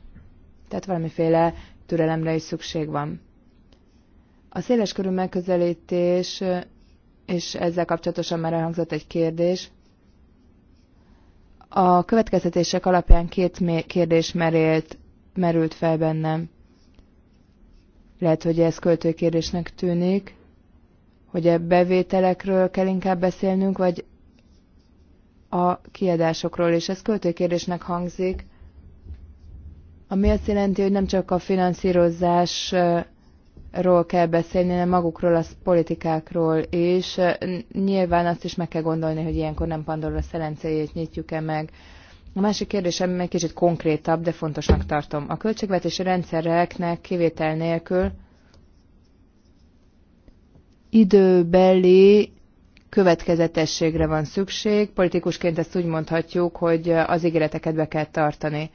S3: tehát valamiféle türelemre is szükség van. A széles körű megközelítés, és ezzel kapcsolatosan már elhangzott egy kérdés, a következtetések alapján két kérdés merélt, merült fel bennem. Lehet, hogy ez költőkérdésnek tűnik, hogy a bevételekről kell inkább beszélnünk, vagy a kiadásokról, és ez költőkérdésnek hangzik, ami azt jelenti, hogy nem csak a finanszírozásról kell beszélni, hanem magukról a politikákról is. Nyilván azt is meg kell gondolni, hogy ilyenkor nem Pandora szelencéjét nyitjuk-e meg. A másik kérdésem egy kicsit konkrétabb, de fontosnak tartom. A költségvetési rendszereknek kivétel nélkül időbeli következetességre van szükség. Politikusként ezt úgy mondhatjuk, hogy az ígéreteket be kell tartani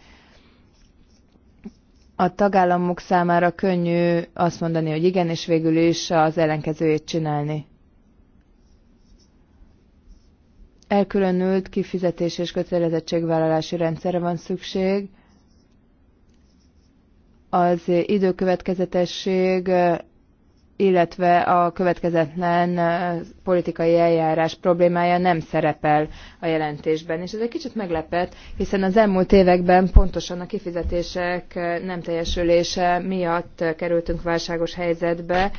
S3: a tagállamok számára könnyű azt mondani, hogy igen, és végül is az ellenkezőjét csinálni. Elkülönült kifizetés és kötelezettségvállalási rendszerre van szükség. Az időkövetkezetesség illetve a következetlen politikai eljárás problémája nem szerepel a jelentésben. És ez egy kicsit meglepett, hiszen az elmúlt években pontosan a kifizetések nem teljesülése miatt kerültünk válságos helyzetbe.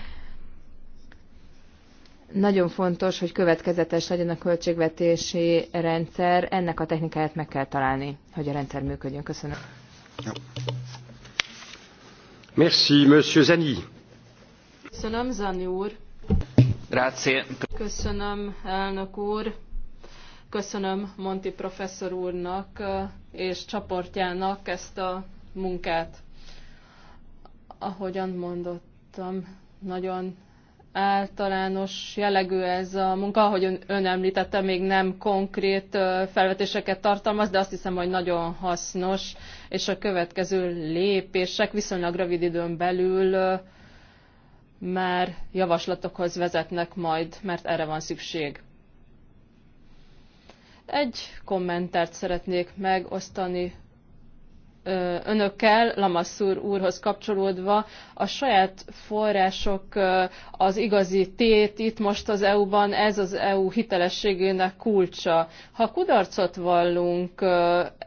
S3: Nagyon fontos, hogy következetes legyen a költségvetési rendszer. Ennek a technikáját meg kell találni, hogy a rendszer működjön. Köszönöm.
S1: Merci, Monsieur Zani.
S2: Köszönöm, Zani úr. Grazie. Köszönöm, elnök úr. Köszönöm Monti professzor úrnak eh, és csoportjának ezt a munkát. Ahogyan mondottam, nagyon általános jellegű ez a munka, ahogy ön, ön említette, még nem konkrét eh, felvetéseket tartalmaz, de azt hiszem, hogy nagyon hasznos, és a következő lépések viszonylag rövid időn belül eh, már javaslatokhoz vezetnek majd, mert erre van szükség. Egy kommentert szeretnék megosztani önökkel, Lamassur úrhoz kapcsolódva, a saját források az igazi tét itt most az EU-ban, ez az EU hitelességének kulcsa. Ha kudarcot vallunk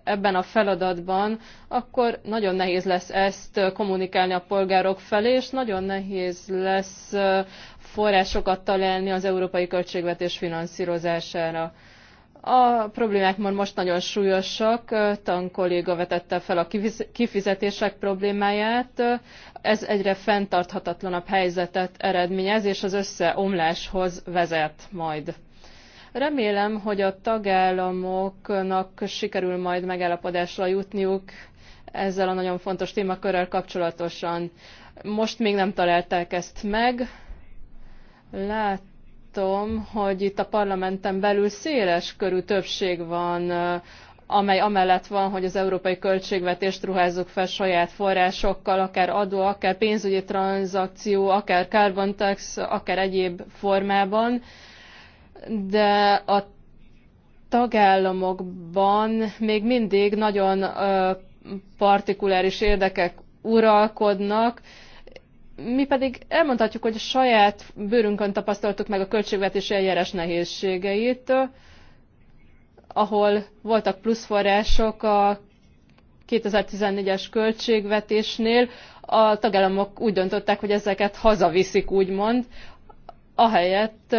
S2: ebben a feladatban, akkor nagyon nehéz lesz ezt kommunikálni a polgárok felé, és nagyon nehéz lesz forrásokat találni az európai költségvetés finanszírozására. A problémák már most nagyon súlyosak. Tan kolléga vetette fel a kifizetések problémáját. Ez egyre fenntarthatatlanabb helyzetet eredményez, és az összeomláshoz vezet majd. Remélem, hogy a tagállamoknak sikerül majd megállapodásra jutniuk ezzel a nagyon fontos témakörrel kapcsolatosan. Most még nem találták ezt meg. Lát látom, hogy itt a parlamenten belül széles körű többség van, amely amellett van, hogy az európai költségvetést ruházzuk fel saját forrásokkal, akár adó, akár pénzügyi tranzakció, akár carbon tax, akár egyéb formában, de a tagállamokban még mindig nagyon partikuláris érdekek uralkodnak, mi pedig elmondhatjuk, hogy a saját bőrünkön tapasztaltuk meg a költségvetési eljárás nehézségeit, ahol voltak pluszforrások a 2014-es költségvetésnél, a tagállamok úgy döntöttek, hogy ezeket hazaviszik, úgymond, ahelyett,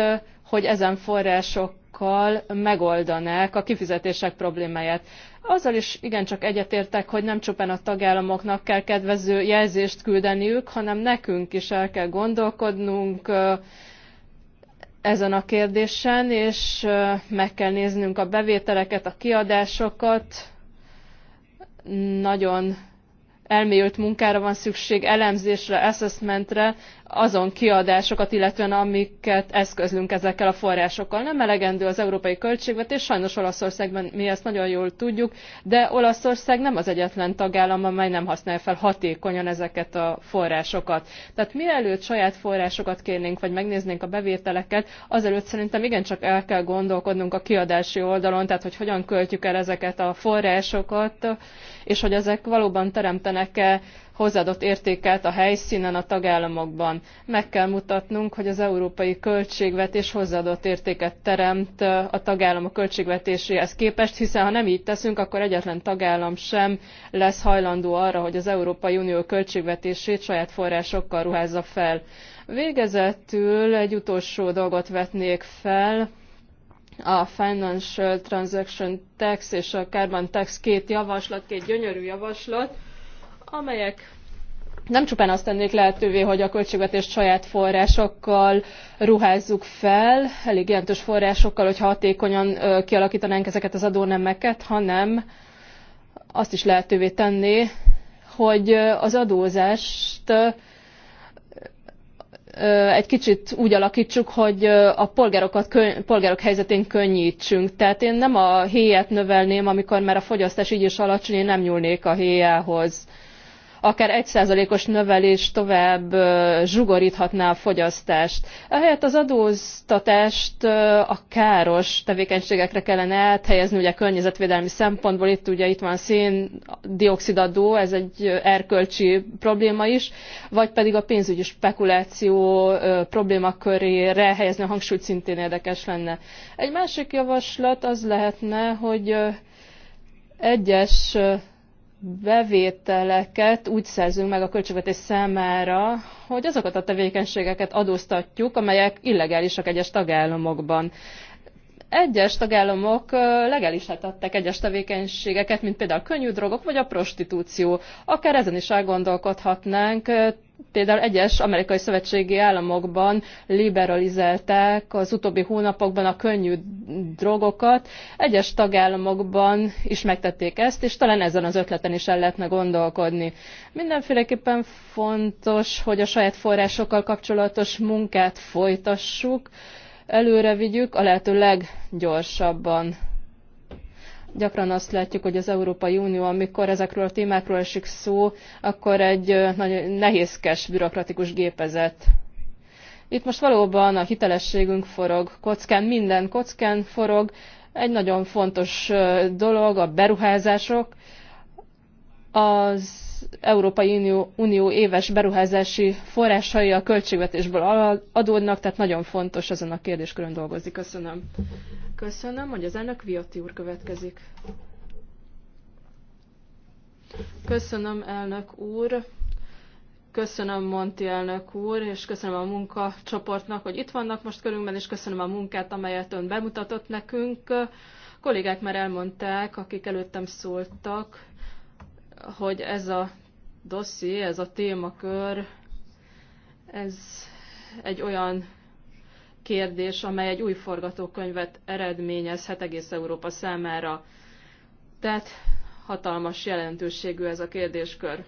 S2: hogy ezen forrásokkal megoldanák a kifizetések problémáját. Azzal is igencsak egyetértek, hogy nem csupán a tagállamoknak kell kedvező jelzést küldeniük, hanem nekünk is el kell gondolkodnunk ezen a kérdésen, és meg kell néznünk a bevételeket, a kiadásokat. Nagyon elmélyült munkára van szükség, elemzésre, assessmentre, azon kiadásokat, illetően amiket eszközlünk ezekkel a forrásokkal. Nem elegendő az európai költségvetés, sajnos Olaszországban mi ezt nagyon jól tudjuk, de Olaszország nem az egyetlen tagállam, amely nem használja fel hatékonyan ezeket a forrásokat. Tehát mielőtt saját forrásokat kérnénk, vagy megnéznénk a bevételeket, azelőtt szerintem igencsak el kell gondolkodnunk a kiadási oldalon, tehát hogy hogyan költjük el ezeket a forrásokat, és hogy ezek valóban teremtenek-e hozzáadott értéket a helyszínen, a tagállamokban. Meg kell mutatnunk, hogy az európai költségvetés hozzáadott értéket teremt a tagállamok költségvetéséhez képest, hiszen ha nem így teszünk, akkor egyetlen tagállam sem lesz hajlandó arra, hogy az Európai Unió költségvetését saját forrásokkal ruházza fel. Végezetül egy utolsó dolgot vetnék fel, a Financial Transaction Tax és a Carbon Tax két javaslat, két gyönyörű javaslat, amelyek nem csupán azt tennék lehetővé, hogy a költségvetést saját forrásokkal ruházzuk fel, elég jelentős forrásokkal, hogy hatékonyan kialakítanánk ezeket az adónemeket, hanem azt is lehetővé tenni, hogy az adózást egy kicsit úgy alakítsuk, hogy a polgárokat, polgárok helyzetén könnyítsünk. Tehát én nem a héját növelném, amikor már a fogyasztás így is alacsony, én nem nyúlnék a héjához akár egy os növelés tovább zsugoríthatná a fogyasztást. ehelyett az adóztatást a káros tevékenységekre kellene áthelyezni ugye környezetvédelmi szempontból itt ugye itt van dioxidadó, ez egy erkölcsi probléma is vagy pedig a pénzügyi spekuláció problémakörére helyezni a hangsúlyt szintén érdekes lenne. egy másik javaslat az lehetne hogy egyes bevételeket úgy szerzünk meg a költségvetés számára, hogy azokat a tevékenységeket adóztatjuk, amelyek illegálisak egyes tagállamokban. Egyes tagállamok legalisetettek egyes tevékenységeket, mint például a könnyű drogok vagy a prostitúció. Akár ezen is elgondolkodhatnánk, Például egyes amerikai szövetségi államokban liberalizálták az utóbbi hónapokban a könnyű drogokat, egyes tagállamokban is megtették ezt, és talán ezen az ötleten is el lehetne gondolkodni. Mindenféleképpen fontos, hogy a saját forrásokkal kapcsolatos munkát folytassuk, előre vigyük a lehető leggyorsabban. Gyakran azt látjuk, hogy az Európai Unió, amikor ezekről a témákról esik szó, akkor egy nagyon nehézkes, bürokratikus gépezet. Itt most valóban a hitelességünk forog kockán, minden kockán forog. Egy nagyon fontos dolog a beruházások. Az Európai Unió, Unió éves beruházási forrásai a költségvetésből adódnak, tehát nagyon fontos ezen a kérdéskörön dolgozni. Köszönöm. Köszönöm, hogy az elnök Viotti úr következik. Köszönöm, elnök úr. Köszönöm Monti elnök úr, és köszönöm a munkacsoportnak, hogy itt vannak most körünkben, és köszönöm a munkát, amelyet ön bemutatott nekünk. A kollégák már elmondták, akik előttem szóltak, hogy ez a dosszié, ez a témakör, ez egy olyan kérdés, amely egy új forgatókönyvet eredményezhet egész Európa számára. Tehát hatalmas jelentőségű ez a kérdéskör.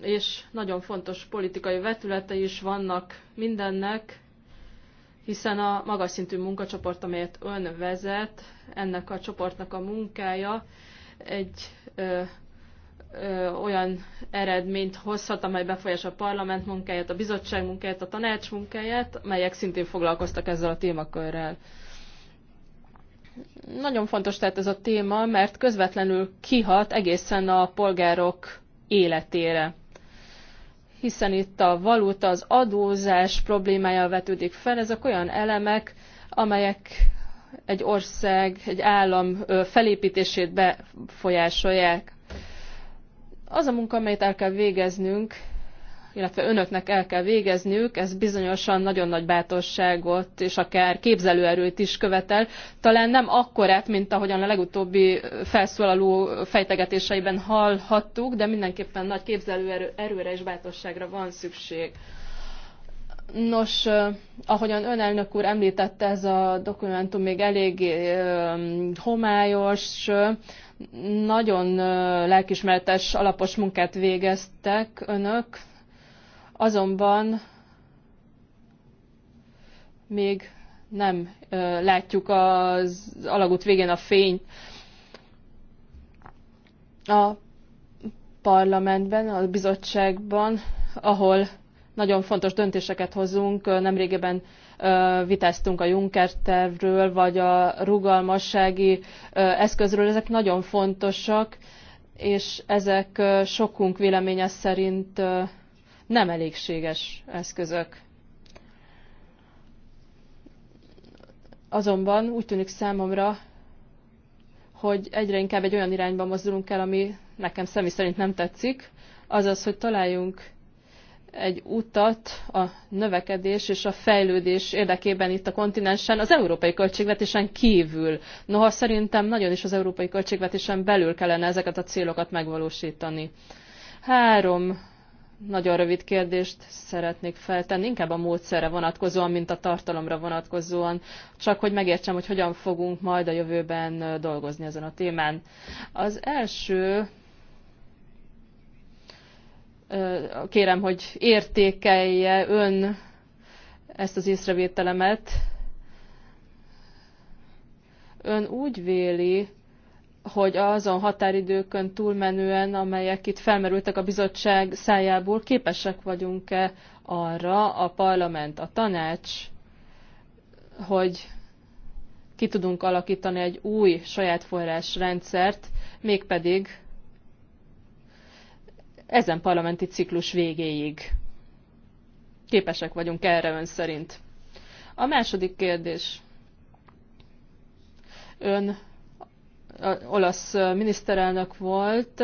S2: És nagyon fontos politikai vetületei is vannak mindennek, hiszen a magas szintű munkacsoport, amelyet ön vezet, ennek a csoportnak a munkája egy ö, ö, olyan eredményt hozhat, amely befolyás a parlament munkáját, a bizottság munkáját, a tanács munkáját, melyek szintén foglalkoztak ezzel a témakörrel. Nagyon fontos tehát ez a téma, mert közvetlenül kihat egészen a polgárok életére hiszen itt a valuta, az adózás problémája vetődik fel. Ezek olyan elemek, amelyek egy ország, egy állam felépítését befolyásolják. Az a munka, amelyet el kell végeznünk, illetve önöknek el kell végezniük, ez bizonyosan nagyon nagy bátorságot és akár képzelőerőt is követel. Talán nem akkorát, mint ahogyan a legutóbbi felszólaló fejtegetéseiben hallhattuk, de mindenképpen nagy képzelőerőre és bátorságra van szükség. Nos, ahogyan ön elnök úr említette, ez a dokumentum még elég homályos, nagyon lelkismeretes, alapos munkát végeztek önök, azonban még nem látjuk az alagút végén a fény A parlamentben, a bizottságban, ahol nagyon fontos döntéseket hozunk. Nemrégiben vitáztunk a Juncker tervről, vagy a rugalmassági eszközről. Ezek nagyon fontosak, és ezek sokunk véleménye szerint nem elégséges eszközök. Azonban úgy tűnik számomra, hogy egyre inkább egy olyan irányba mozdulunk el, ami nekem személy szerint nem tetszik, azaz, hogy találjunk egy utat a növekedés és a fejlődés érdekében itt a kontinensen az európai költségvetésen kívül. Noha szerintem nagyon is az európai költségvetésen belül kellene ezeket a célokat megvalósítani. Három nagyon rövid kérdést szeretnék feltenni, inkább a módszerre vonatkozóan, mint a tartalomra vonatkozóan, csak hogy megértsem, hogy hogyan fogunk majd a jövőben dolgozni ezen a témán. Az első kérem, hogy értékelje ön ezt az észrevételemet. Ön úgy véli, hogy azon határidőkön túlmenően, amelyek itt felmerültek a bizottság szájából, képesek vagyunk-e arra a parlament, a tanács, hogy ki tudunk alakítani egy új saját forrásrendszert, mégpedig ezen parlamenti ciklus végéig. Képesek vagyunk erre ön szerint. A második kérdés. Ön olasz miniszterelnök volt,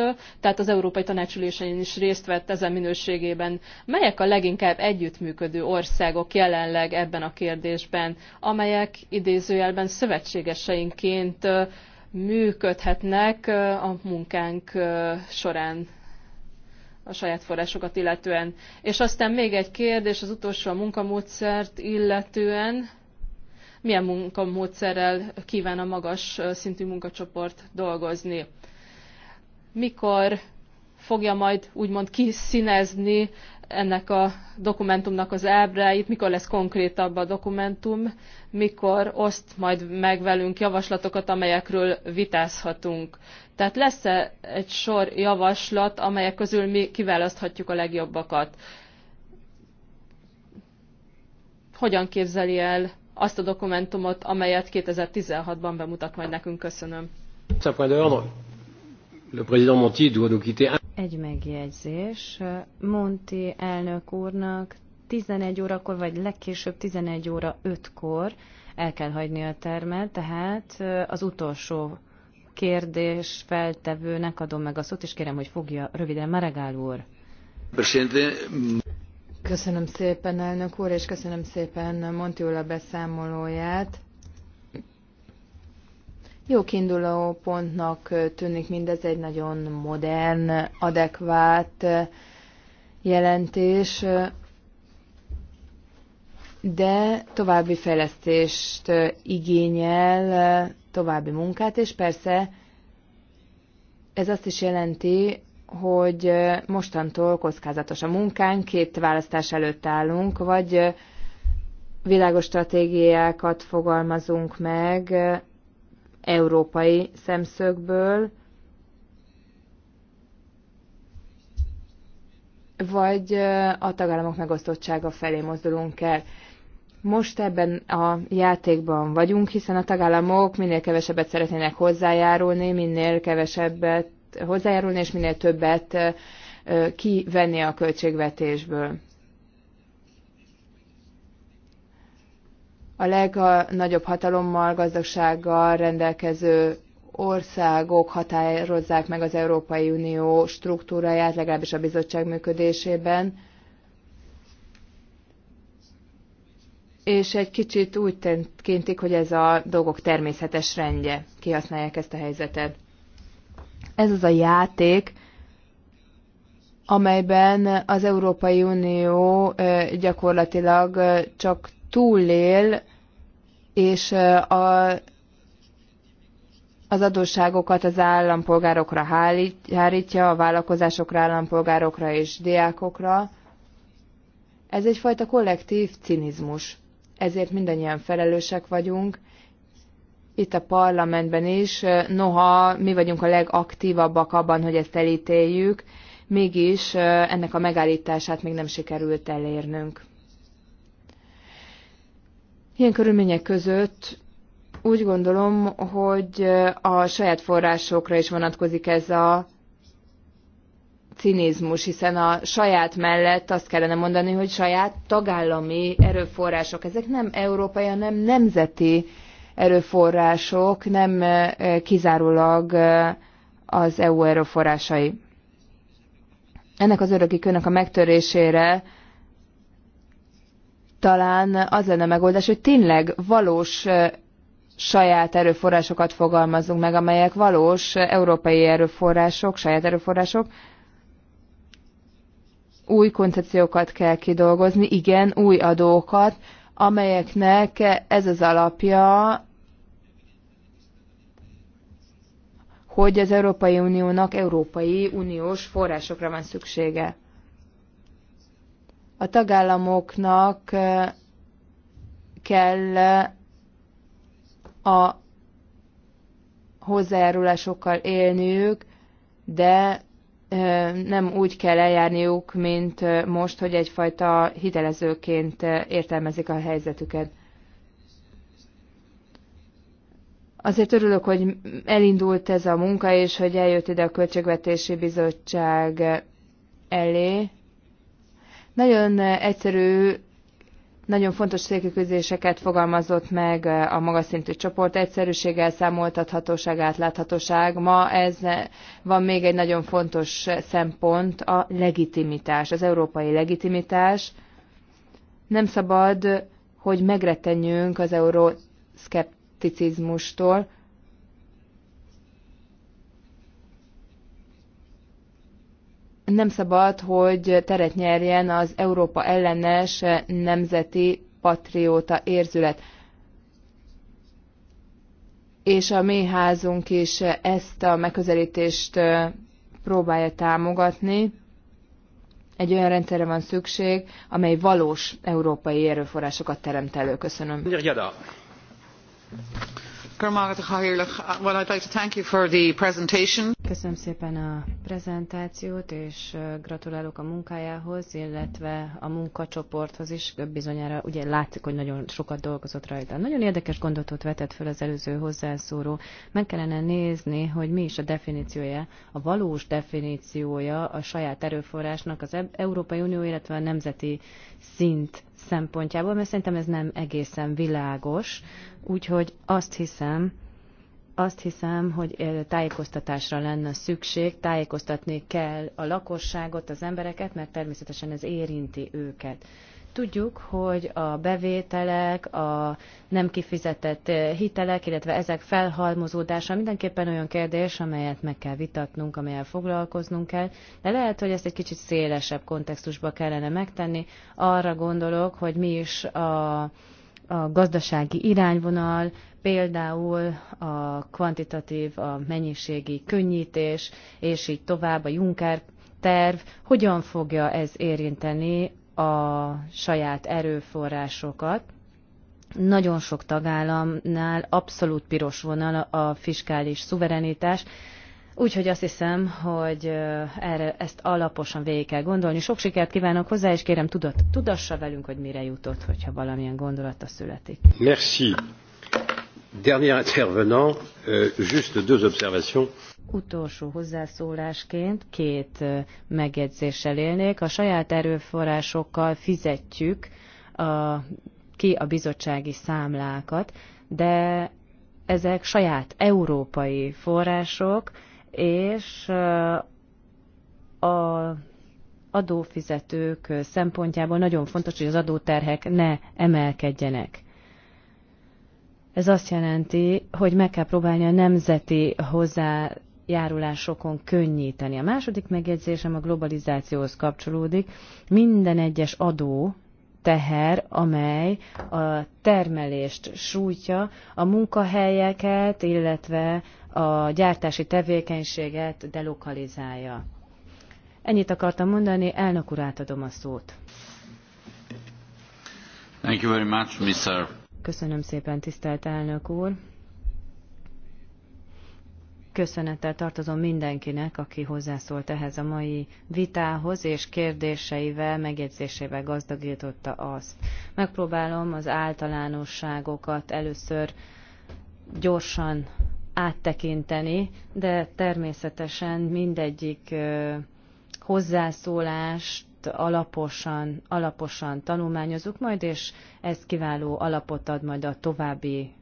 S2: tehát az Európai Tanácsülésein is részt vett ezen minőségében. Melyek a leginkább együttműködő országok jelenleg ebben a kérdésben, amelyek idézőjelben szövetségeseinként működhetnek a munkánk során? a saját forrásokat illetően. És aztán még egy kérdés az utolsó a munkamódszert illetően. Milyen munkamódszerrel kíván a magas szintű munkacsoport dolgozni? Mikor fogja majd úgymond kiszínezni ennek a dokumentumnak az ábráit, mikor lesz konkrétabb a dokumentum, mikor oszt majd meg velünk javaslatokat, amelyekről vitázhatunk. Tehát lesz -e egy sor javaslat, amelyek közül mi kiválaszthatjuk a legjobbakat? Hogyan képzeli el azt a dokumentumot, amelyet 2016-ban bemutat majd nekünk? Köszönöm.
S1: Le président Monti doit nous quitter.
S4: Egy megjegyzés. Monti elnök úrnak 11 órakor, vagy legkésőbb 11 óra 5-kor el kell hagyni a termet, tehát az utolsó kérdés feltevőnek adom meg a szót, és kérem, hogy fogja röviden Maregál úr.
S3: Köszönöm szépen, elnök úr, és köszönöm szépen Monti úr a beszámolóját. Jó kiinduló pontnak tűnik mindez egy nagyon modern, adekvát jelentés, de további fejlesztést igényel, további munkát, és persze ez azt is jelenti, hogy mostantól kockázatos a munkánk, két választás előtt állunk, vagy világos stratégiákat fogalmazunk meg, európai szemszögből, vagy a tagállamok megosztottsága felé mozdulunk el. Most ebben a játékban vagyunk, hiszen a tagállamok minél kevesebbet szeretnének hozzájárulni, minél kevesebbet hozzájárulni, és minél többet kivenni a költségvetésből. a legnagyobb hatalommal, gazdagsággal rendelkező országok határozzák meg az Európai Unió struktúráját, legalábbis a bizottság működésében. És egy kicsit úgy tűntik, hogy ez a dolgok természetes rendje, kihasználják ezt a helyzetet. Ez az a játék, amelyben az Európai Unió gyakorlatilag csak túlél, és a, az adósságokat az állampolgárokra hárítja, a vállalkozásokra, állampolgárokra és diákokra. Ez egyfajta kollektív cinizmus. Ezért mindannyian felelősek vagyunk, itt a parlamentben is, noha mi vagyunk a legaktívabbak abban, hogy ezt elítéljük, mégis ennek a megállítását még nem sikerült elérnünk. Ilyen körülmények között úgy gondolom, hogy a saját forrásokra is vonatkozik ez a cinizmus, hiszen a saját mellett azt kellene mondani, hogy saját tagállami erőforrások. Ezek nem európai, hanem nemzeti erőforrások, nem eh, kizárólag eh, az EU erőforrásai. Ennek az öröki könnek a megtörésére talán az lenne megoldás, hogy tényleg valós saját erőforrásokat fogalmazunk meg, amelyek valós európai erőforrások, saját erőforrások. Új koncepciókat kell kidolgozni, igen, új adókat, amelyeknek ez az alapja, hogy az Európai Uniónak Európai Uniós forrásokra van szüksége. A tagállamoknak kell a hozzájárulásokkal élniük, de nem úgy kell eljárniuk, mint most, hogy egyfajta hitelezőként értelmezik a helyzetüket. Azért örülök, hogy elindult ez a munka, és hogy eljött ide a Költségvetési Bizottság elé. Nagyon egyszerű, nagyon fontos célkiküzdéseket fogalmazott meg a magas szintű csoport egyszerűséggel, számoltathatóság, átláthatóság. Ma ez van még egy nagyon fontos szempont, a legitimitás, az európai legitimitás. Nem szabad, hogy megretenjünk az euroszkepticizmustól, nem szabad, hogy teret nyerjen az Európa ellenes nemzeti patrióta érzület. És a mi házunk is ezt a megközelítést próbálja támogatni. Egy olyan rendszerre van szükség, amely valós európai erőforrásokat teremt elő. Köszönöm.
S1: Köszönöm.
S4: Köszönöm szépen a prezentációt, és gratulálok a munkájához, illetve a munkacsoporthoz is. Bizonyára ugye látszik, hogy nagyon sokat dolgozott rajta. Nagyon érdekes gondotot vetett fel az előző hozzászóró. Meg kellene nézni, hogy mi is a definíciója, a valós definíciója a saját erőforrásnak az Európai Unió, illetve a nemzeti szint szempontjából, mert szerintem ez nem egészen világos. Úgyhogy azt hiszem, azt hiszem, hogy tájékoztatásra lenne szükség, tájékoztatni kell a lakosságot, az embereket, mert természetesen ez érinti őket. Tudjuk, hogy a bevételek, a nem kifizetett hitelek, illetve ezek felhalmozódása mindenképpen olyan kérdés, amelyet meg kell vitatnunk, amelyel foglalkoznunk kell, de lehet, hogy ezt egy kicsit szélesebb kontextusba kellene megtenni. Arra gondolok, hogy mi is a a gazdasági irányvonal, például a kvantitatív, a mennyiségi könnyítés, és így tovább a Juncker terv, hogyan fogja ez érinteni a saját erőforrásokat. Nagyon sok tagállamnál abszolút piros vonal a fiskális szuverenitás, Úgyhogy azt hiszem, hogy erre ezt alaposan végig kell gondolni. Sok sikert kívánok hozzá, és kérem tudat, tudassa velünk, hogy mire jutott, hogyha valamilyen gondolata születik.
S1: Merci. Dernier intervenant, euh, juste deux observations.
S4: Utolsó hozzászólásként két euh, megjegyzéssel élnék. A saját erőforrásokkal fizetjük a, ki a bizottsági számlákat, de ezek saját európai források, és euh, a adófizetők szempontjából nagyon fontos, hogy az adóterhek ne emelkedjenek. Ez azt jelenti, hogy meg kell próbálni a nemzeti hozzájárulásokon könnyíteni. A második megjegyzésem a globalizációhoz kapcsolódik. Minden egyes adó, teher, amely a termelést sújtja, a munkahelyeket, illetve a gyártási tevékenységet delokalizálja. Ennyit akartam mondani, elnök úr átadom a szót.
S1: Thank you very much, Mr.
S4: Köszönöm szépen, tisztelt elnök úr. Köszönettel tartozom mindenkinek, aki hozzászólt ehhez a mai vitához, és kérdéseivel, megjegyzésével gazdagította azt. Megpróbálom az általánosságokat először gyorsan áttekinteni, de természetesen mindegyik hozzászólás alaposan, alaposan tanulmányozunk majd, és ez kiváló alapot ad majd a további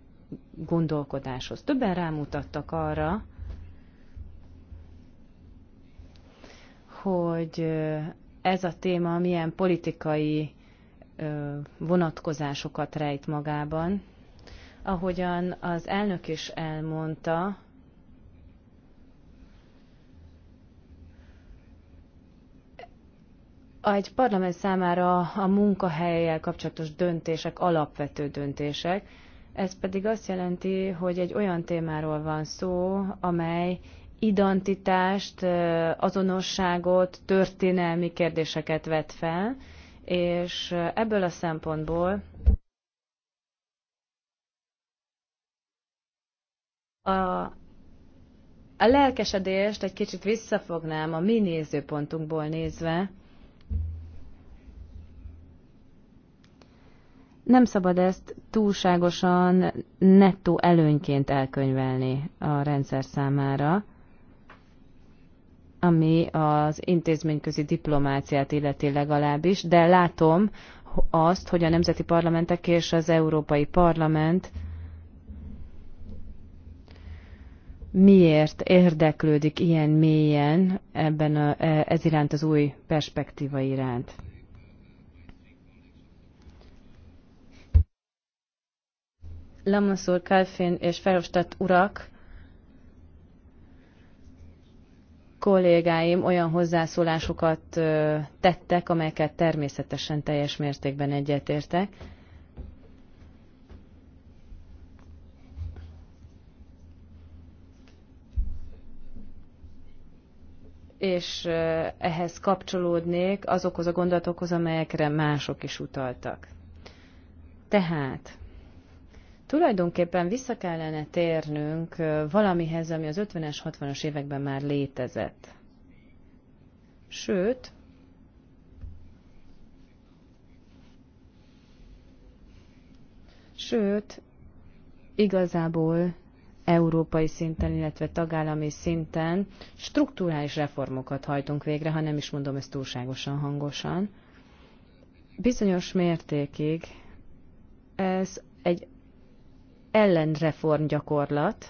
S4: gondolkodáshoz. Többen rámutattak arra, hogy ez a téma milyen politikai vonatkozásokat rejt magában. Ahogyan az elnök is elmondta, egy parlament számára a munkahelyel kapcsolatos döntések alapvető döntések, ez pedig azt jelenti, hogy egy olyan témáról van szó, amely identitást, azonosságot, történelmi kérdéseket vet fel, és ebből a szempontból a a lelkesedést egy kicsit visszafognám a mi nézőpontunkból nézve, nem szabad ezt túlságosan nettó előnyként elkönyvelni a rendszer számára, ami az intézményközi diplomáciát illeti legalábbis, de látom azt, hogy a nemzeti parlamentek és az Európai Parlament miért érdeklődik ilyen mélyen ebben a, e, ez iránt az új perspektíva iránt. Lamassur Kalfin és Ferostat urak kollégáim olyan hozzászólásokat tettek, amelyeket természetesen teljes mértékben egyetértek. és ehhez kapcsolódnék azokhoz a gondolatokhoz, amelyekre mások is utaltak. Tehát Tulajdonképpen vissza kellene térnünk valamihez, ami az 50-es, 60-as években már létezett. Sőt, sőt, igazából európai szinten, illetve tagállami szinten struktúrális reformokat hajtunk végre, ha nem is mondom ezt túlságosan hangosan. Bizonyos mértékig ez egy ellenreform gyakorlat,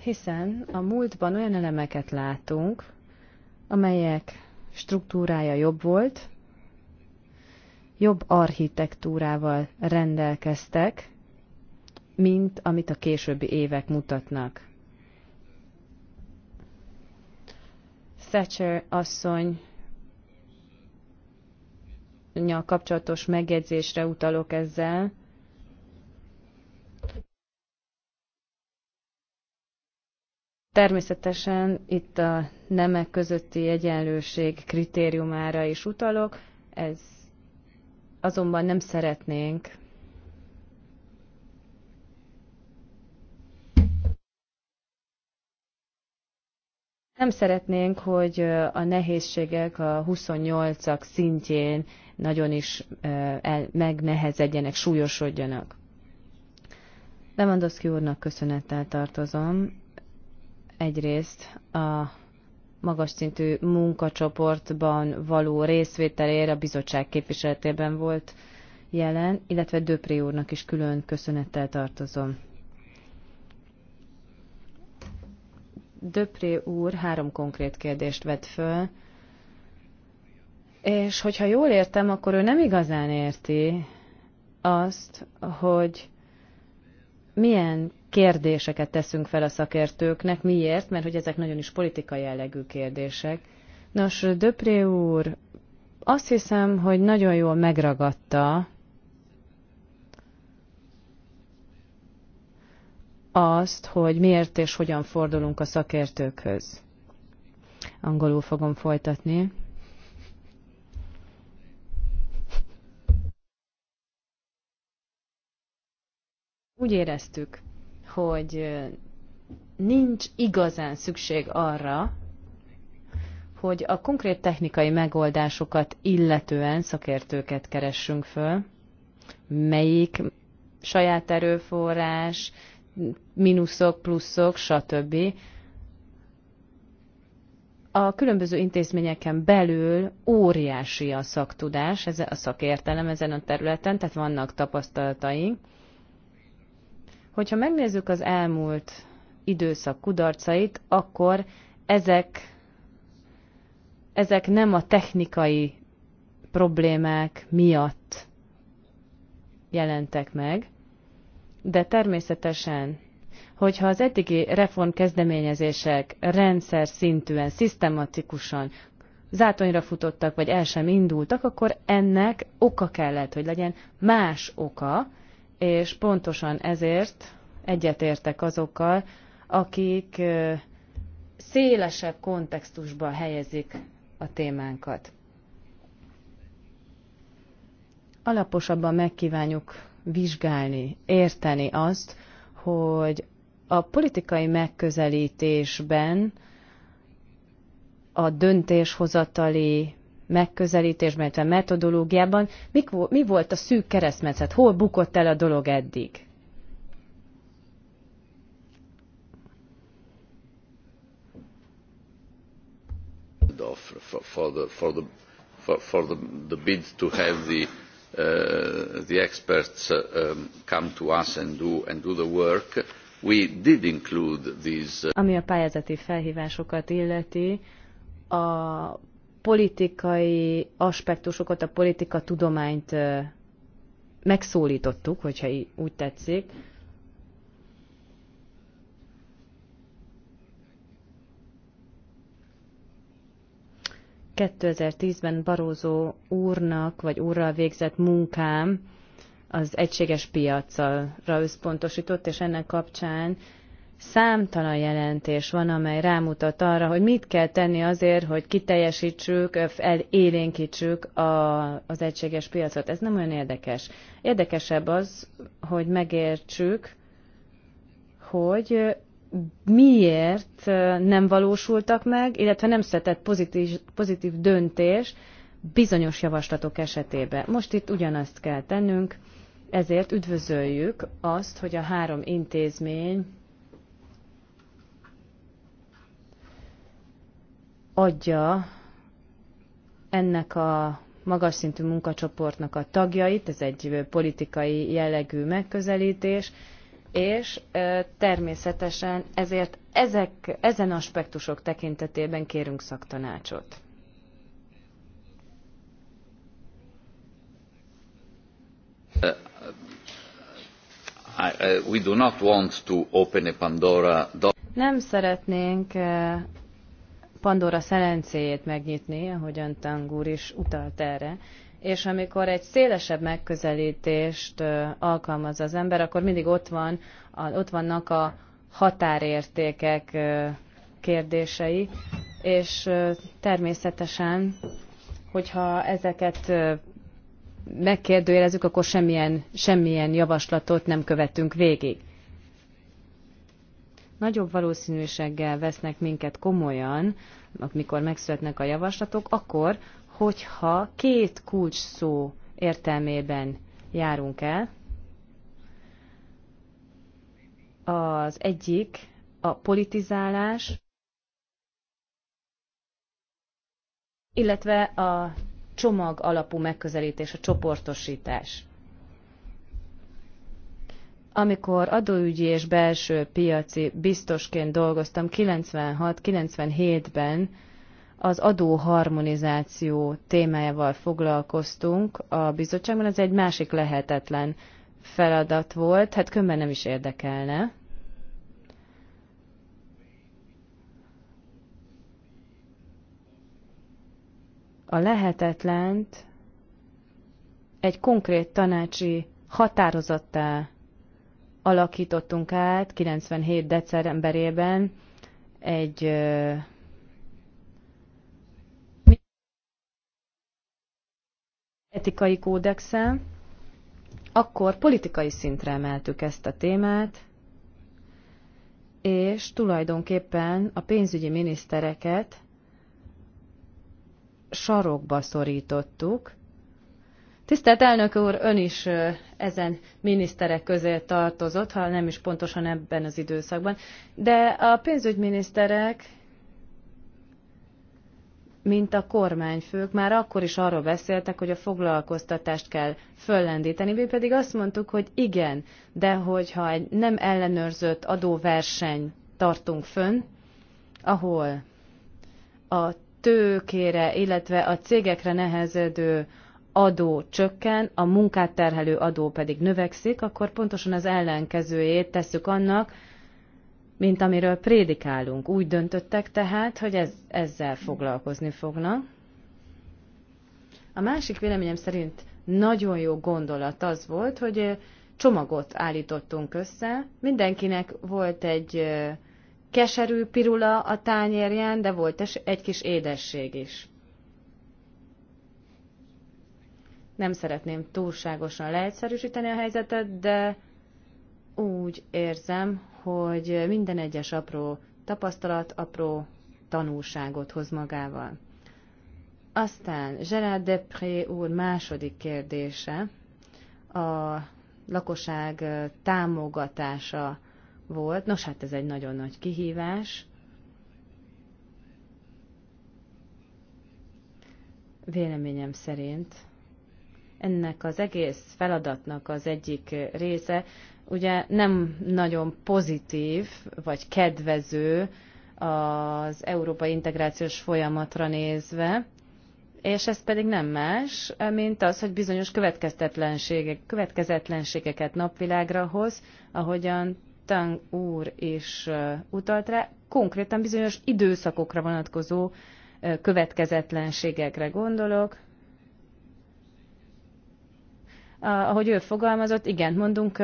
S4: hiszen a múltban olyan elemeket látunk, amelyek struktúrája jobb volt, jobb architektúrával rendelkeztek, mint amit a későbbi évek mutatnak. Thatcher asszony kapcsolatos megjegyzésre utalok ezzel, Természetesen itt a nemek közötti egyenlőség kritériumára is utalok, ez azonban nem szeretnénk Nem szeretnénk, hogy a nehézségek a 28-ak szintjén nagyon is megnehezedjenek, súlyosodjanak. Lewandowski úrnak köszönettel tartozom, Egyrészt a magas szintű munkacsoportban való részvételére a bizottság képviseletében volt jelen, illetve Döpré úrnak is külön köszönettel tartozom. Döpré úr három konkrét kérdést vett föl, és hogyha jól értem, akkor ő nem igazán érti azt, hogy milyen kérdéseket teszünk fel a szakértőknek. Miért? Mert hogy ezek nagyon is politikai jellegű kérdések. Nos, Döpré úr, azt hiszem, hogy nagyon jól megragadta azt, hogy miért és hogyan fordulunk a szakértőkhöz. Angolul fogom folytatni. Úgy éreztük, hogy nincs igazán szükség arra, hogy a konkrét technikai megoldásokat illetően szakértőket keressünk föl, melyik saját erőforrás, mínuszok, pluszok, stb. A különböző intézményeken belül óriási a szaktudás, ez a szakértelem ezen a területen, tehát vannak tapasztalataink, Hogyha megnézzük az elmúlt időszak kudarcait, akkor ezek, ezek nem a technikai problémák miatt jelentek meg, de természetesen, hogyha az eddigi reformkezdeményezések rendszer szintűen, szisztematikusan zátonyra futottak, vagy el sem indultak, akkor ennek oka kellett, hogy legyen más oka, és pontosan ezért egyetértek azokkal, akik szélesebb kontextusba helyezik a témánkat. Alaposabban megkívánjuk vizsgálni, érteni azt, hogy a politikai megközelítésben a döntéshozatali megközelítésben, illetve metodológiában, mik, mi volt a szűk keresztmetszet, hol bukott el a dolog eddig?
S1: for the for the for the, the bid to have the uh, the experts uh, um, come to us and do and do the work we did include these uh... ami
S4: a pályázati felhívásokat illeti a politikai aspektusokat, a politika tudományt megszólítottuk, hogyha úgy tetszik. ...2010-ben Barózó úrnak, vagy úrral végzett munkám az egységes piacra összpontosított, és ennek kapcsán Számtalan jelentés van, amely rámutat arra, hogy mit kell tenni azért, hogy kiteljesítsük, elélénkítsük a, az egységes piacot. Ez nem olyan érdekes. Érdekesebb az, hogy megértsük, hogy miért nem valósultak meg, illetve nem szetett pozitív, pozitív döntés bizonyos javaslatok esetében. Most itt ugyanazt kell tennünk, ezért üdvözöljük azt, hogy a három intézmény adja ennek a magas szintű munkacsoportnak a tagjait, ez egy politikai jellegű megközelítés, és természetesen ezért ezek, ezen aspektusok tekintetében kérünk szaktanácsot.
S1: Uh, uh,
S4: Nem szeretnénk Pandora szelencéjét megnyitni, ahogyan Tangúr is utalt erre, és amikor egy szélesebb megközelítést alkalmaz az ember, akkor mindig ott, van, ott vannak a határértékek kérdései, és természetesen, hogyha ezeket megkérdőjelezzük, akkor semmilyen, semmilyen javaslatot nem követünk végig nagyobb valószínűséggel vesznek minket komolyan, amikor megszületnek a javaslatok, akkor, hogyha két kulcs szó értelmében járunk el, az egyik a politizálás, illetve a csomag alapú megközelítés, a csoportosítás. Amikor adóügyi és belső piaci biztosként dolgoztam 96-97-ben, az adóharmonizáció témájával foglalkoztunk a bizottságban, ez egy másik lehetetlen feladat volt, hát könnyen nem is érdekelne. A lehetetlent egy konkrét tanácsi határozattá alakítottunk át 97. decemberében egy etikai kódexel, akkor politikai szintre emeltük ezt a témát, és tulajdonképpen a pénzügyi minisztereket sarokba szorítottuk, Tisztelt elnök úr, ön is ezen miniszterek közé tartozott, ha nem is pontosan ebben az időszakban, de a pénzügyminiszterek, mint a kormányfők, már akkor is arról beszéltek, hogy a foglalkoztatást kell föllendíteni. Mi pedig azt mondtuk, hogy igen, de hogyha egy nem ellenőrzött adóverseny tartunk fönn, ahol a tőkére, illetve a cégekre nehezedő adó csökken, a munkát terhelő adó pedig növekszik, akkor pontosan az ellenkezőjét tesszük annak, mint amiről prédikálunk. Úgy döntöttek tehát, hogy ez, ezzel foglalkozni fognak. A másik véleményem szerint nagyon jó gondolat az volt, hogy csomagot állítottunk össze. Mindenkinek volt egy keserű pirula a tányérján, de volt egy kis édesség is. Nem szeretném túlságosan leegyszerűsíteni a helyzetet, de úgy érzem, hogy minden egyes apró tapasztalat, apró tanulságot hoz magával. Aztán Gerard Depré úr második kérdése a lakosság támogatása volt. Nos, hát ez egy nagyon nagy kihívás. Véleményem szerint ennek az egész feladatnak az egyik része ugye nem nagyon pozitív vagy kedvező az európai integrációs folyamatra nézve, és ez pedig nem más, mint az, hogy bizonyos következtetlenségek, következetlenségeket napvilágra hoz, ahogyan Tang úr is utalt rá, konkrétan bizonyos időszakokra vonatkozó következetlenségekre gondolok, ahogy ő fogalmazott, igen, mondunk,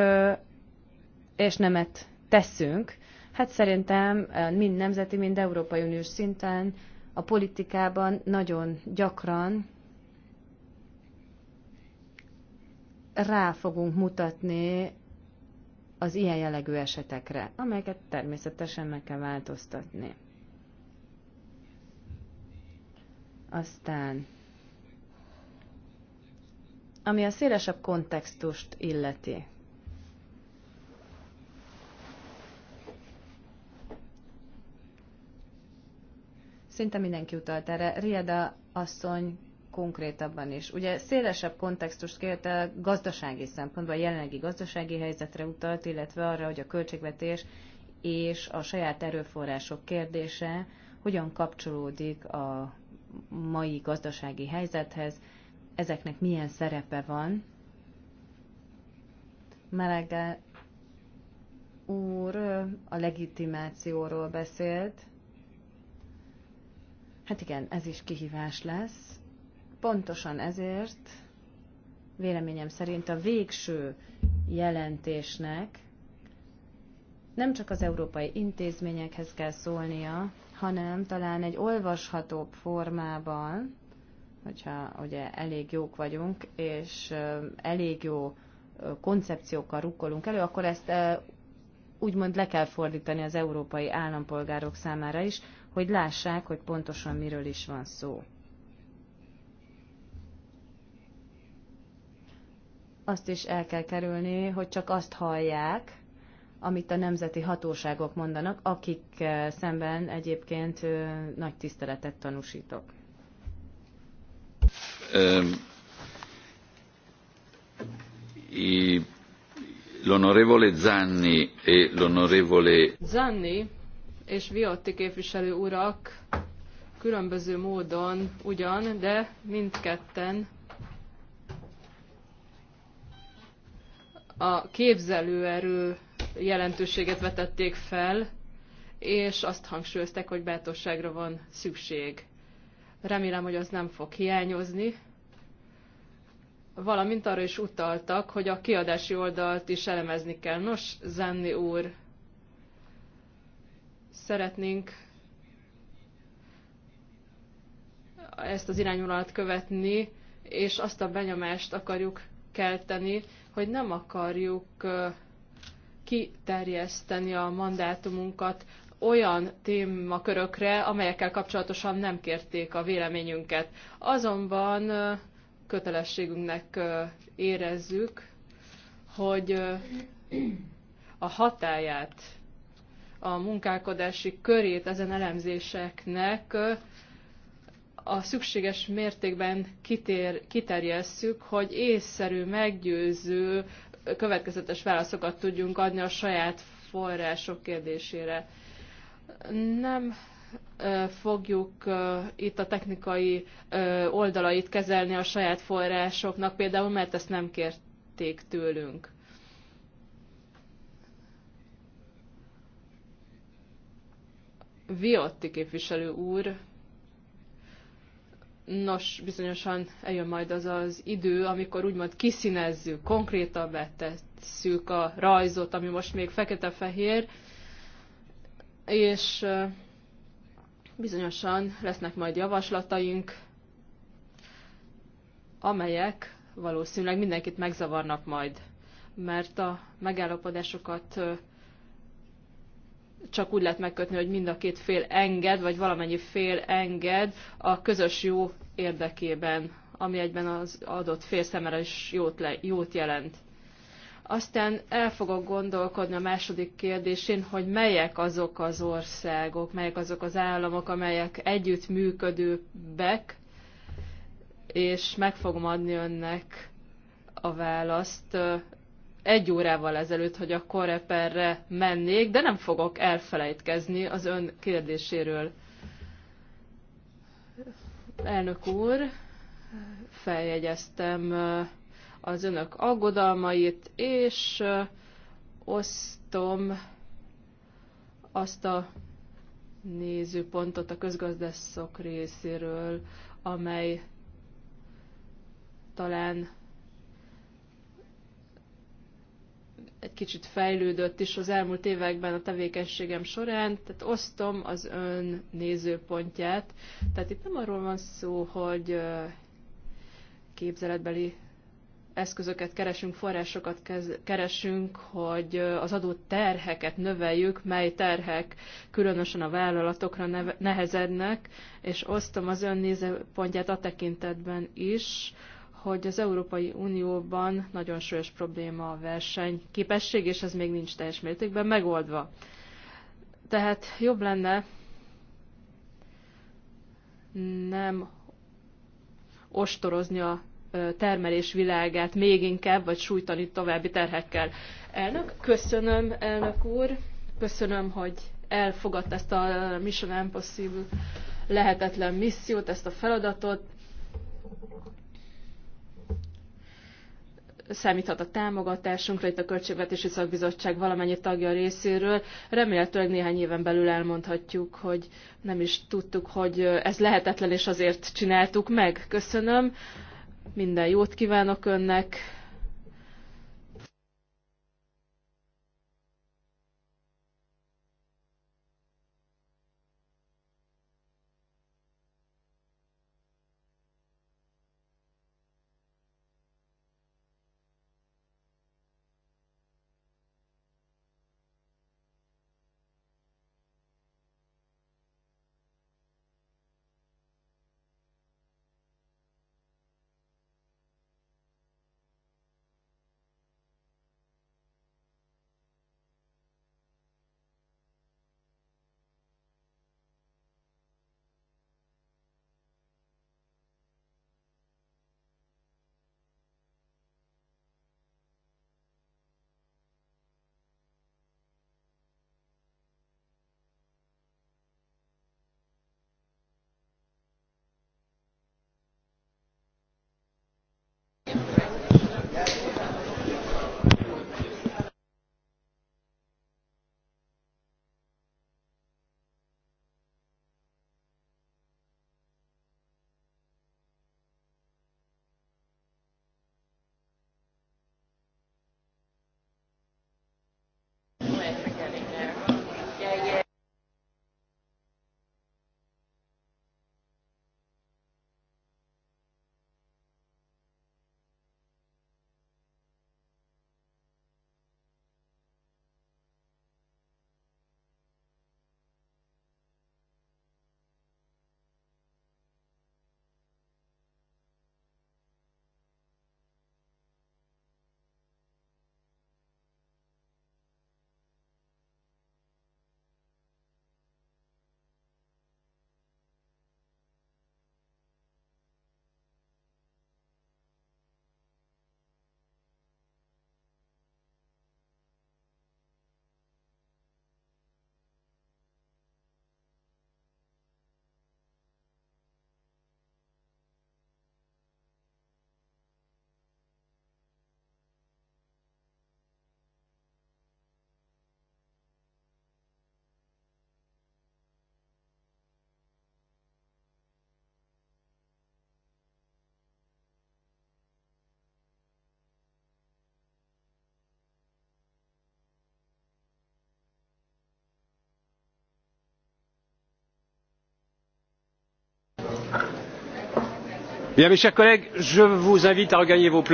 S4: és nemet teszünk. Hát szerintem mind nemzeti, mind Európai Uniós szinten a politikában nagyon gyakran rá fogunk mutatni az ilyen jellegű esetekre, amelyeket természetesen meg kell változtatni. Aztán ami a szélesebb kontextust illeti. Szinte mindenki utalt erre. Rieda asszony konkrétabban is. Ugye szélesebb kontextust kérte a gazdasági szempontból, a jelenlegi gazdasági helyzetre utalt, illetve arra, hogy a költségvetés és a saját erőforrások kérdése hogyan kapcsolódik a mai gazdasági helyzethez, ezeknek milyen szerepe van. Melege úr a legitimációról beszélt. Hát igen, ez is kihívás lesz. Pontosan ezért véleményem szerint a végső jelentésnek nem csak az európai intézményekhez kell szólnia, hanem talán egy olvashatóbb formában, hogyha ugye elég jók vagyunk, és elég jó koncepciókkal rukkolunk elő, akkor ezt úgymond le kell fordítani az európai állampolgárok számára is, hogy lássák, hogy pontosan miről is van szó. Azt is el kell kerülni, hogy csak azt hallják, amit a nemzeti hatóságok mondanak, akik szemben egyébként nagy tiszteletet tanúsítok.
S1: Ehm, l'onorevole Zanni e l'onorevole
S2: Zanni és Viotti képviselő urak különböző módon ugyan, de mindketten a képzelőerő jelentőséget vetették fel, és azt hangsúlyozták, hogy bátorságra van szükség remélem, hogy az nem fog hiányozni, valamint arra is utaltak, hogy a kiadási oldalt is elemezni kell. Nos, Zenni úr, szeretnénk ezt az irányvonalat követni, és azt a benyomást akarjuk kelteni, hogy nem akarjuk kiterjeszteni a mandátumunkat olyan témakörökre, amelyekkel kapcsolatosan nem kérték a véleményünket. Azonban kötelességünknek érezzük, hogy a hatáját, a munkálkodási körét ezen elemzéseknek a szükséges mértékben kitér, kiterjesszük, hogy észszerű, meggyőző, következetes válaszokat tudjunk adni a saját források kérdésére nem fogjuk itt a technikai oldalait kezelni a saját forrásoknak, például, mert ezt nem kérték tőlünk. Viotti képviselő úr, nos, bizonyosan eljön majd az az idő, amikor úgymond kiszínezzük, konkrétan vettesszük a rajzot, ami most még fekete-fehér, és bizonyosan lesznek majd javaslataink, amelyek valószínűleg mindenkit megzavarnak majd, mert a megállapodásokat csak úgy lehet megkötni, hogy mind a két fél enged, vagy valamennyi fél enged a közös jó érdekében, ami egyben az adott fél is jót, le, jót jelent. Aztán el fogok gondolkodni a második kérdésén, hogy melyek azok az országok, melyek azok az államok, amelyek együttműködőbbek, és meg fogom adni önnek a választ egy órával ezelőtt, hogy a koreperre mennék, de nem fogok elfelejtkezni az ön kérdéséről. Elnök úr, feljegyeztem az önök aggodalmait, és osztom azt a nézőpontot a közgazdászok részéről, amely talán egy kicsit fejlődött is az elmúlt években a tevékenységem során, tehát osztom az ön nézőpontját. Tehát itt nem arról van szó, hogy képzeletbeli eszközöket keresünk, forrásokat keresünk, hogy az adó terheket növeljük, mely terhek különösen a vállalatokra nehezednek, és osztom az ön nézőpontját a tekintetben is, hogy az Európai Unióban nagyon súlyos probléma a versenyképesség, és ez még nincs teljes mértékben megoldva. Tehát jobb lenne nem ostorozni a termelés világát még inkább, vagy sújtani további terhekkel. Elnök, köszönöm, elnök úr, köszönöm, hogy elfogadta ezt a Mission Impossible lehetetlen missziót, ezt a feladatot. számíthat a támogatásunkra itt a Költségvetési Szakbizottság valamennyi tagja részéről. Remélhetőleg néhány éven belül elmondhatjuk, hogy nem is tudtuk, hogy ez lehetetlen, és azért csináltuk meg. Köszönöm. Minden jót kívánok önnek!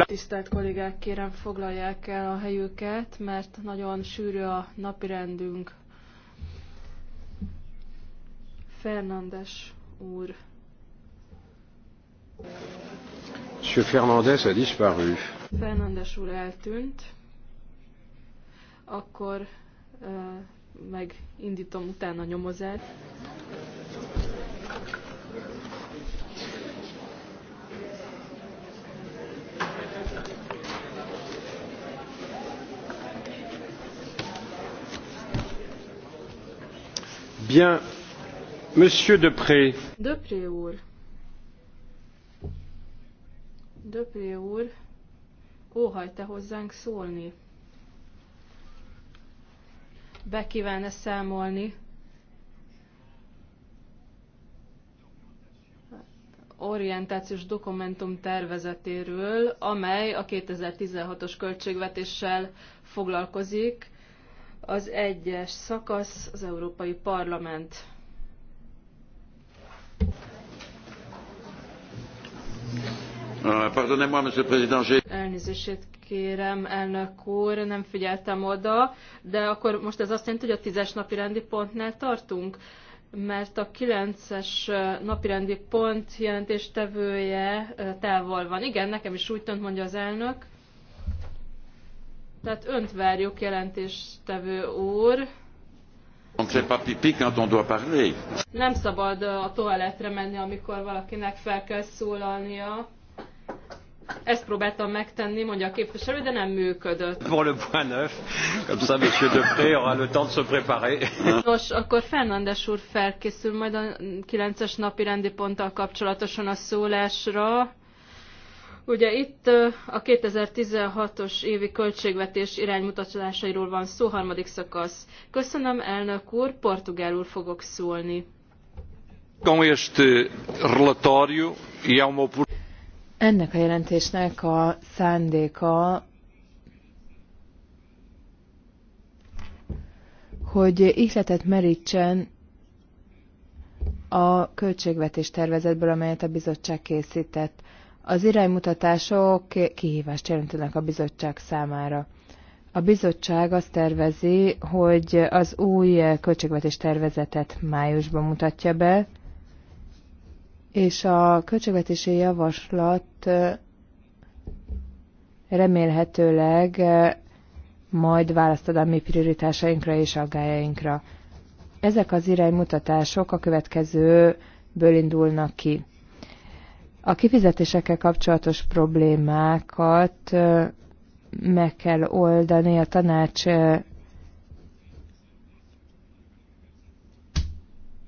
S2: Tisztelt kollégák, kérem foglalják el a helyüket, mert nagyon sűrű a napirendünk. Fernandes úr.
S1: Monsieur Fernandez a disparu.
S2: Fernandes úr eltűnt. Akkor uh, megindítom utána nyomozást.
S1: Bien, Monsieur Depré.
S2: Depré úr. Depré úr, óhajt te hozzánk szólni? Be kívánna számolni orientációs dokumentum tervezetéről, amely a 2016-os költségvetéssel foglalkozik, az egyes szakasz az Európai Parlament.
S1: Euh,
S2: Elnézését kérem, elnök úr, nem figyeltem oda, de akkor most ez azt jelenti, hogy a tízes napi rendi pontnál tartunk, mert a kilences napi rendi pont jelentéstevője távol van. Igen, nekem is úgy tűnt, mondja az elnök. Tehát önt várjuk, jelentéstevő úr. Nem szabad a toaletre menni, amikor valakinek fel kell szólalnia. Ezt próbáltam megtenni, mondja a képviselő, de nem működött.
S1: Pour le point neuf, comme ça monsieur Depré aura le temps de se préparer. Nos,
S2: akkor Fernandes úr felkészül majd a 9-es napi rendi ponttal kapcsolatosan a szólásra. Ugye itt a 2016-os évi költségvetés iránymutatásairól van szó, harmadik szakasz. Köszönöm, elnök úr, portugálul fogok szólni.
S1: E
S3: Ennek a jelentésnek a szándéka, hogy ihletet merítsen a költségvetés tervezetből, amelyet a bizottság készített az iránymutatások kihívást jelentenek a bizottság számára. A bizottság azt tervezi, hogy az új költségvetés tervezetet májusban mutatja be, és a költségvetési javaslat remélhetőleg majd választadalmi prioritásainkra és aggájainkra. Ezek az iránymutatások a következőből indulnak ki. A kifizetésekkel kapcsolatos problémákat meg kell oldani a tanács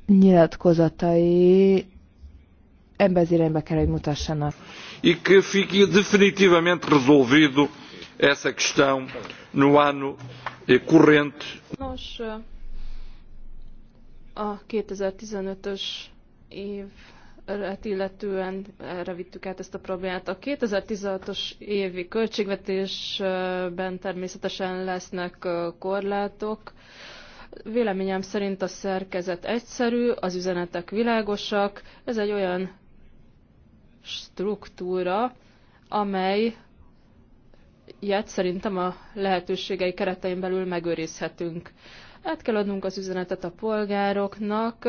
S3: nyilatkozatai ebben az irányba kell, hogy mutassanak.
S1: E que fique definitivamente resolvido essa questão no ano eh, corrente.
S2: Nos, a 2015-ös év illetően erre vittük át ezt a problémát. A 2016-os évi költségvetésben természetesen lesznek korlátok. Véleményem szerint a szerkezet egyszerű, az üzenetek világosak. Ez egy olyan struktúra, amely ilyet szerintem a lehetőségei keretein belül megőrizhetünk. Át kell adnunk az üzenetet a polgároknak,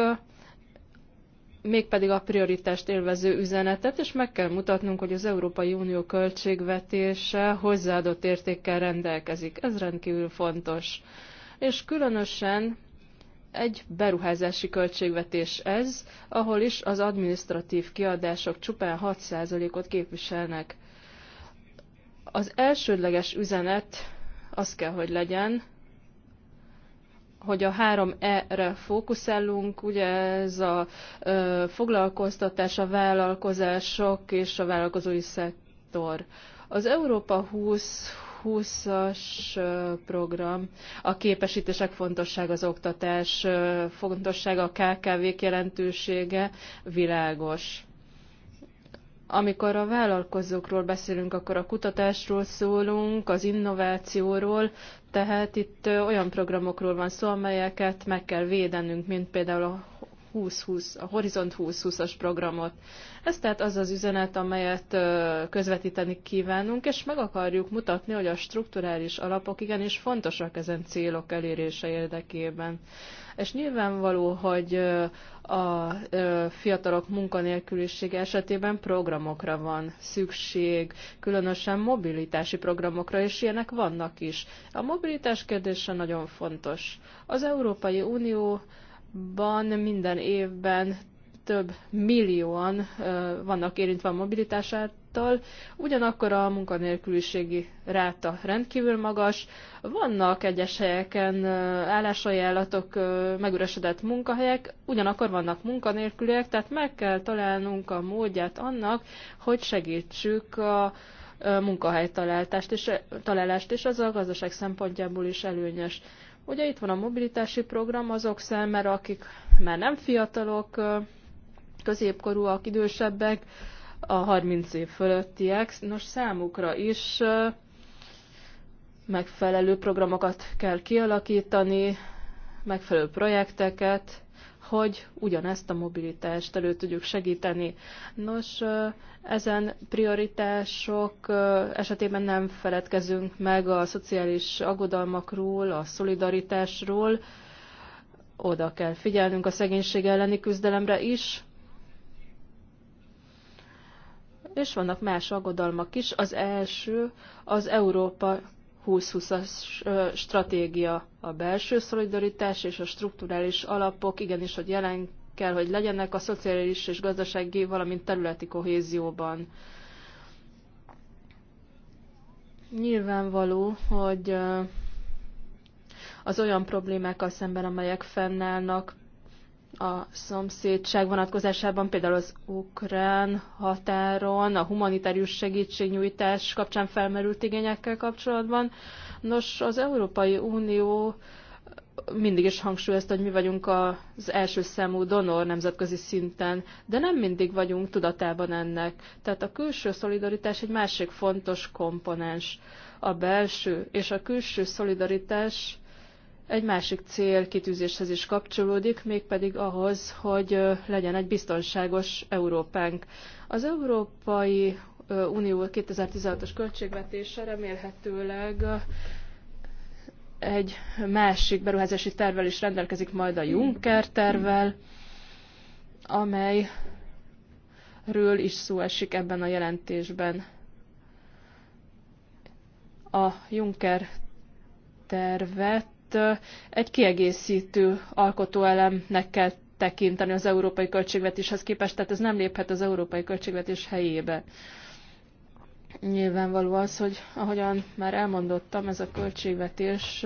S2: mégpedig a prioritást élvező üzenetet, és meg kell mutatnunk, hogy az Európai Unió költségvetése hozzáadott értékkel rendelkezik. Ez rendkívül fontos. És különösen egy beruházási költségvetés ez, ahol is az administratív kiadások csupán 6%-ot képviselnek. Az elsődleges üzenet az kell, hogy legyen, hogy a 3E-re fókuszálunk, ugye ez a ö, foglalkoztatás, a vállalkozások és a vállalkozói szektor. Az Európa 20 20-as program, a képesítések fontossága, az oktatás fontossága, a KKV-k jelentősége világos. Amikor a vállalkozókról beszélünk, akkor a kutatásról szólunk, az innovációról, tehát itt olyan programokról van szó, amelyeket meg kell védenünk, mint például a 2020, a Horizont 2020-as programot. Ez tehát az az üzenet, amelyet közvetíteni kívánunk, és meg akarjuk mutatni, hogy a strukturális alapok igenis fontosak ezen célok elérése érdekében. És nyilvánvaló, hogy a fiatalok munkanélkülisége esetében programokra van szükség, különösen mobilitási programokra, és ilyenek vannak is. A mobilitás kérdése nagyon fontos. Az Európai Unió Ban minden évben több millióan vannak érintve a mobilitásától, ugyanakkor a munkanélküliségi ráta rendkívül magas, vannak egyes helyeken állásajánlatok, megüresedett munkahelyek, ugyanakkor vannak munkanélküliek, tehát meg kell találnunk a módját annak, hogy segítsük a munkahelytalálást, és, találást, és az a gazdaság szempontjából is előnyös. Ugye itt van a mobilitási program azok számára, akik már nem fiatalok, középkorúak, idősebbek, a 30 év fölöttiek, nos számukra is megfelelő programokat kell kialakítani, megfelelő projekteket, hogy ugyanezt a mobilitást elő tudjuk segíteni. Nos, ezen prioritások esetében nem feledkezünk meg a szociális aggodalmakról, a szolidaritásról, oda kell figyelnünk a szegénység elleni küzdelemre is, és vannak más aggodalmak is. Az első az Európa 2020-as stratégia a belső szolidaritás és a strukturális alapok igenis, hogy jelen kell, hogy legyenek a szociális és gazdasági, valamint területi kohézióban. Nyilvánvaló, hogy az olyan problémákkal szemben, amelyek fennállnak, a szomszédság vonatkozásában, például az ukrán határon, a humanitárius segítségnyújtás kapcsán felmerült igényekkel kapcsolatban. Nos, az Európai Unió mindig is hangsúlyozta, hogy mi vagyunk az első számú donor nemzetközi szinten, de nem mindig vagyunk tudatában ennek. Tehát a külső szolidaritás egy másik fontos komponens. A belső és a külső szolidaritás egy másik kitűzéshez is kapcsolódik, mégpedig ahhoz, hogy legyen egy biztonságos Európánk. Az Európai Unió 2016-os költségvetése remélhetőleg egy másik beruházási tervvel is rendelkezik majd a Juncker tervvel, amelyről is szó esik ebben a jelentésben. A Juncker tervet itt egy kiegészítő alkotóelemnek kell tekinteni az európai költségvetéshez képest, tehát ez nem léphet az európai költségvetés helyébe. Nyilvánvaló az, hogy ahogyan már elmondottam, ez a költségvetés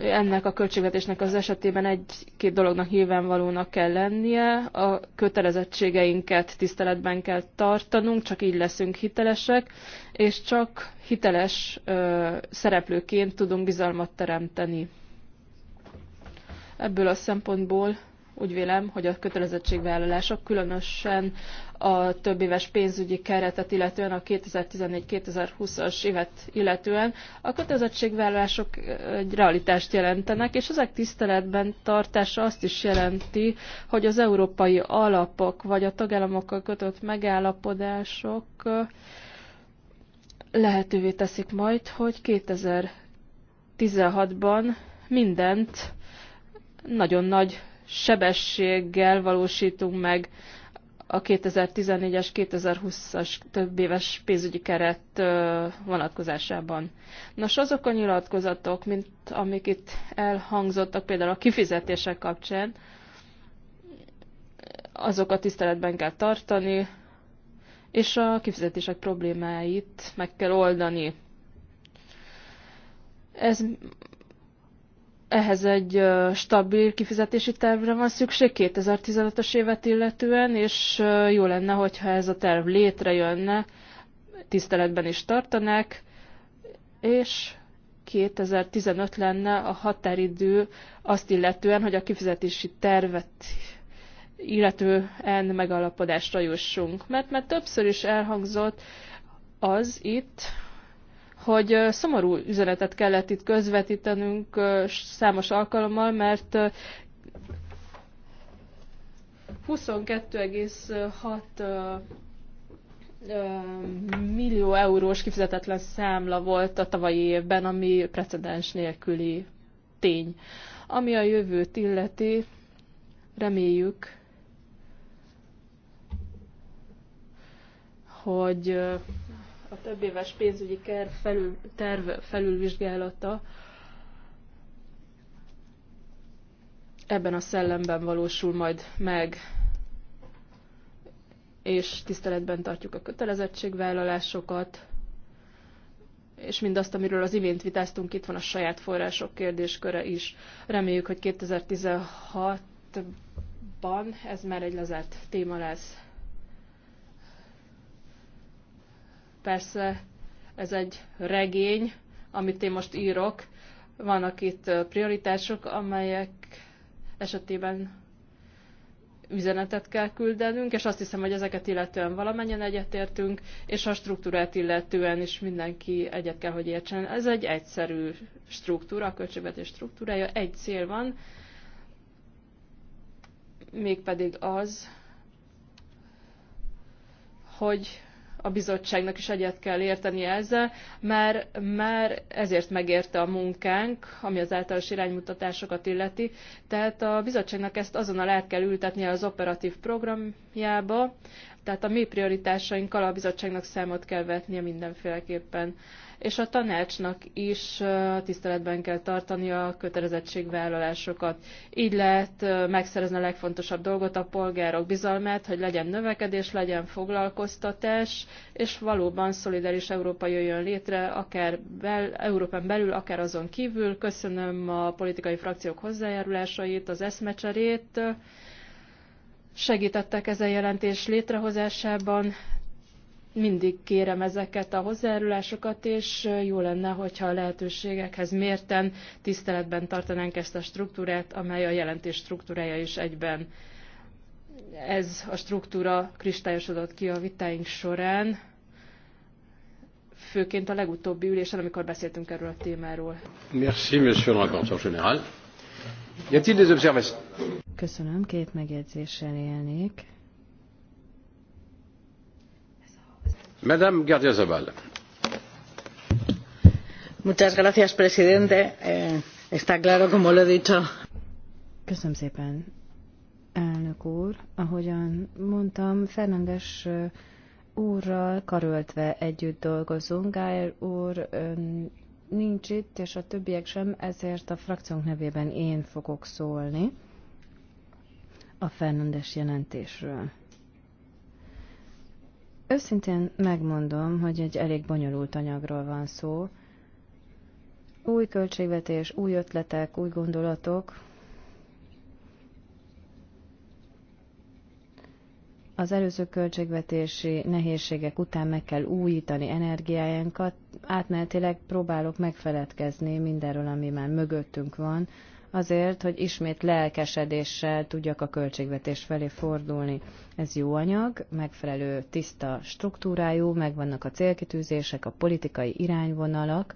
S2: ennek a költségvetésnek az esetében egy-két dolognak nyilvánvalónak kell lennie, a kötelezettségeinket tiszteletben kell tartanunk, csak így leszünk hitelesek, és csak hiteles ö, szereplőként tudunk bizalmat teremteni. Ebből a szempontból úgy vélem, hogy a kötelezettségvállalások, különösen a több éves pénzügyi keretet illetően, a 2014-2020-as évet illetően, a kötelezettségvállalások egy realitást jelentenek, és ezek tiszteletben tartása azt is jelenti, hogy az európai alapok vagy a tagállamokkal kötött megállapodások lehetővé teszik majd, hogy 2016-ban mindent nagyon nagy sebességgel valósítunk meg a 2014-es, 2020-as többéves pénzügyi keret vonatkozásában. Nos, azok a nyilatkozatok, mint amik itt elhangzottak, például a kifizetések kapcsán, azokat tiszteletben kell tartani, és a kifizetések problémáit meg kell oldani. Ez ehhez egy stabil kifizetési tervre van szükség 2015-ös évet illetően, és jó lenne, hogyha ez a terv létrejönne, tiszteletben is tartanák, és 2015 lenne a határidő azt illetően, hogy a kifizetési tervet illetően megalapodásra jussunk. Mert, mert többször is elhangzott az itt, hogy szomorú üzenetet kellett itt közvetítenünk számos alkalommal, mert 22,6 millió eurós kifizetetlen számla volt a tavalyi évben, ami precedens nélküli tény. Ami a jövőt illeti, reméljük, hogy a több éves pénzügyi kerv felül, terv felülvizsgálata ebben a szellemben valósul majd meg, és tiszteletben tartjuk a kötelezettségvállalásokat, és mindazt, amiről az imént vitáztunk, itt van a saját források kérdésköre is. Reméljük, hogy 2016-ban ez már egy lezárt téma lesz. Persze ez egy regény, amit én most írok. Vannak itt prioritások, amelyek esetében üzenetet kell küldenünk, és azt hiszem, hogy ezeket illetően valamennyien egyetértünk, és a struktúrát illetően is mindenki egyet kell, hogy értsen. Ez egy egyszerű struktúra, a költségvetés struktúrája, egy cél van, mégpedig az, hogy a bizottságnak is egyet kell érteni ezzel, mert mert ezért megérte a munkánk, ami az általános iránymutatásokat illeti. Tehát a bizottságnak ezt azonnal el kell ültetnie az operatív programjába, tehát a mi prioritásainkkal a bizottságnak számot kell vetnie mindenféleképpen. És a tanácsnak is tiszteletben kell tartani a kötelezettségvállalásokat. Így lehet megszerezni a legfontosabb dolgot, a polgárok bizalmát, hogy legyen növekedés, legyen foglalkoztatás, és valóban szolidaris Európa jöjjön létre, akár bel, Európán belül, akár azon kívül. Köszönöm a politikai frakciók hozzájárulásait, az eszmecserét segítettek ezen jelentés létrehozásában. Mindig kérem ezeket a hozzájárulásokat, és jó lenne, hogyha a lehetőségekhez mérten tiszteletben tartanánk ezt a struktúrát, amely a jelentés struktúrája is egyben. Ez a struktúra kristályosodott ki a vitáink során, főként a legutóbbi ülésen, amikor beszéltünk erről a témáról.
S1: Merci, monsieur le rapporteur général. Y a-t-il des observations? Köszönöm,
S4: két megjegyzéssel élnék.
S1: Madame Gardiazabal. Muchas gracias, presidente. Eh, está claro, como lo he dicho.
S4: Köszönöm szépen, elnök úr. Ahogyan mondtam, Fernandes eh, úrral karöltve együtt dolgozunk. Gájer úr ön nincs itt, és a többiek sem, ezért a frakciónk nevében én fogok szólni a Fernandes jelentésről. Őszintén megmondom, hogy egy elég bonyolult anyagról van szó. Új költségvetés, új ötletek, új gondolatok, az előző költségvetési nehézségek után meg kell újítani energiájánkat. Átmenetileg próbálok megfeledkezni mindenről, ami már mögöttünk van, azért, hogy ismét lelkesedéssel tudjak a költségvetés felé fordulni. Ez jó anyag, megfelelő, tiszta struktúrájú, megvannak a célkitűzések, a politikai irányvonalak.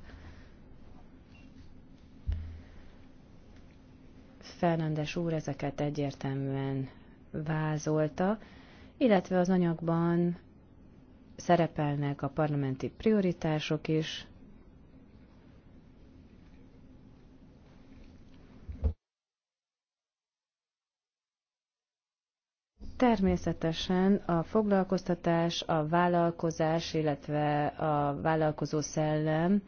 S4: Fernandes úr ezeket egyértelműen vázolta, illetve az anyagban szerepelnek a parlamenti prioritások is, Természetesen a foglalkoztatás, a vállalkozás, illetve a vállalkozó szellem,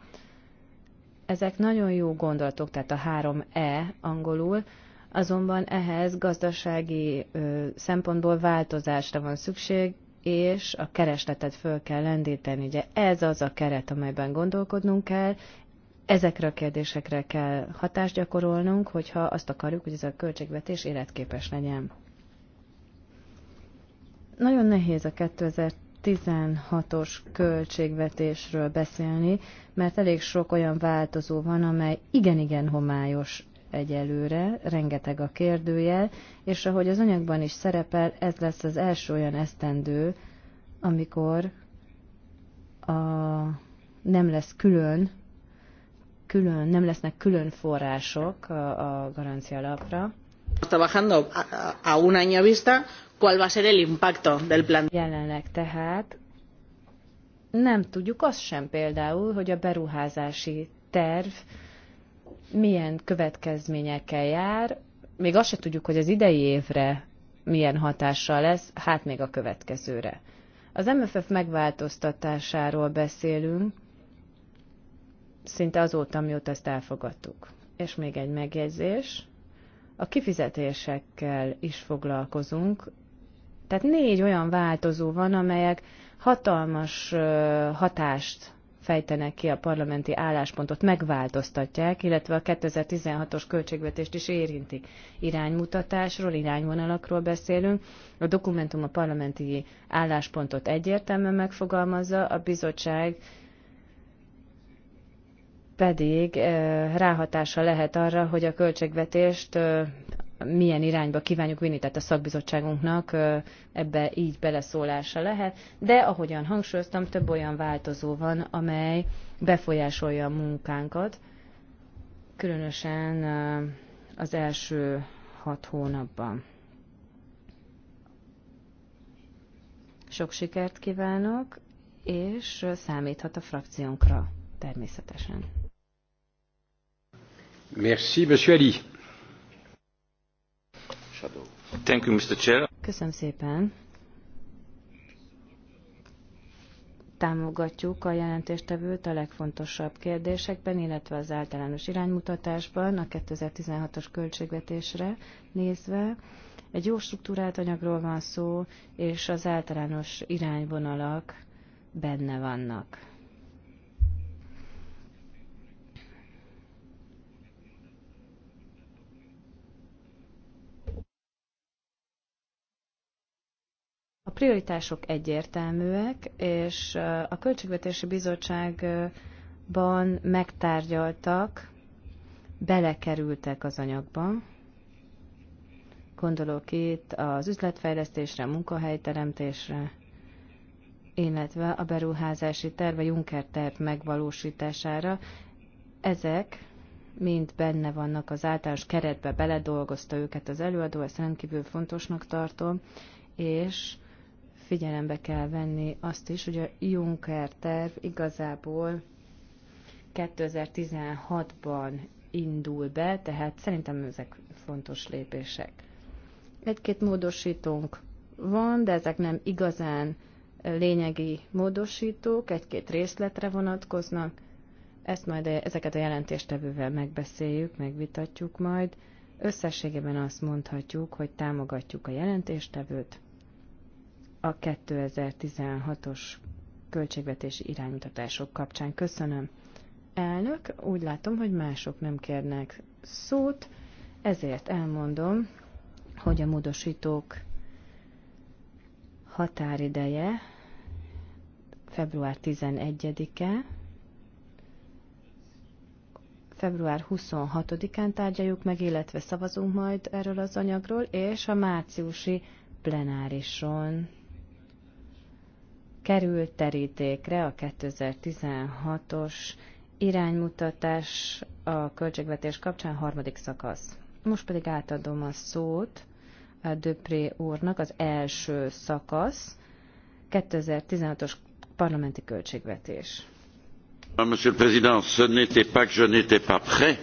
S4: ezek nagyon jó gondolatok, tehát a 3E angolul, azonban ehhez gazdasági szempontból változásra van szükség, és a keresletet föl kell lendíteni. Ugye ez az a keret, amelyben gondolkodnunk kell, ezekre a kérdésekre kell hatást gyakorolnunk, hogyha azt akarjuk, hogy ez a költségvetés életképes legyen. Nagyon nehéz a 2016-os költségvetésről beszélni, mert elég sok olyan változó van, amely igen-igen homályos egyelőre, rengeteg a kérdőjel, és ahogy az anyagban is szerepel, ez lesz az első olyan esztendő, amikor a, nem lesz külön, külön, nem lesznek külön források a, a garancia lapra.
S2: Trabajando a,
S4: a un año vista, cuál va a ser el impacto del plan. Jelenleg tehát nem tudjuk azt sem például, hogy a beruházási terv milyen következményekkel jár. Még azt se tudjuk, hogy az idei évre milyen hatással lesz, hát még a következőre. Az MFF megváltoztatásáról beszélünk, szinte azóta, mióta ezt elfogadtuk. És még egy megjegyzés. A kifizetésekkel is foglalkozunk. Tehát négy olyan változó van, amelyek hatalmas hatást fejtenek ki a parlamenti álláspontot, megváltoztatják, illetve a 2016-os költségvetést is érintik. Iránymutatásról, irányvonalakról beszélünk. A dokumentum a parlamenti álláspontot egyértelműen megfogalmazza, a bizottság pedig eh, ráhatása lehet arra, hogy a költségvetést eh, milyen irányba kívánjuk vinni, tehát a szakbizottságunknak ebbe így beleszólása lehet, de ahogyan hangsúlyoztam, több olyan változó van, amely befolyásolja a munkánkat, különösen az első hat hónapban. Sok sikert kívánok, és számíthat a frakciónkra természetesen.
S1: Merci, Monsieur Ali. Shadow. Thank you, Mr. Chair.
S4: Köszönöm szépen. Támogatjuk a jelentéstevőt a legfontosabb kérdésekben, illetve az általános iránymutatásban a 2016-os költségvetésre nézve. Egy jó struktúrált anyagról van szó, és az általános irányvonalak benne vannak. prioritások egyértelműek, és a Költségvetési Bizottságban megtárgyaltak, belekerültek az anyagba. Gondolok itt az üzletfejlesztésre, munkahelyteremtésre, illetve a beruházási a Juncker terv megvalósítására. Ezek mind benne vannak az általános keretbe, beledolgozta őket az előadó, ezt rendkívül fontosnak tartom, és figyelembe kell venni azt is, hogy a Juncker terv igazából 2016-ban indul be, tehát szerintem ezek fontos lépések. Egy-két módosítónk van, de ezek nem igazán lényegi módosítók, egy-két részletre vonatkoznak. Ezt majd ezeket a jelentéstevővel megbeszéljük, megvitatjuk majd. Összességében azt mondhatjuk, hogy támogatjuk a jelentéstevőt, a 2016-os költségvetési iránymutatások kapcsán. Köszönöm. Elnök, úgy látom, hogy mások nem kérnek szót, ezért elmondom, hogy a módosítók határideje február 11-e, február 26-án tárgyaljuk meg, illetve szavazunk majd erről az anyagról, és a márciusi plenárison került terítékre a 2016-os iránymutatás a költségvetés kapcsán harmadik szakasz. Most pedig átadom a szót a Döpré úrnak az első szakasz, 2016-os parlamenti költségvetés.
S1: Euh, Monsieur le Président, ce n'était pas que je n'étais pas prêt,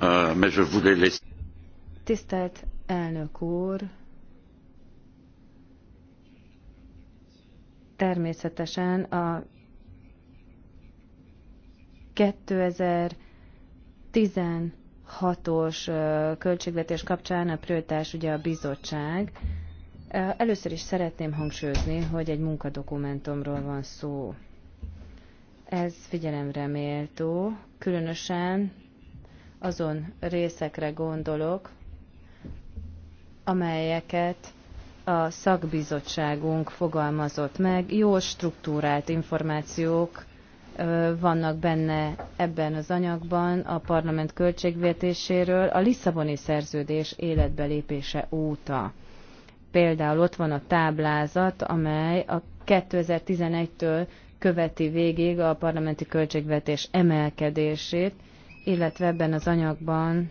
S1: euh, mais je voulais laisser...
S4: Tisztelt elnök úr, természetesen a 2016-os költségvetés kapcsán a prioritás ugye a bizottság. Először is szeretném hangsúlyozni, hogy egy munkadokumentumról van szó. Ez figyelemre méltó, különösen azon részekre gondolok, amelyeket a szakbizottságunk fogalmazott meg. Jó struktúrált információk vannak benne ebben az anyagban a parlament költségvetéséről a Lisszaboni szerződés életbelépése óta. Például ott van a táblázat, amely a 2011-től követi végig a parlamenti költségvetés emelkedését, illetve ebben az anyagban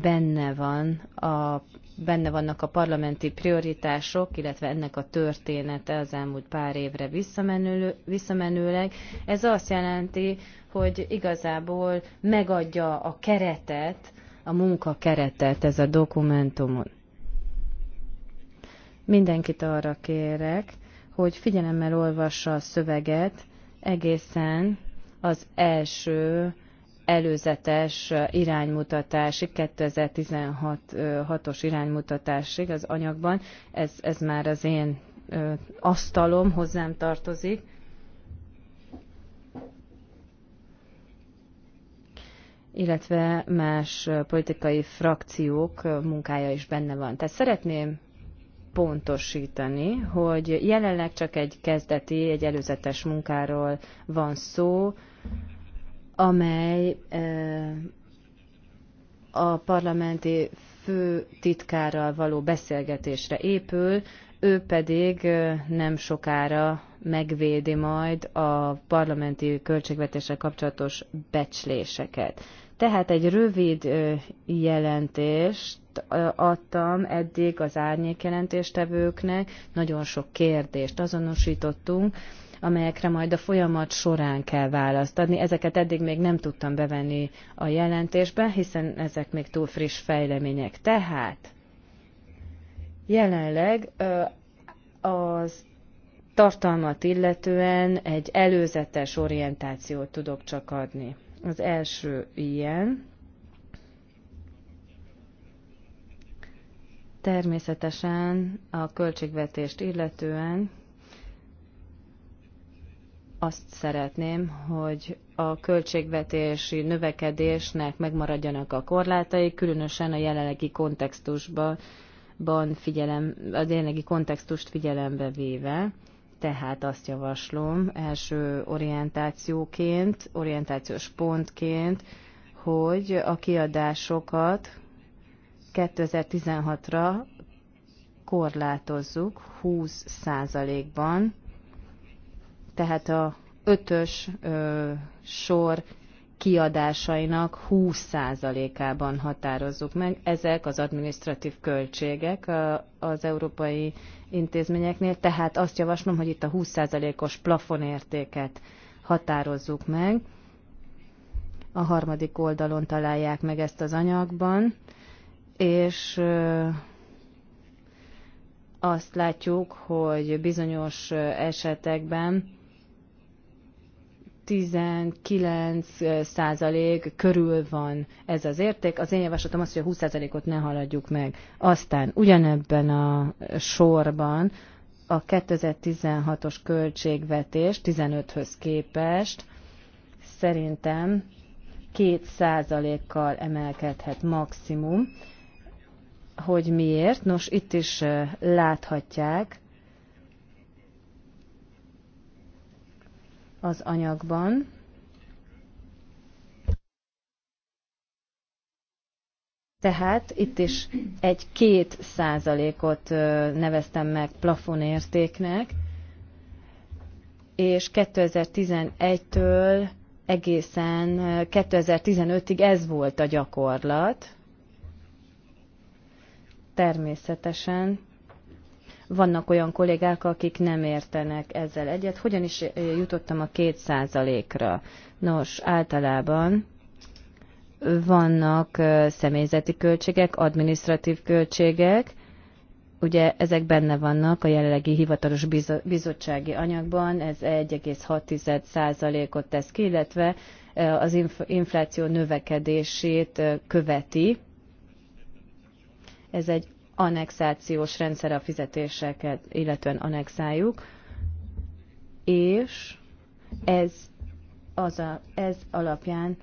S4: benne van a benne vannak a parlamenti prioritások, illetve ennek a története az elmúlt pár évre visszamenő, visszamenőleg. Ez azt jelenti, hogy igazából megadja a keretet, a munka keretet ez a dokumentumon. Mindenkit arra kérek, hogy figyelemmel olvassa a szöveget egészen az első előzetes iránymutatásig, 2016-os iránymutatásig az anyagban. Ez, ez már az én asztalom hozzám tartozik. illetve más politikai frakciók munkája is benne van. Tehát szeretném pontosítani, hogy jelenleg csak egy kezdeti, egy előzetes munkáról van szó, amely a parlamenti főtitkárral való beszélgetésre épül, ő pedig nem sokára megvédi majd a parlamenti költségvetéssel kapcsolatos becsléseket. Tehát egy rövid jelentést adtam eddig az árnyék jelentéstevőknek, nagyon sok kérdést azonosítottunk, amelyekre majd a folyamat során kell választ adni. Ezeket eddig még nem tudtam bevenni a jelentésbe, hiszen ezek még túl friss fejlemények. Tehát jelenleg az tartalmat illetően egy előzetes orientációt tudok csak adni. Az első ilyen. Természetesen a költségvetést illetően azt szeretném, hogy a költségvetési növekedésnek megmaradjanak a korlátai, különösen a jelenlegi kontextusban figyelem, a jelenlegi kontextust figyelembe véve. Tehát azt javaslom első orientációként, orientációs pontként, hogy a kiadásokat 2016-ra korlátozzuk 20 ban tehát a ötös ö, sor kiadásainak 20%-ában határozzuk meg. Ezek az administratív költségek az európai intézményeknél, tehát azt javaslom, hogy itt a 20%-os plafonértéket határozzuk meg. A harmadik oldalon találják meg ezt az anyagban, és azt látjuk, hogy bizonyos esetekben 19% körül van ez az érték. Az én javaslatom az, hogy a 20%-ot ne haladjuk meg. Aztán ugyanebben a sorban a 2016-os költségvetés 15-höz képest szerintem 2%-kal emelkedhet maximum. Hogy miért? Nos, itt is láthatják, az anyagban. Tehát itt is egy két százalékot neveztem meg plafonértéknek, és 2011-től egészen 2015-ig ez volt a gyakorlat. Természetesen vannak olyan kollégák, akik nem értenek ezzel egyet. Hogyan is eh, jutottam a két százalékra? Nos, általában vannak eh, személyzeti költségek, adminisztratív költségek, ugye ezek benne vannak a jelenlegi hivatalos bizottsági anyagban, ez 1,6%-ot tesz ki, illetve eh, az infláció növekedését követi. Ez egy annexációs rendszer a fizetéseket, illetően annexáljuk, és ez, az a, ez alapján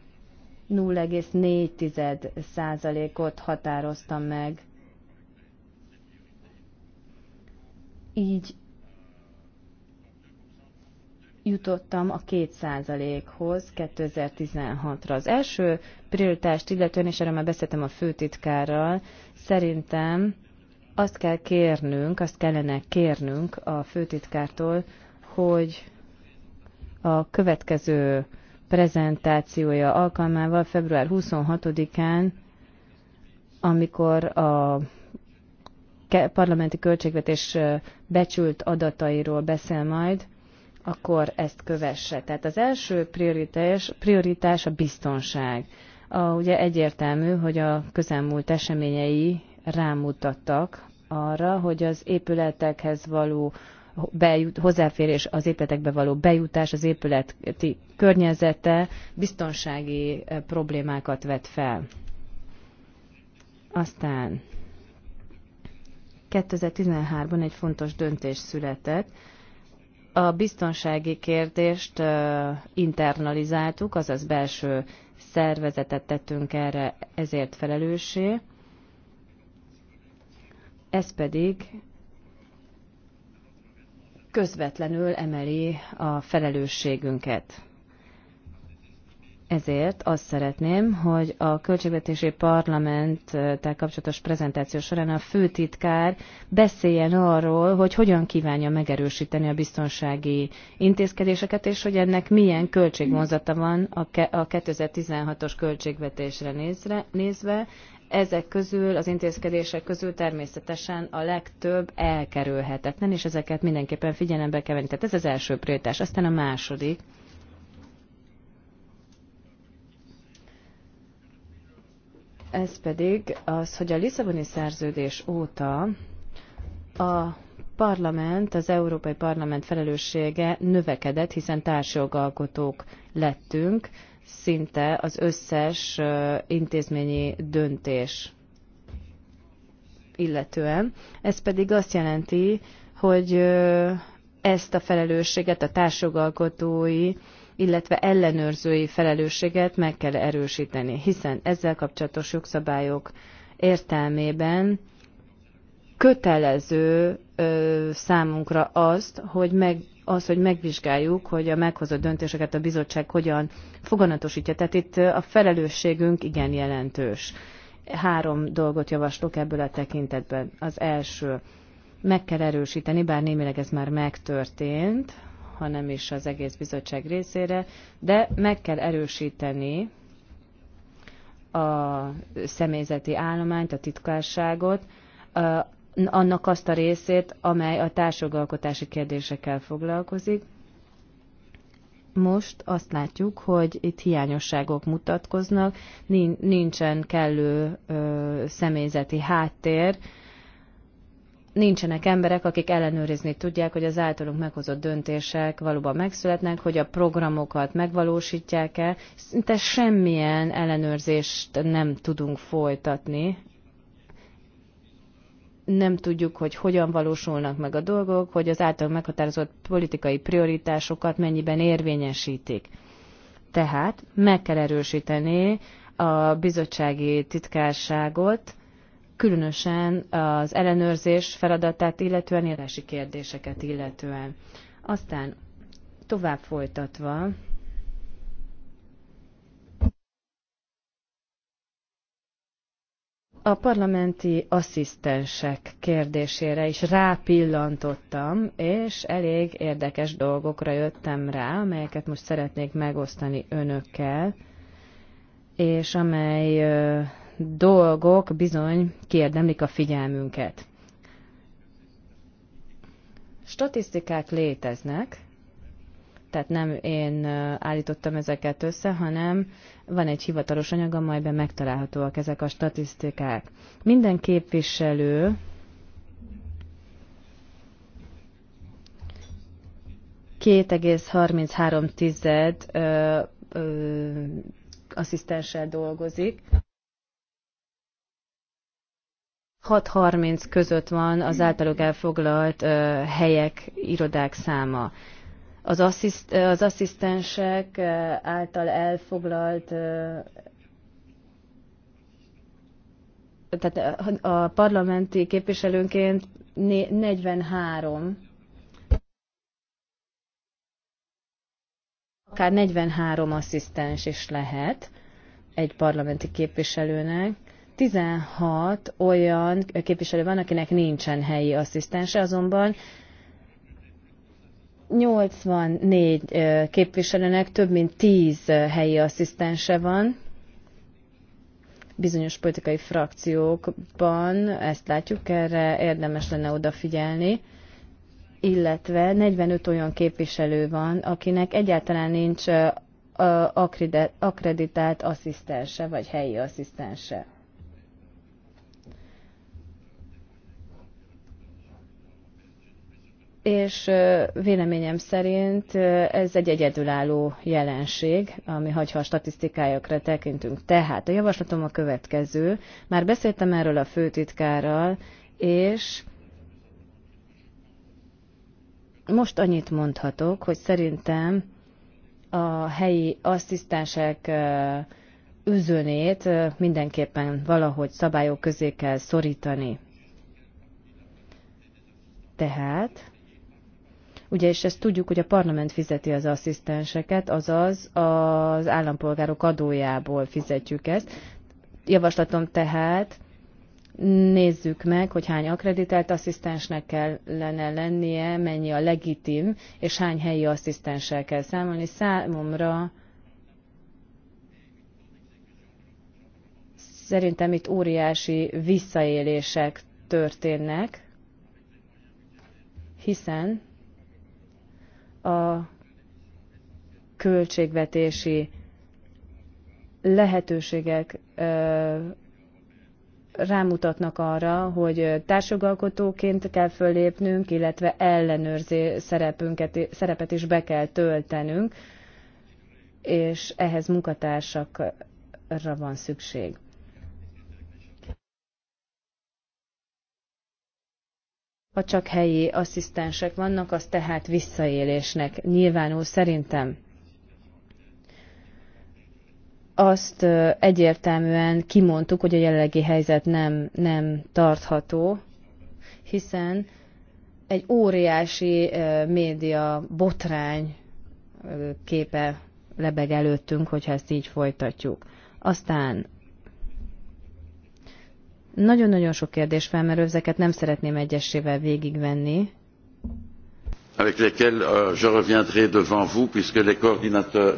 S4: 0,4%-ot határoztam meg. Így jutottam a 2%-hoz 2016-ra. Az első prioritást illetően, és erre már beszéltem a főtitkárral, szerintem azt kell kérnünk, azt kellene kérnünk a főtitkártól, hogy a következő prezentációja alkalmával február 26-án, amikor a parlamenti költségvetés becsült adatairól beszél majd, akkor ezt kövesse. Tehát az első prioritás, prioritás a biztonság. A, ugye egyértelmű, hogy a közelmúlt eseményei rámutattak arra, hogy az épületekhez való bejut, hozzáférés az épületekbe való bejutás, az épületi környezete biztonsági eh, problémákat vet fel. Aztán 2013-ban egy fontos döntés született. A biztonsági kérdést eh, internalizáltuk, azaz belső szervezetet tettünk erre ezért felelőssé ez pedig közvetlenül emeli a felelősségünket. Ezért azt szeretném, hogy a Költségvetési Parlamenttel kapcsolatos prezentáció során a főtitkár beszéljen arról, hogy hogyan kívánja megerősíteni a biztonsági intézkedéseket, és hogy ennek milyen költségvonzata van a 2016-os költségvetésre nézve, ezek közül, az intézkedések közül természetesen a legtöbb elkerülhetetlen, és ezeket mindenképpen figyelembe kell venni. Tehát ez az első prioritás. Aztán a második. Ez pedig az, hogy a Lisszaboni szerződés óta a parlament, az Európai Parlament felelőssége növekedett, hiszen társjogalkotók lettünk, szinte az összes intézményi döntés illetően. Ez pedig azt jelenti, hogy ezt a felelősséget, a társjogalkotói, illetve ellenőrzői felelősséget meg kell erősíteni, hiszen ezzel kapcsolatos jogszabályok értelmében kötelező ö, számunkra azt, hogy meg az, hogy megvizsgáljuk, hogy a meghozott döntéseket a bizottság hogyan foganatosítja. Tehát itt a felelősségünk igen jelentős. Három dolgot javaslok ebből a tekintetben. Az első, meg kell erősíteni, bár némileg ez már megtörtént, hanem is az egész bizottság részére, de meg kell erősíteni a személyzeti állományt, a titkárságot, annak azt a részét, amely a társadalkotási kérdésekkel foglalkozik. Most azt látjuk, hogy itt hiányosságok mutatkoznak, nincsen kellő személyzeti háttér, nincsenek emberek, akik ellenőrizni tudják, hogy az általunk meghozott döntések valóban megszületnek, hogy a programokat megvalósítják-e. Szinte semmilyen ellenőrzést nem tudunk folytatni nem tudjuk, hogy hogyan valósulnak meg a dolgok, hogy az által meghatározott politikai prioritásokat mennyiben érvényesítik. Tehát meg kell erősíteni a bizottsági titkárságot, különösen az ellenőrzés feladatát illetően, írási kérdéseket illetően. Aztán tovább folytatva a parlamenti asszisztensek kérdésére is rápillantottam, és elég érdekes dolgokra jöttem rá, amelyeket most szeretnék megosztani önökkel, és amely ö, dolgok bizony kiérdemlik a figyelmünket. Statisztikák léteznek, tehát nem én állítottam ezeket össze, hanem van egy hivatalos anyag, amelyben megtalálhatóak ezek a statisztikák. Minden képviselő tized ö, ö, asszisztenssel dolgozik. 6-30 között van az általuk elfoglalt ö, helyek, irodák száma az, assziszt, az asszisztensek által elfoglalt tehát a parlamenti képviselőnként 43 akár 43 asszisztens is lehet egy parlamenti képviselőnek. 16 olyan képviselő van, akinek nincsen helyi asszisztense, azonban 84 képviselőnek több mint 10 helyi asszisztense van. Bizonyos politikai frakciókban ezt látjuk, erre érdemes lenne odafigyelni illetve 45 olyan képviselő van, akinek egyáltalán nincs akreditált asszisztense vagy helyi asszisztense. és véleményem szerint ez egy egyedülálló jelenség, ami hagyha a statisztikájukra tekintünk. Tehát a javaslatom a következő. Már beszéltem erről a főtitkárral, és most annyit mondhatok, hogy szerintem a helyi asszisztensek üzönét mindenképpen valahogy szabályok közé kell szorítani. Tehát Ugye, és ezt tudjuk, hogy a parlament fizeti az asszisztenseket, azaz az állampolgárok adójából fizetjük ezt. Javaslatom tehát, nézzük meg, hogy hány akreditált asszisztensnek kellene lennie, mennyi a legitim, és hány helyi asszisztenssel kell számolni. Számomra szerintem itt óriási visszaélések történnek, hiszen a költségvetési lehetőségek rámutatnak arra, hogy társjogalkotóként kell föllépnünk, illetve ellenőrzi szerepünket, szerepet is be kell töltenünk, és ehhez munkatársakra van szükség. ha csak helyi asszisztensek vannak, az tehát visszaélésnek nyilvánul szerintem. Azt egyértelműen kimondtuk, hogy a jelenlegi helyzet nem, nem tartható, hiszen egy óriási média botrány képe lebeg előttünk, hogyha ezt így folytatjuk. Aztán nagyon-nagyon sok kérdés felmerül, ezeket nem szeretném egyesével végigvenni,
S1: Euh,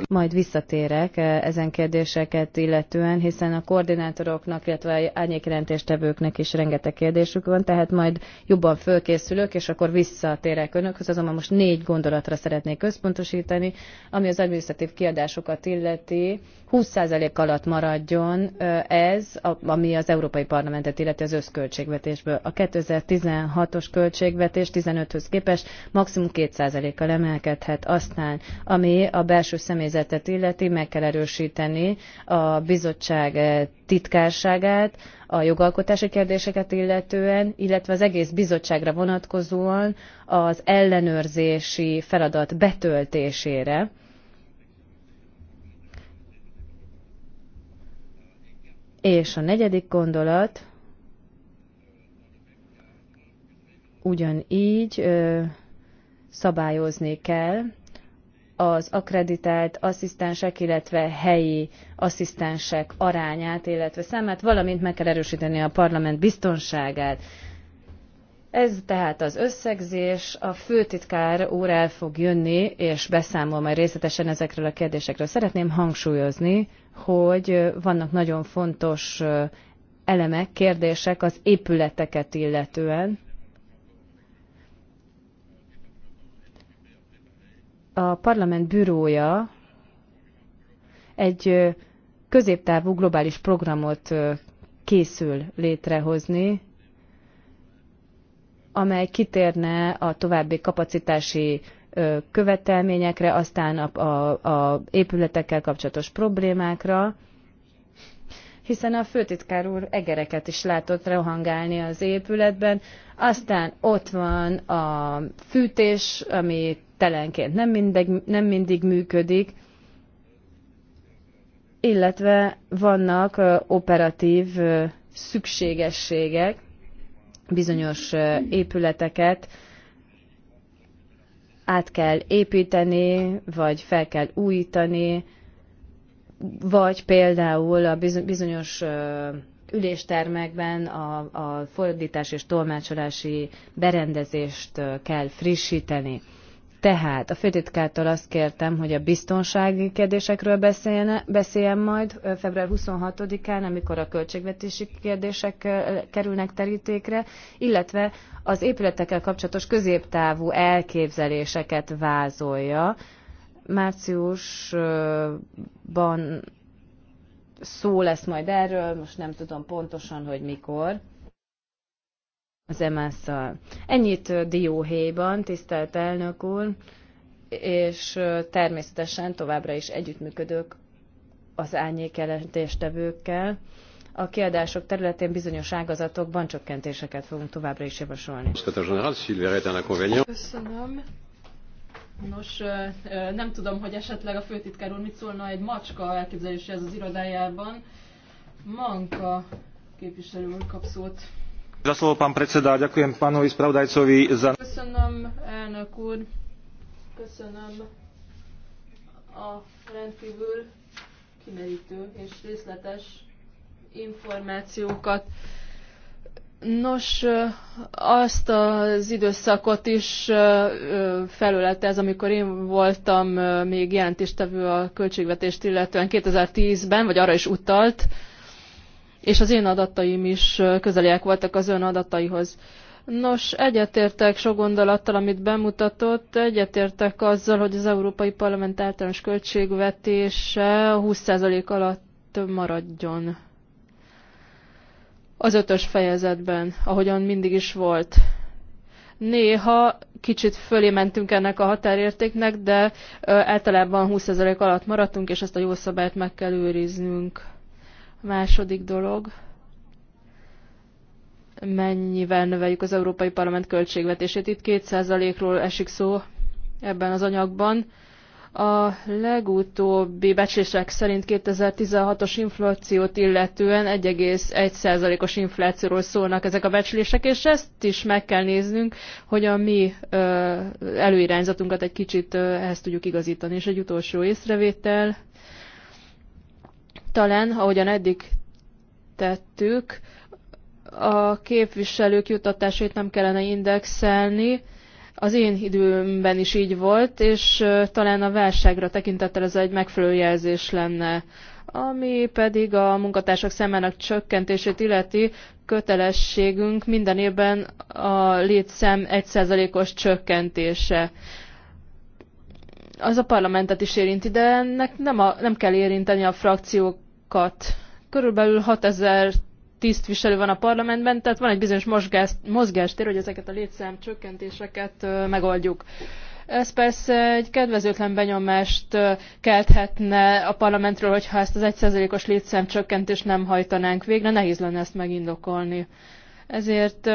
S4: majd visszatérek eh, ezen kérdéseket illetően, hiszen a koordinátoroknak, illetve árnyékjelentéstevőknek is rengeteg kérdésük van, tehát majd jobban fölkészülök, és akkor visszatérek önökhöz, azonban most négy gondolatra szeretnék központosítani, ami az adminisztratív kiadásokat illeti. 20% alatt maradjon eh, ez, ami az Európai Parlamentet illeti az összköltségvetésből. A 2016-os költségvetés 15-höz képest maximum 2%-kal emelkedhet. Aztán, ami a belső személyzetet illeti, meg kell erősíteni a bizottság eh, titkárságát, a jogalkotási kérdéseket illetően, illetve az egész bizottságra vonatkozóan az ellenőrzési feladat betöltésére. És a negyedik gondolat, ugyanígy szabályozni kell az akreditált asszisztensek, illetve helyi asszisztensek arányát, illetve számát, valamint meg kell erősíteni a parlament biztonságát. Ez tehát az összegzés, a főtitkár úr el fog jönni, és beszámol majd részletesen ezekről a kérdésekről. Szeretném hangsúlyozni, hogy vannak nagyon fontos elemek, kérdések az épületeket illetően, a parlament bürója egy középtávú globális programot készül létrehozni, amely kitérne a további kapacitási követelményekre, aztán a, a, a épületekkel kapcsolatos problémákra, hiszen a főtitkár úr egereket is látott rohangálni az épületben, aztán ott van a fűtés, ami telenként nem mindig, nem mindig működik, illetve vannak operatív szükségességek, bizonyos épületeket át kell építeni, vagy fel kell újítani, vagy például a bizonyos üléstermekben a, a fordítás és tolmácsolási berendezést kell frissíteni. Tehát a főtitkártól azt kértem, hogy a biztonsági kérdésekről beszéljen, beszéljen majd február 26-án, amikor a költségvetési kérdések kerülnek terítékre, illetve az épületekkel kapcsolatos középtávú elképzeléseket vázolja, márciusban szó lesz majd erről, most nem tudom pontosan, hogy mikor az emásszal. Ennyit dióhéjban, tisztelt elnök úr, és természetesen továbbra is együttműködök az árnyékelentéstevőkkel. A kiadások területén bizonyos ágazatokban csökkentéseket fogunk továbbra is javasolni.
S1: Köszönöm.
S2: Nos, nem tudom, hogy esetleg a főtitkár úr mit szólna egy macska elképzeléséhez az irodájában. Manka képviselő úr kap szót. Köszönöm, elnök úr. Köszönöm a rendkívül kimerítő és részletes információkat. Nos, azt az időszakot is felölelte ez, amikor én voltam még jelentéstevő a költségvetést illetően 2010-ben, vagy arra is utalt, és az én adataim is közeliek voltak az ön adataihoz. Nos, egyetértek sok gondolattal, amit bemutatott, egyetértek azzal, hogy az Európai Parlament általános költségvetése 20% alatt maradjon az ötös fejezetben, ahogyan mindig is volt. Néha kicsit fölé mentünk ennek a határértéknek, de általában 20% alatt maradtunk, és ezt a jó szabályt meg kell őriznünk. A második dolog mennyivel növeljük az Európai Parlament költségvetését. Itt 2%-ról esik szó ebben az anyagban. A legutóbbi becslések szerint 2016-os inflációt illetően 1,1%-os inflációról szólnak ezek a becslések, és ezt is meg kell néznünk, hogy a mi előirányzatunkat egy kicsit ehhez tudjuk igazítani. És egy utolsó észrevétel, talán, ahogyan eddig tettük, a képviselők jutatásait nem kellene indexelni, az én időmben is így volt, és talán a válságra tekintettel ez egy megfelelő jelzés lenne ami pedig a munkatársak szemének csökkentését illeti kötelességünk minden évben a létszám 1%-os csökkentése. Az a parlamentet is érinti, de ennek nem, a, nem kell érinteni a frakciókat. Körülbelül 6000 tisztviselő van a parlamentben, tehát van egy bizonyos mozgás, mozgástér, hogy ezeket a létszám csökkentéseket megoldjuk. Ez persze egy kedvezőtlen benyomást kelthetne a parlamentről, hogyha ezt az 1%-os létszám csökkentést nem hajtanánk végre, nehéz lenne ezt megindokolni. Ezért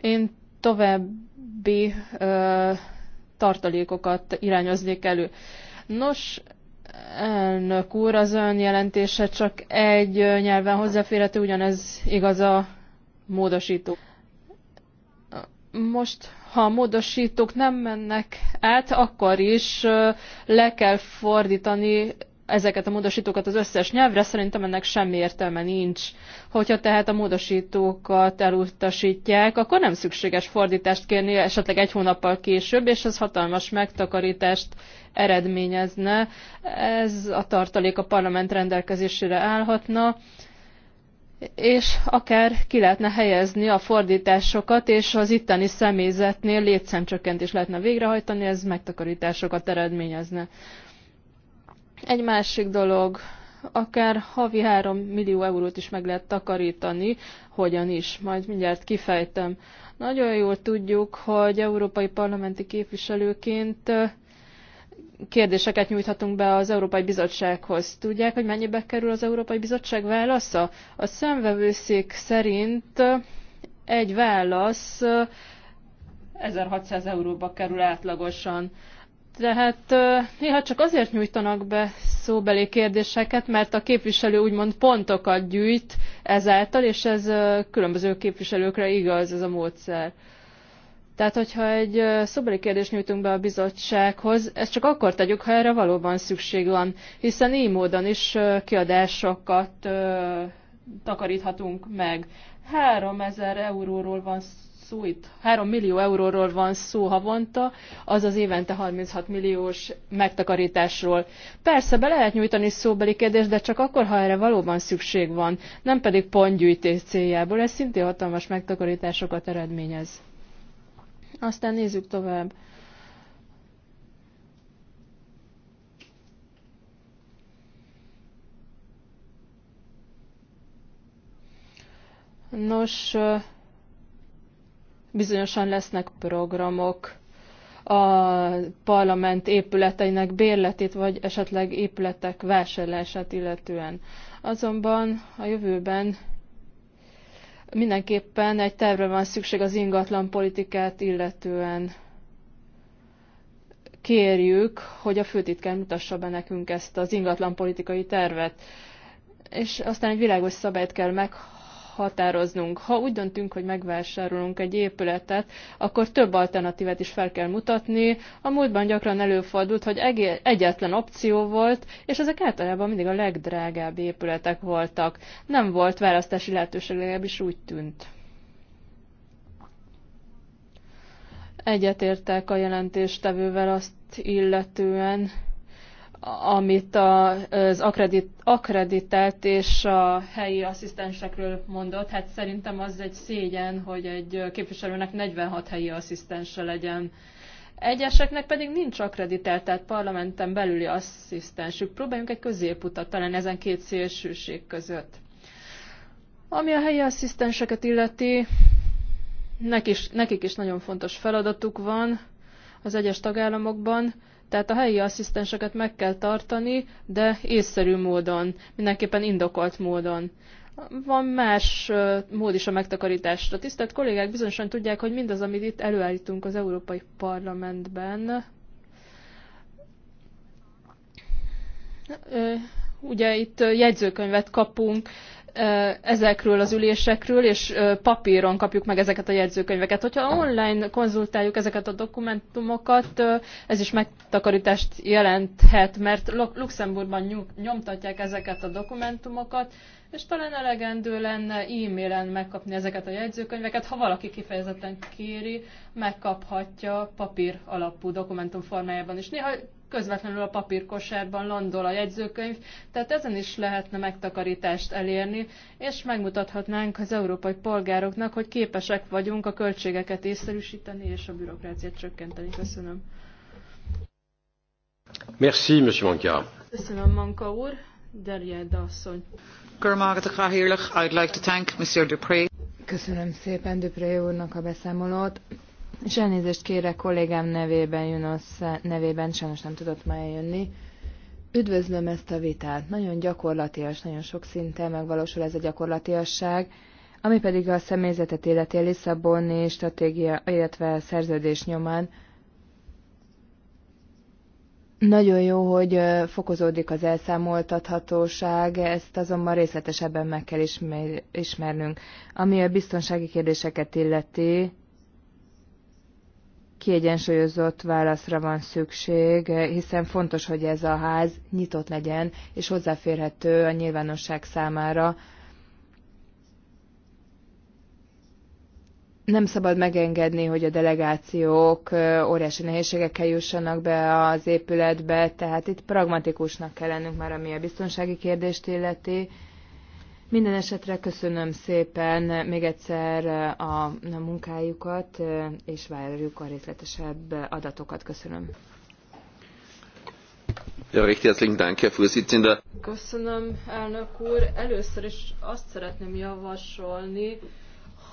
S2: én további tartalékokat irányoznék elő. Nos, Elnök úr, az ön jelentése csak egy nyelven hozzáférhető, ugyanez igaz a módosító. Most, ha a módosítók nem mennek át, akkor is le kell fordítani ezeket a módosítókat az összes nyelvre, szerintem ennek semmi értelme nincs. Hogyha tehát a módosítókat elutasítják, akkor nem szükséges fordítást kérni esetleg egy hónappal később, és ez hatalmas megtakarítást eredményezne. Ez a tartalék a parlament rendelkezésére állhatna és akár ki lehetne helyezni a fordításokat, és az itteni személyzetnél létszámcsökkentést lehetne végrehajtani, ez megtakarításokat eredményezne. Egy másik dolog, akár havi 3 millió eurót is meg lehet takarítani, hogyan is, majd mindjárt kifejtem. Nagyon jól tudjuk, hogy európai parlamenti képviselőként kérdéseket nyújthatunk be az Európai Bizottsághoz. Tudják, hogy mennyibe kerül az Európai Bizottság válasza? A szemvevőszék szerint egy válasz 1600 euróba kerül átlagosan. Tehát néha csak azért nyújtanak be szóbeli kérdéseket, mert a képviselő úgymond pontokat gyűjt ezáltal, és ez különböző képviselőkre igaz ez a módszer. Tehát, hogyha egy szóbeli kérdést nyújtunk be a bizottsághoz, ezt csak akkor tegyük, ha erre valóban szükség van, hiszen így módon is kiadásokat takaríthatunk meg. 3000 euróról van szó, itt 3 millió euróról van szó havonta, az az évente 36 milliós megtakarításról. Persze be lehet nyújtani szóbeli kérdést, de csak akkor, ha erre valóban szükség van, nem pedig pontgyűjtés céljából. Ez szintén hatalmas megtakarításokat eredményez. Aztán nézzük tovább. Nos, Bizonyosan lesznek programok a parlament épületeinek bérletét, vagy esetleg épületek vásárlását illetően. Azonban a jövőben mindenképpen egy tervre van szükség az ingatlan politikát illetően. Kérjük, hogy a főtitkár mutassa be nekünk ezt az ingatlan politikai tervet. És aztán egy világos szabályt kell meg határoznunk. Ha úgy döntünk, hogy megvásárolunk egy épületet, akkor több alternatívát is fel kell mutatni. A múltban gyakran előfordult, hogy egyetlen opció volt, és ezek általában mindig a legdrágább épületek voltak. Nem volt választási lehetőség, legalábbis úgy tűnt. Egyetértek a jelentéstevővel azt illetően, amit az akredit, akreditelt és a helyi asszisztensekről mondott. Hát szerintem az egy szégyen, hogy egy képviselőnek 46 helyi asszisztense legyen. Egyeseknek pedig nincs akreditelt, tehát parlamenten belüli asszisztensük. Próbáljunk egy középutat talán ezen két szélsőség között. Ami a helyi asszisztenseket illeti, nekik is, nekik is nagyon fontos feladatuk van az egyes tagállamokban tehát a helyi asszisztenseket meg kell tartani, de észszerű módon, mindenképpen indokolt módon. Van más mód is a megtakarításra. Tisztelt kollégák bizonyosan tudják, hogy mindaz, amit itt előállítunk az Európai Parlamentben, ugye itt jegyzőkönyvet kapunk, ezekről az ülésekről, és papíron kapjuk meg ezeket a jegyzőkönyveket. Hogyha online konzultáljuk ezeket a dokumentumokat, ez is megtakarítást jelenthet, mert Luxemburgban nyomtatják ezeket a dokumentumokat, és talán elegendő lenne e-mailen megkapni ezeket a jegyzőkönyveket. Ha valaki kifejezetten kéri, megkaphatja papír alapú dokumentum formájában is. Néha közvetlenül a papírkosárban landol a jegyzőkönyv, tehát ezen is lehetne megtakarítást elérni, és megmutathatnánk az európai polgároknak, hogy képesek vagyunk a költségeket észszerűsíteni és a bürokráciát csökkenteni. Köszönöm.
S1: Merci, Monsieur Manka.
S2: Köszönöm, Manka úr. Derjed asszony. I'd like to thank Monsieur
S3: Köszönöm szépen Dupré úrnak a beszámolót. És elnézést kérek kollégám nevében, Junos nevében, sajnos nem tudott már eljönni. Üdvözlöm ezt a vitát. Nagyon gyakorlatias, nagyon sok szinten megvalósul ez a gyakorlatiasság, ami pedig a személyzetet életi Lisszaboni stratégia, illetve szerződés nyomán. Nagyon jó, hogy fokozódik az elszámoltathatóság, ezt azonban részletesebben meg kell ismernünk. Ami a biztonsági kérdéseket illeti, kiegyensúlyozott válaszra van szükség, hiszen fontos, hogy ez a ház nyitott legyen, és hozzáférhető a nyilvánosság számára. Nem szabad megengedni, hogy a delegációk óriási nehézségekkel jussanak be az épületbe, tehát itt pragmatikusnak kell lennünk már, ami a biztonsági kérdést illeti minden esetre köszönöm szépen még egyszer a, a munkájukat, és várjuk a részletesebb adatokat. Köszönöm.
S4: Ja, recht herzlichen Dank, Herr Vorsitzender.
S2: Köszönöm, elnök úr. Először is azt szeretném javasolni,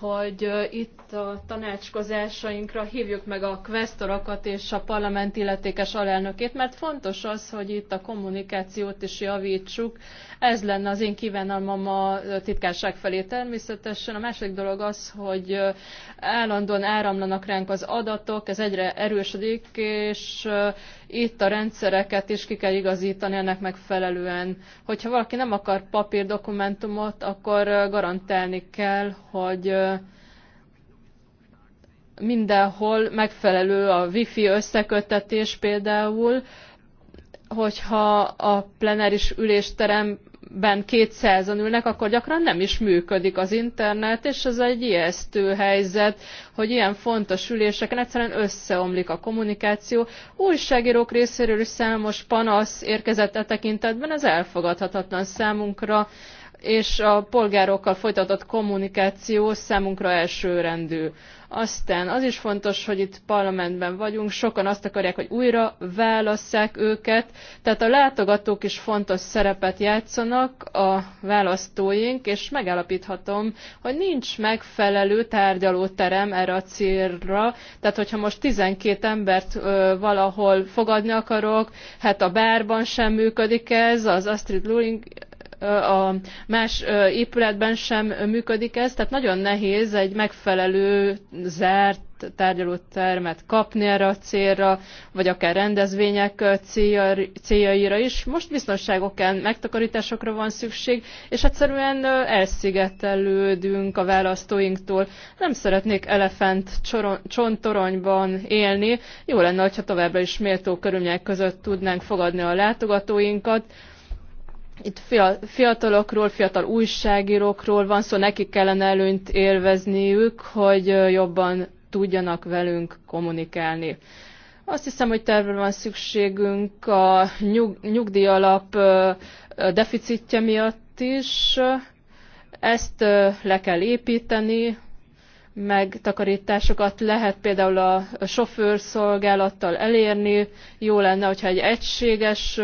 S2: hogy itt a tanácskozásainkra hívjuk meg a kvesztorokat és a parlament illetékes alelnökét, mert fontos az, hogy itt a kommunikációt is javítsuk. Ez lenne az én kívánalmam a titkárság felé. Természetesen a másik dolog az, hogy állandóan áramlanak ránk az adatok, ez egyre erősödik, és itt a rendszereket is ki kell igazítani ennek megfelelően. Hogyha valaki nem akar papírdokumentumot, akkor garantálni kell, hogy mindenhol megfelelő a wifi összeköttetés például, hogyha a plenáris ülésterem ben 200-an ülnek, akkor gyakran nem is működik az internet, és ez egy ijesztő helyzet, hogy ilyen fontos üléseken egyszerűen összeomlik a kommunikáció. Újságírók részéről is számos panasz érkezett e tekintetben, ez elfogadhatatlan számunkra, és a polgárokkal folytatott kommunikáció számunkra elsőrendű. Aztán az is fontos, hogy itt parlamentben vagyunk, sokan azt akarják, hogy újra válasszák őket, tehát a látogatók is fontos szerepet játszanak, a választóink, és megállapíthatom, hogy nincs megfelelő tárgyalóterem erre a célra, tehát hogyha most 12 embert ö, valahol fogadni akarok, hát a bárban sem működik ez, az Astrid Luring a más épületben sem működik ez, tehát nagyon nehéz egy megfelelő, zárt termet kapni erre a célra, vagy akár rendezvények céljaira is. Most biztonságokán megtakarításokra van szükség, és egyszerűen elszigetelődünk a választóinktól. Nem szeretnék elefánt csontoronyban élni. Jó lenne, ha továbbra is méltó körülmények között tudnánk fogadni a látogatóinkat, itt fiatalokról, fiatal újságírókról van szó, nekik kellene előnyt élvezniük, hogy jobban tudjanak velünk kommunikálni. Azt hiszem, hogy tervre van szükségünk a nyug, nyugdíjalap deficitje miatt is. Ezt le kell építeni, megtakarításokat lehet például a sofőrszolgálattal elérni. Jó lenne, hogyha egy egységes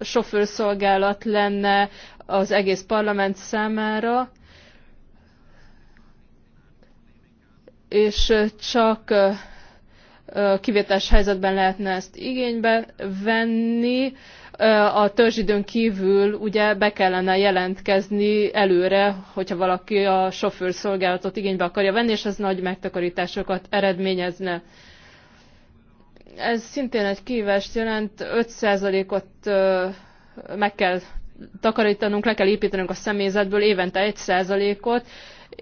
S2: sofőrszolgálat lenne az egész parlament számára, és csak kivételes helyzetben lehetne ezt igénybe venni a törzsidőn kívül ugye be kellene jelentkezni előre, hogyha valaki a sofőrszolgálatot igénybe akarja venni, és ez nagy megtakarításokat eredményezne. Ez szintén egy kívást jelent, 5%-ot meg kell takarítanunk, le kell építenünk a személyzetből évente 1%-ot,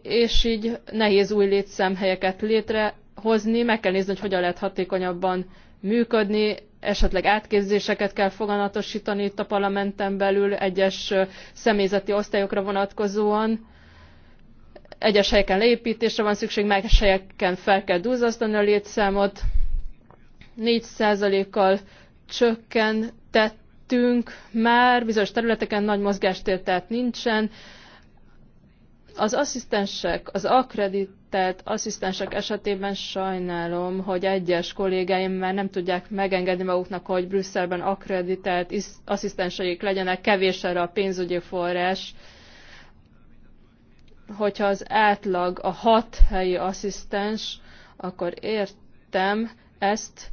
S2: és így nehéz új létszámhelyeket létrehozni, meg kell nézni, hogy hogyan lehet hatékonyabban működni, esetleg átképzéseket kell foganatosítani itt a parlamenten belül egyes személyzeti osztályokra vonatkozóan. Egyes helyeken leépítésre van szükség, más helyeken fel kell duzzasztani a létszámot. 4%-kal csökkentettünk már, bizonyos területeken nagy mozgástér tehát nincsen. Az asszisztensek, az akreditált asszisztensek esetében sajnálom, hogy egyes kollégáim már nem tudják megengedni maguknak, hogy Brüsszelben akreditált asszisztenseik legyenek, kevés erre a pénzügyi forrás, hogyha az átlag a hat helyi asszisztens, akkor értem ezt.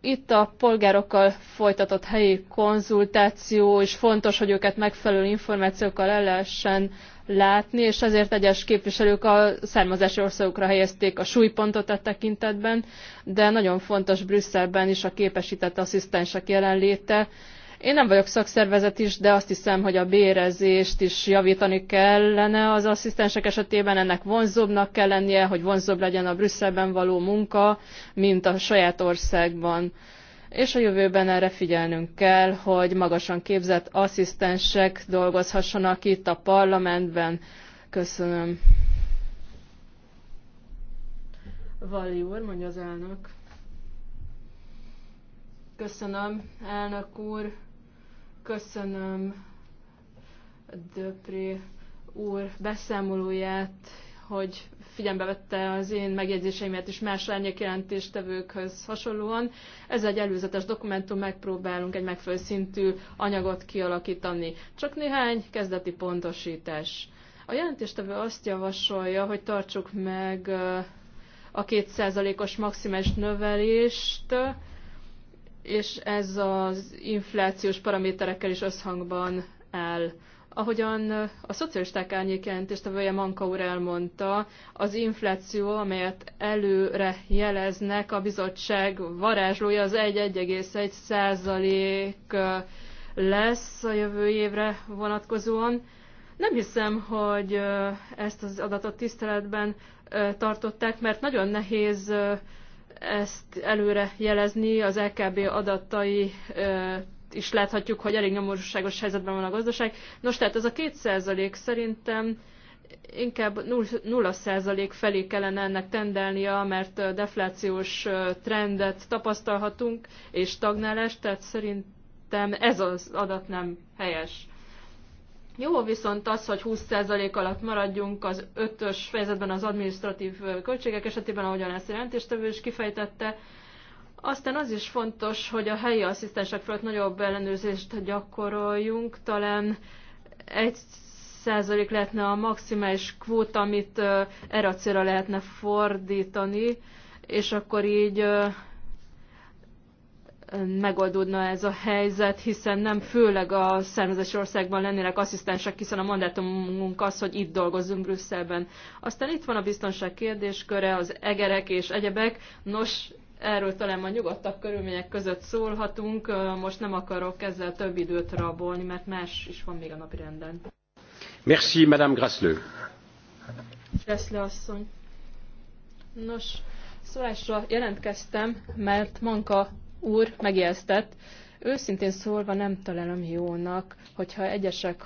S2: Itt a polgárokkal folytatott helyi konzultáció, és fontos, hogy őket megfelelő információkkal el lehessen látni, és ezért egyes képviselők a származási országokra helyezték a súlypontot a e tekintetben, de nagyon fontos Brüsszelben is a képesített asszisztensek jelenléte. Én nem vagyok szakszervezet is, de azt hiszem, hogy a bérezést is javítani kellene az asszisztensek esetében, ennek vonzóbbnak kell lennie, hogy vonzóbb legyen a Brüsszelben való munka, mint a saját országban és a jövőben erre figyelnünk kell, hogy magasan képzett asszisztensek dolgozhassanak itt a parlamentben. Köszönöm. Vali úr, mondja az elnök. Köszönöm, elnök úr. Köszönöm Döpré úr beszámolóját, hogy figyelembe vette az én megjegyzéseimet és más árnyékjelentéstevőkhöz hasonlóan. Ez egy előzetes dokumentum, megpróbálunk egy megfelelő szintű anyagot kialakítani. Csak néhány kezdeti pontosítás. A jelentéstevő azt javasolja, hogy tartsuk meg a kétszázalékos maximális növelést, és ez az inflációs paraméterekkel is összhangban áll. Ahogyan a szocialisták árnyékjelentéstevője Manka úr elmondta, az infláció, amelyet előre jeleznek, a bizottság varázslója az 1,1 százalék lesz a jövő évre vonatkozóan. Nem hiszem, hogy ezt az adatot tiszteletben tartották, mert nagyon nehéz ezt előre jelezni, az LKB adatai is láthatjuk, hogy elég nyomorúságos helyzetben van a gazdaság. Nos, tehát ez a két százalék szerintem inkább 0% felé kellene ennek tendelnia, mert deflációs trendet tapasztalhatunk, és stagnálást, tehát szerintem ez az adat nem helyes. Jó, viszont az, hogy 20% alatt maradjunk az ötös fejezetben az administratív költségek esetében, ahogyan ezt jelentéstevő is kifejtette, aztán az is fontos, hogy a helyi asszisztensek fölött nagyobb ellenőrzést gyakoroljunk. Talán egy százalék lehetne a maximális kvóta, amit erre a célra lehetne fordítani, és akkor így megoldódna ez a helyzet, hiszen nem főleg a származási országban lennének asszisztensek, hiszen a mandátumunk az, hogy itt dolgozzunk Brüsszelben. Aztán itt van a biztonság kérdésköre, az egerek és egyebek. Nos, Erről talán a nyugodtabb körülmények között szólhatunk. Most nem akarok ezzel több időt rabolni, mert más is van még a napi renden.
S1: Merci, Madame Grasslő.
S2: Grasslő asszony. Nos, szólásra jelentkeztem, mert Manka úr megjelztett, őszintén szólva nem találom jónak, hogyha egyesek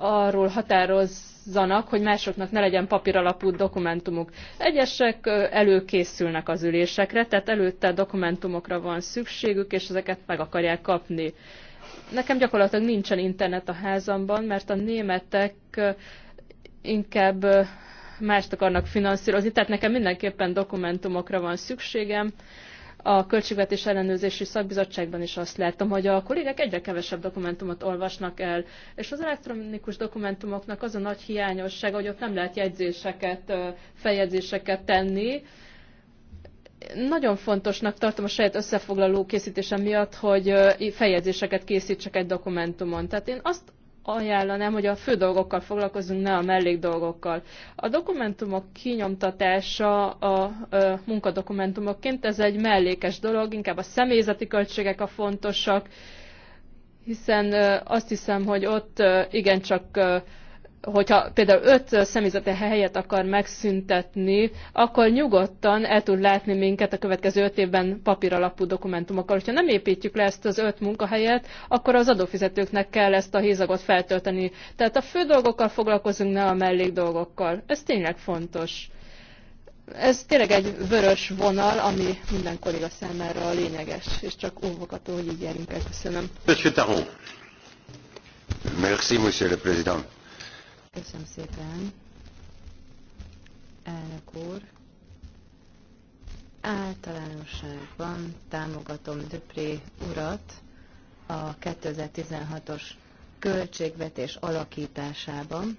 S2: arról határozzanak, hogy másoknak ne legyen papíralapú dokumentumuk. Egyesek előkészülnek az ülésekre, tehát előtte dokumentumokra van szükségük, és ezeket meg akarják kapni. Nekem gyakorlatilag nincsen internet a házamban, mert a németek inkább mást akarnak finanszírozni, tehát nekem mindenképpen dokumentumokra van szükségem, a Költségvetés Ellenőrzési Szakbizottságban is azt látom, hogy a kollégák egyre kevesebb dokumentumot olvasnak el, és az elektronikus dokumentumoknak az a nagy hiányosság, hogy ott nem lehet jegyzéseket, feljegyzéseket tenni, nagyon fontosnak tartom a saját összefoglaló készítésem miatt, hogy feljegyzéseket készítsek egy dokumentumon. Tehát én azt ajánlanám, hogy a fő dolgokkal foglalkozunk, ne a mellék dolgokkal. A dokumentumok kinyomtatása a, a munkadokumentumokként, ez egy mellékes dolog, inkább a személyzeti költségek a fontosak, hiszen azt hiszem, hogy ott igencsak csak hogyha például öt személyzete helyet akar megszüntetni, akkor nyugodtan el tud látni minket a következő öt évben papír alapú dokumentumokkal. Hogyha nem építjük le ezt az öt munkahelyet, akkor az adófizetőknek kell ezt a hézagot feltölteni. Tehát a fő dolgokkal foglalkozunk, ne a mellék dolgokkal. Ez tényleg fontos. Ez tényleg egy vörös vonal, ami minden kolléga számára a lényeges, és csak óvogató, hogy így járjunk el. Köszönöm.
S1: Merci, monsieur le président
S2: Köszönöm szépen,
S4: elnök úr. Általánosságban támogatom Döpré urat a 2016-os költségvetés alakításában.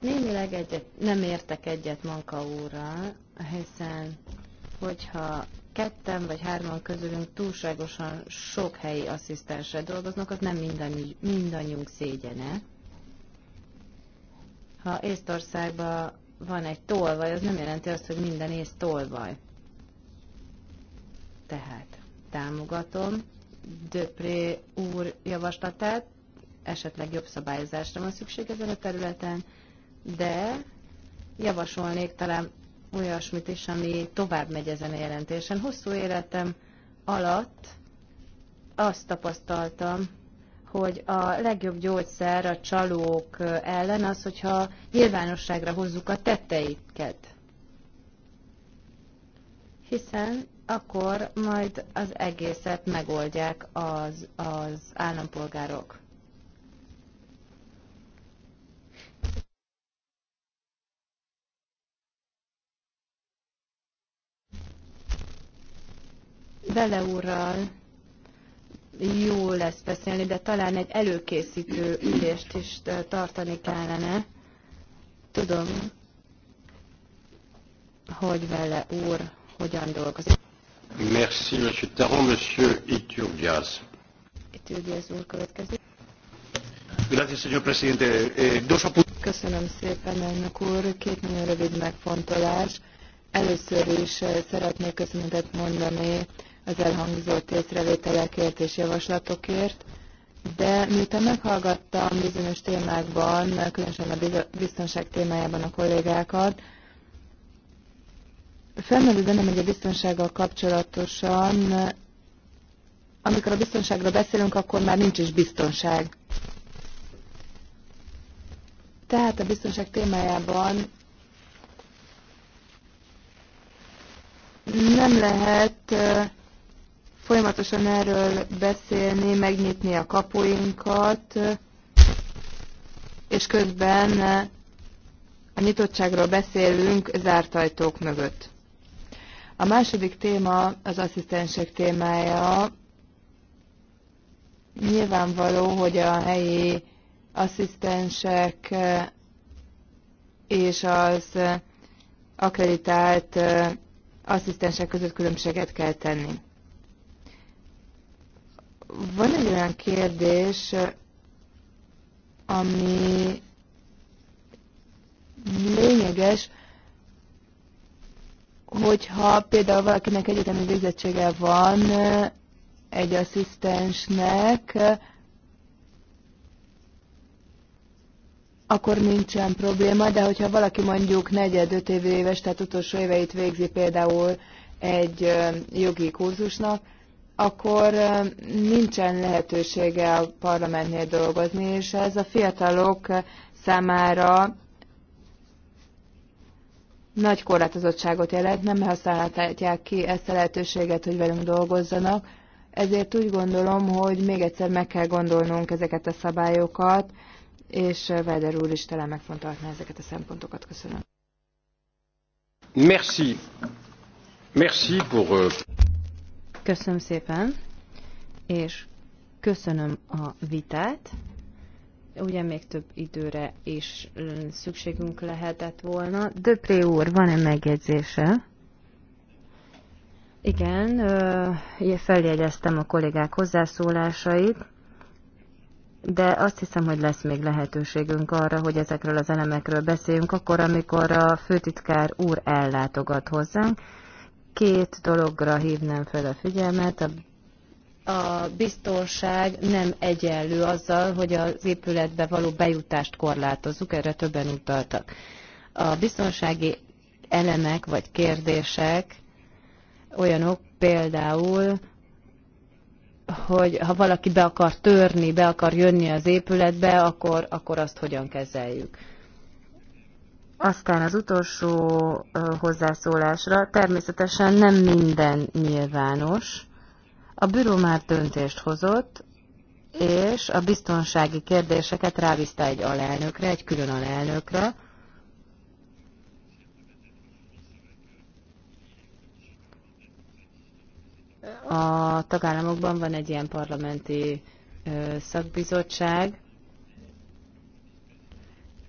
S4: Némileg egyet, nem értek egyet Manka úrral, hiszen hogyha ketten vagy hárman közülünk túlságosan sok helyi asszisztensre dolgoznak, az nem mindannyi, mindannyiunk szégyene. Ha Észtországban van egy tolvaj, az nem jelenti azt, hogy minden ész tolvaj. Tehát támogatom Döpré úr javaslatát, esetleg jobb szabályozásra van szükség ezen a területen, de javasolnék talán olyasmit is, ami tovább megy ezen a jelentésen. Hosszú életem alatt azt tapasztaltam, hogy a legjobb gyógyszer a csalók ellen az, hogyha nyilvánosságra hozzuk a tetteiket. Hiszen akkor majd az egészet megoldják az, az állampolgárok.
S2: Vele úrral
S4: jó lesz beszélni, de talán egy előkészítő ülést is eh, tartani kellene. Tudom, hogy vele úr hogyan dolgozik.
S1: Merci, Monsieur Taron, Monsieur Iturgiaz.
S4: Iturgiaz úr következik.
S1: Gracias, señor presidente. Eh, dos
S3: Köszönöm szépen, elnök úr. Két nagyon rövid megfontolás. Először is eh, szeretnék köszönetet mondani az elhangzott észrevételekért és javaslatokért, de miután meghallgattam bizonyos témákban, különösen a biztonság témájában a kollégákat, felmerül bennem, hogy a biztonsággal kapcsolatosan, amikor a biztonságról beszélünk, akkor már nincs is biztonság. Tehát a biztonság témájában
S2: nem lehet
S3: folyamatosan erről beszélni, megnyitni a kapuinkat, és közben a nyitottságról beszélünk zárt ajtók mögött. A második téma az asszisztensek témája. Nyilvánvaló, hogy a helyi asszisztensek és az akreditált asszisztensek között különbséget kell tenni. Van egy olyan kérdés, ami lényeges, hogyha például valakinek egyetemi végzettsége van, egy asszisztensnek, akkor nincsen probléma, de hogyha valaki mondjuk negyed, öt éves, tehát utolsó éveit végzi például egy jogi kurzusnak, akkor nincsen lehetősége a parlamentnél dolgozni, és ez a fiatalok számára nagy korlátozottságot jelent, nem használhatják ki ezt a lehetőséget, hogy velünk dolgozzanak, ezért úgy gondolom, hogy még egyszer meg kell gondolnunk ezeket a szabályokat, és Veder úr is talán megfontolhatná ezeket a szempontokat. Köszönöm.
S1: Merci. Merci pour... Euh,
S4: Köszönöm szépen, és köszönöm a vitát. Ugye még több időre is szükségünk lehetett volna. Döpré úr, van-e megjegyzése? Igen, feljegyeztem a kollégák hozzászólásait, de azt hiszem, hogy lesz még lehetőségünk arra, hogy ezekről az elemekről beszéljünk, akkor, amikor a főtitkár úr ellátogat hozzánk Két dologra hívnám fel a figyelmet. A a biztonság nem egyenlő azzal, hogy az épületbe való bejutást korlátozzuk, erre többen utaltak. A biztonsági elemek vagy kérdések olyanok például, hogy ha valaki be akar törni, be akar jönni az épületbe, akkor, akkor azt hogyan kezeljük. Aztán az utolsó hozzászólásra természetesen nem minden nyilvános. A büró már döntést hozott, és a biztonsági kérdéseket rábízta egy alelnökre, egy külön alelnökre. A tagállamokban van egy ilyen parlamenti szakbizottság,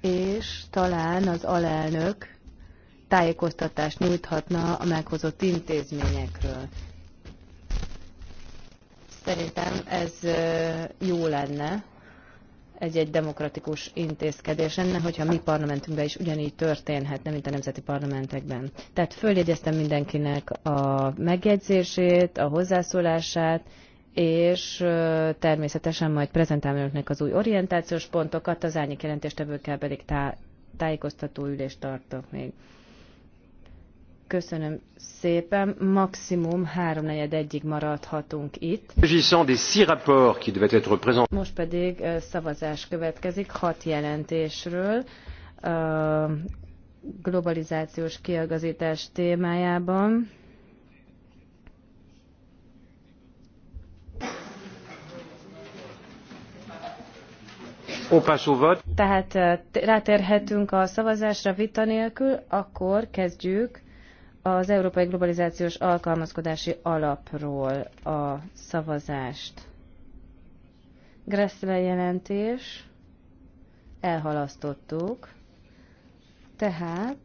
S4: és talán az alelnök tájékoztatást nyújthatna a meghozott intézményekről. Szerintem ez jó lenne, egy-egy demokratikus intézkedés lenne, hogyha mi parlamentünkben is ugyanígy történhetne, mint a nemzeti parlamentekben. Tehát följegyeztem mindenkinek a megjegyzését, a hozzászólását, és természetesen majd prezentálom önöknek az új orientációs pontokat, az árnyék jelentéstevőkkel pedig tá- tájékoztató ülést tartok még. Köszönöm szépen. Maximum háromnegyed egyig maradhatunk itt. Most pedig szavazás következik hat jelentésről globalizációs kiagazítás témájában. Tehát eh, rátérhetünk a szavazásra vita nélkül, akkor kezdjük az Európai Globalizációs Alkalmazkodási Alapról a szavazást. Gressle jelentés, elhalasztottuk, tehát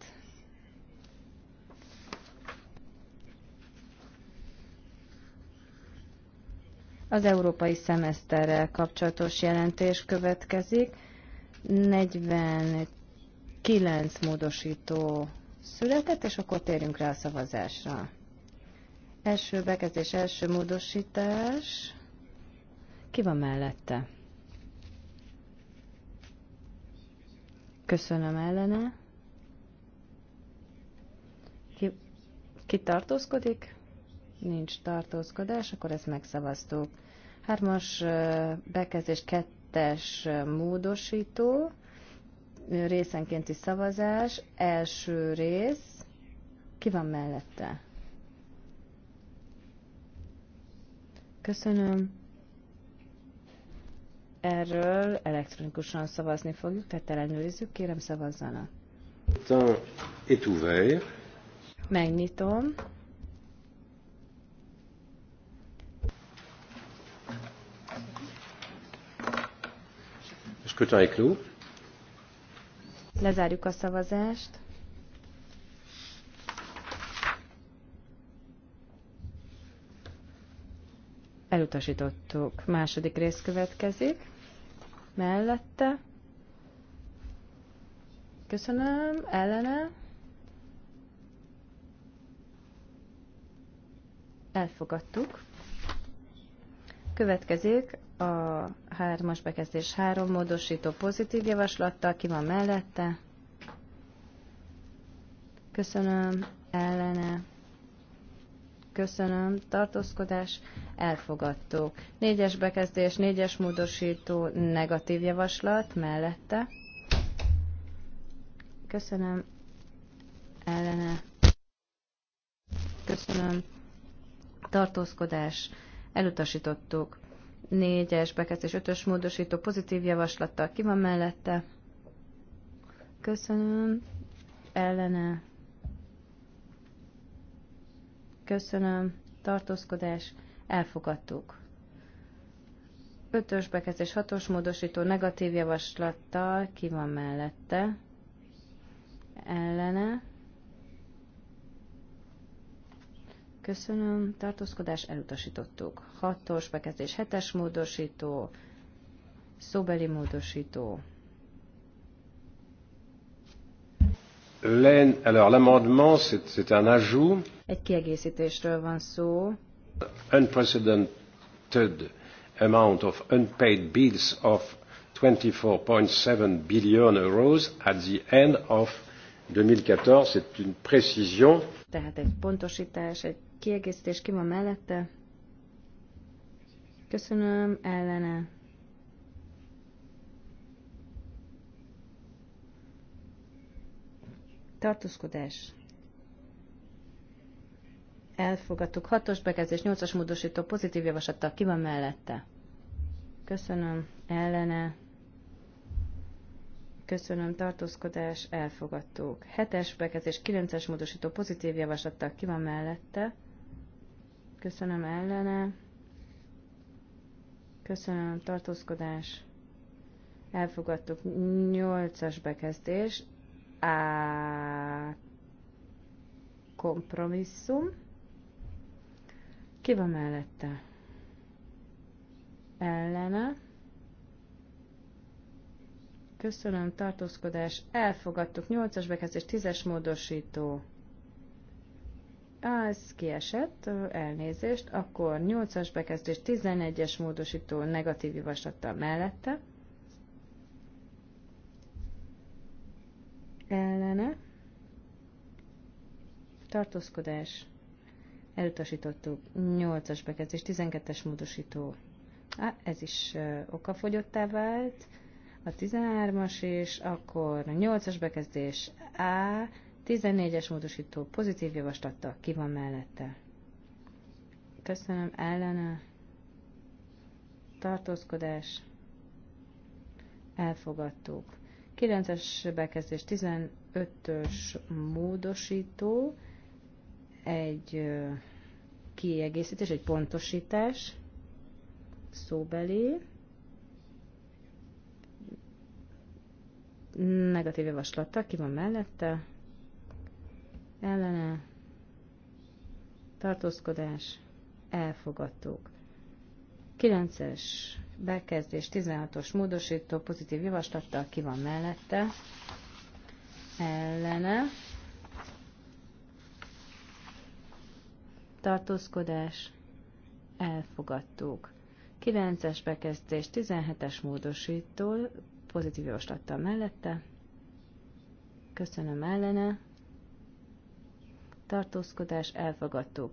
S4: Az európai szemeszterrel kapcsolatos jelentés következik. 49 módosító született, és akkor térjünk rá a szavazásra. Első bekezdés, első módosítás. Ki van mellette? Köszönöm ellene. Ki, ki tartózkodik? nincs tartózkodás, akkor ezt megszavaztuk. Hármas bekezdés, kettes módosító, részenkénti szavazás, első rész, ki van mellette? Köszönöm. Erről elektronikusan szavazni fogjuk, tehát ellenőrizzük, kérem szavazzanak.
S1: Temps est
S4: Megnyitom. Lezárjuk a szavazást. Elutasítottuk. Második rész következik. Mellette. Köszönöm. Ellene. Elfogadtuk. Következik a hármas bekezdés három módosító pozitív javaslattal, ki van mellette. Köszönöm, ellene. Köszönöm, tartózkodás, elfogadtó. Négyes bekezdés, négyes módosító, negatív javaslat, mellette. Köszönöm, ellene. Köszönöm, tartózkodás, elutasítottuk. Négyes bekezdés ötös módosító pozitív javaslattal ki van mellette. Köszönöm. Ellene. Köszönöm. Tartózkodás. Elfogadtuk. Ötös bekezdés hatos módosító negatív javaslattal ki van mellette. Ellene. Köszönöm, tartózkodás elutasítottuk. 6-os bekezdés 7-es módosító, szóbeli módosító.
S1: Len, alors l'amendement, c'est un ajout.
S4: Egy kiegészítésről van szó.
S1: Unprecedented amount of unpaid bills of 24.7 billion euros at the end of 2014. C'est une précision.
S4: Tehát egy pontosítás, egy kiegészítés, ki van mellette? Köszönöm, ellene. Tartózkodás. Elfogadtuk. Hatos bekezdés, nyolcas módosító, pozitív javaslattal. Ki van mellette? Köszönöm, ellene. Köszönöm, tartózkodás, elfogadtuk. Hetes bekezdés, kilences módosító, pozitív javaslattal. Ki van mellette? Köszönöm, ellene. Köszönöm, tartózkodás. Elfogadtuk. Nyolcas bekezdés. A kompromisszum. Ki van mellette? Ellene. Köszönöm, tartózkodás. Elfogadtuk. Nyolcas bekezdés, tízes módosító az kiesett, elnézést, akkor 8-as bekezdés 11-es módosító negatív javaslattal mellette. Ellene. Tartózkodás. Elutasítottuk. 8-as bekezdés 12-es módosító. Á, ez is okafogyottá vált. A 13-as és akkor 8-as bekezdés A 14-es módosító pozitív javaslatta, ki van mellette? Köszönöm, ellene, tartózkodás, elfogadtuk. 9-es bekezdés 15-ös módosító, egy kiegészítés, egy pontosítás, szóbeli, negatív javaslata, ki van mellette, ellene tartózkodás elfogadtuk. 9-es bekezdés 16-os módosító pozitív javaslattal ki van mellette ellene tartózkodás elfogadtuk. 9-es bekezdés 17-es módosító pozitív javaslattal mellette köszönöm ellene tartózkodás elfogadtuk.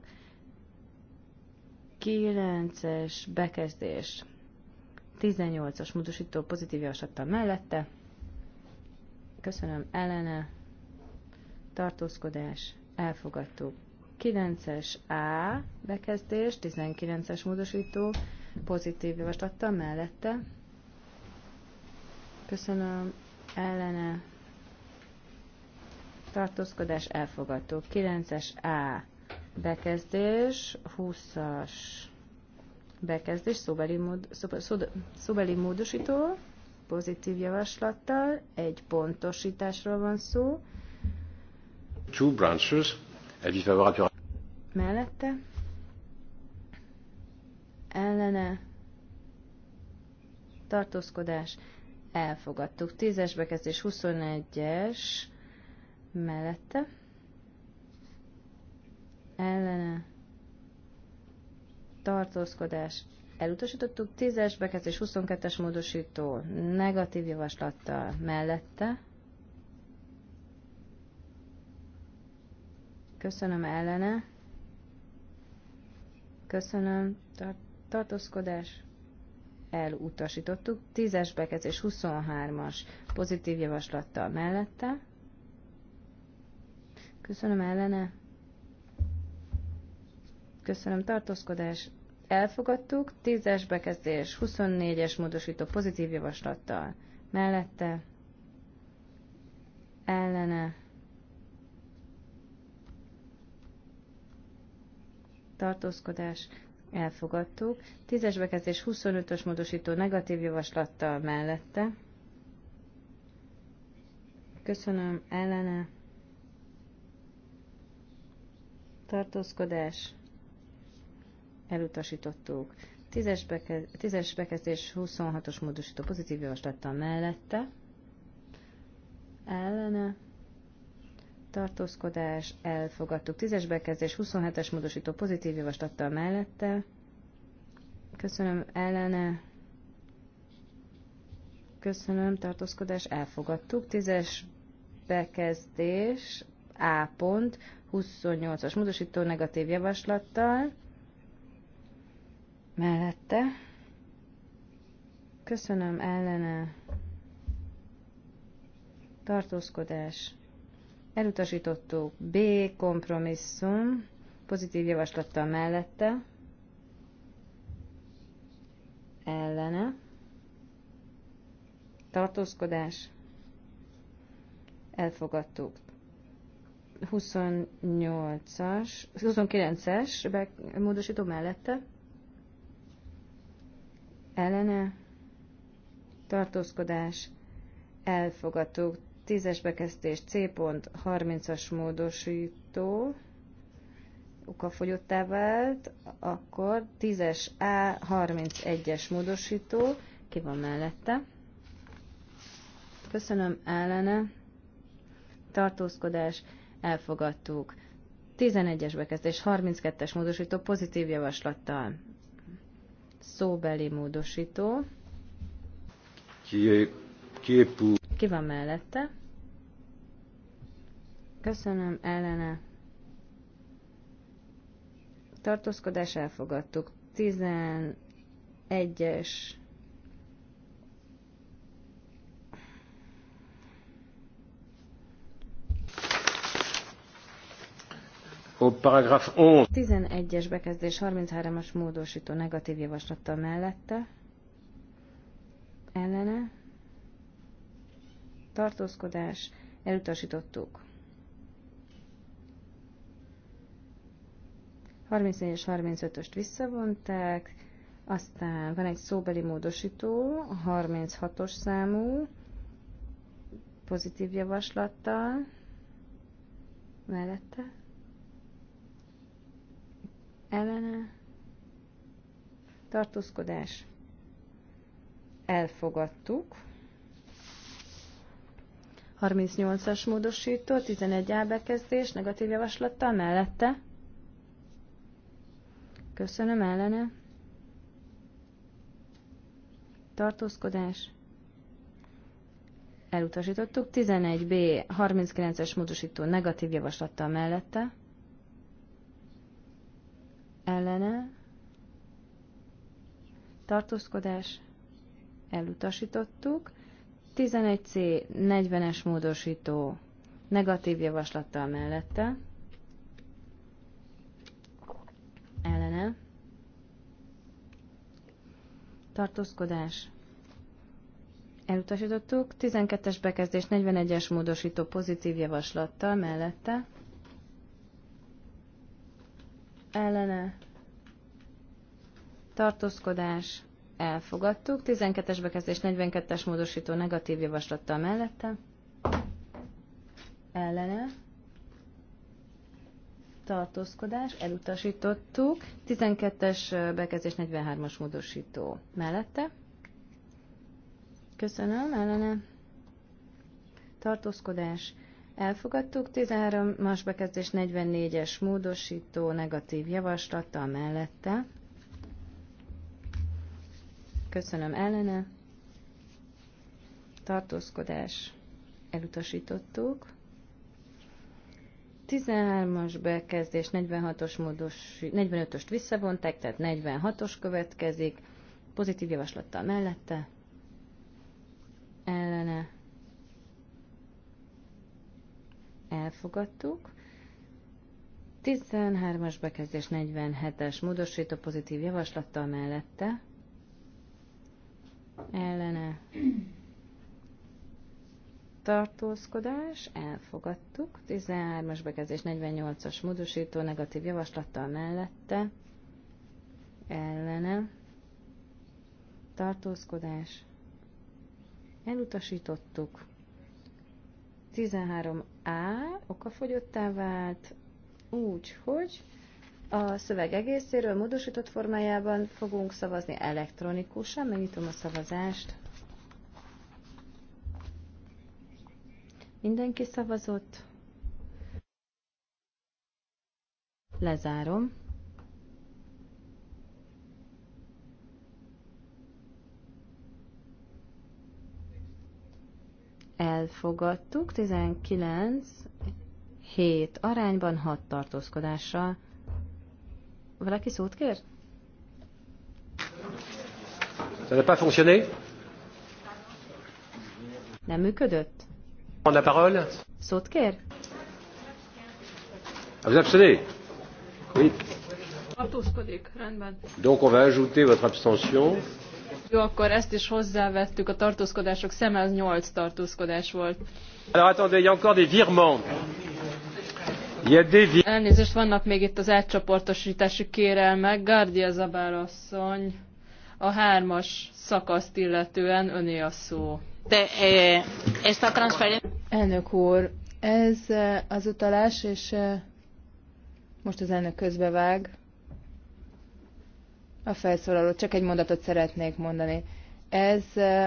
S4: 9-es bekezdés, 18-as módosító pozitív javaslattal mellette, köszönöm ellene, tartózkodás, elfogadtuk. 9-es A bekezdés, 19-es módosító, pozitív javaslattal mellette. Köszönöm, ellene, tartózkodás elfogadó. 9-es A bekezdés, 20-as bekezdés, szóbeli, mód, szó, szó, szóbeli módosító, pozitív javaslattal, egy pontosításról van szó.
S1: Two branches, avis favorable.
S4: Mellette. Ellene. Tartózkodás. Elfogadtuk. 10-es bekezdés, 21-es mellette, ellene, tartózkodás, elutasítottuk, 10-es bekezdés 22-es módosító negatív javaslattal mellette, köszönöm ellene, köszönöm, tar tartózkodás, elutasítottuk, 10-es bekezdés 23-as pozitív javaslattal mellette, Köszönöm ellene. Köszönöm tartózkodás. Elfogadtuk. tízes bekezdés, 24-es módosító pozitív javaslattal. Mellette. Ellene. Tartózkodás. Elfogadtuk. tízes bekezdés, 25-ös módosító negatív javaslattal mellette. Köszönöm, ellene. tartózkodás, elutasítottuk. Tízes, beke, tízes bekezdés 26-os módosító pozitív javaslata mellette, ellene, tartózkodás, elfogadtuk. Tízes bekezdés 27-es módosító pozitív javaslata mellette, köszönöm, ellene, köszönöm, tartózkodás, elfogadtuk. Tízes bekezdés a pont, 28-as módosító negatív javaslattal, mellette. Köszönöm ellene tartózkodás. Elutasítottuk B kompromisszum, pozitív javaslattal mellette, ellene, tartózkodás, elfogadtuk. 28-as, 29-es módosító mellette ellene tartózkodás elfogató, 10-es bekezdés C pont 30-as módosító fogyottá vált, akkor 10-es A 31-es módosító ki van mellette. Köszönöm ellene tartózkodás elfogadtuk. 11-es bekezdés 32-es módosító pozitív javaslattal. Szóbeli módosító. Ki eh, ki van mellette? Köszönöm, ellene. Tartózkodás elfogadtuk. 11-es
S1: 11.
S4: es bekezdés 33-as módosító negatív javaslattal mellette. Ellene. Tartózkodás. Elutasítottuk. 34 és 35-öst visszavonták, aztán van egy szóbeli módosító, 36-os számú, pozitív javaslattal, mellette, ellene tartózkodás elfogadtuk. 38-as módosító, 11 elbekezdés, negatív javaslattal mellette. Köszönöm, ellene. Tartózkodás. Elutasítottuk. 11B, 39-es módosító, negatív javaslattal mellette ellene tartózkodás elutasítottuk. 11C 40-es módosító negatív javaslattal mellette ellene tartózkodás elutasítottuk. 12-es bekezdés 41-es módosító pozitív javaslattal mellette ellene tartózkodás elfogadtuk. 12-es bekezdés 42-es módosító negatív javaslattal mellette ellene tartózkodás elutasítottuk. 12-es bekezdés 43-as módosító mellette Köszönöm, ellene tartózkodás Elfogadtuk 13 más bekezdés 44-es módosító negatív javaslata mellette. Köszönöm ellene. Tartózkodás elutasítottuk. 13-as bekezdés 46-os módos, 45-öst visszavonták, tehát 46-os következik. Pozitív javaslattal mellette. Ellene elfogadtuk. 13-as bekezdés 47-es módosító pozitív javaslattal mellette ellene tartózkodás, elfogadtuk. 13-as bekezdés 48-as módosító negatív javaslattal mellette ellene tartózkodás, elutasítottuk. 13a okafogyottá vált, úgyhogy a szöveg egészéről módosított formájában fogunk szavazni elektronikusan. Megnyitom a szavazást. Mindenki szavazott. Lezárom. elfogadtuk, 19, 7 arányban, 6 tartózkodással. Valaki szót kér?
S1: Ça n'a pas fonctionné?
S4: Nem működött?
S1: Prendre la parole? Szót kér? Ah, vous abstenez? Oui.
S2: Tartózkodik, rendben.
S1: Donc on va ajouter votre abstention
S2: jó, akkor ezt is hozzávettük, a tartózkodások szeme az 8 tartózkodás volt. Alors
S1: attendez, il y encore des virements. Des...
S2: Elnézést, vannak még itt az átcsoportosítási kérelmek. Gárdia Zabár asszony, a hármas szakaszt illetően öné a szó. De, eh, ezt a transferen... Elnök
S3: úr, ez e, az utalás, és e, most az elnök közbevág a felszólaló. Csak egy mondatot szeretnék mondani. Ez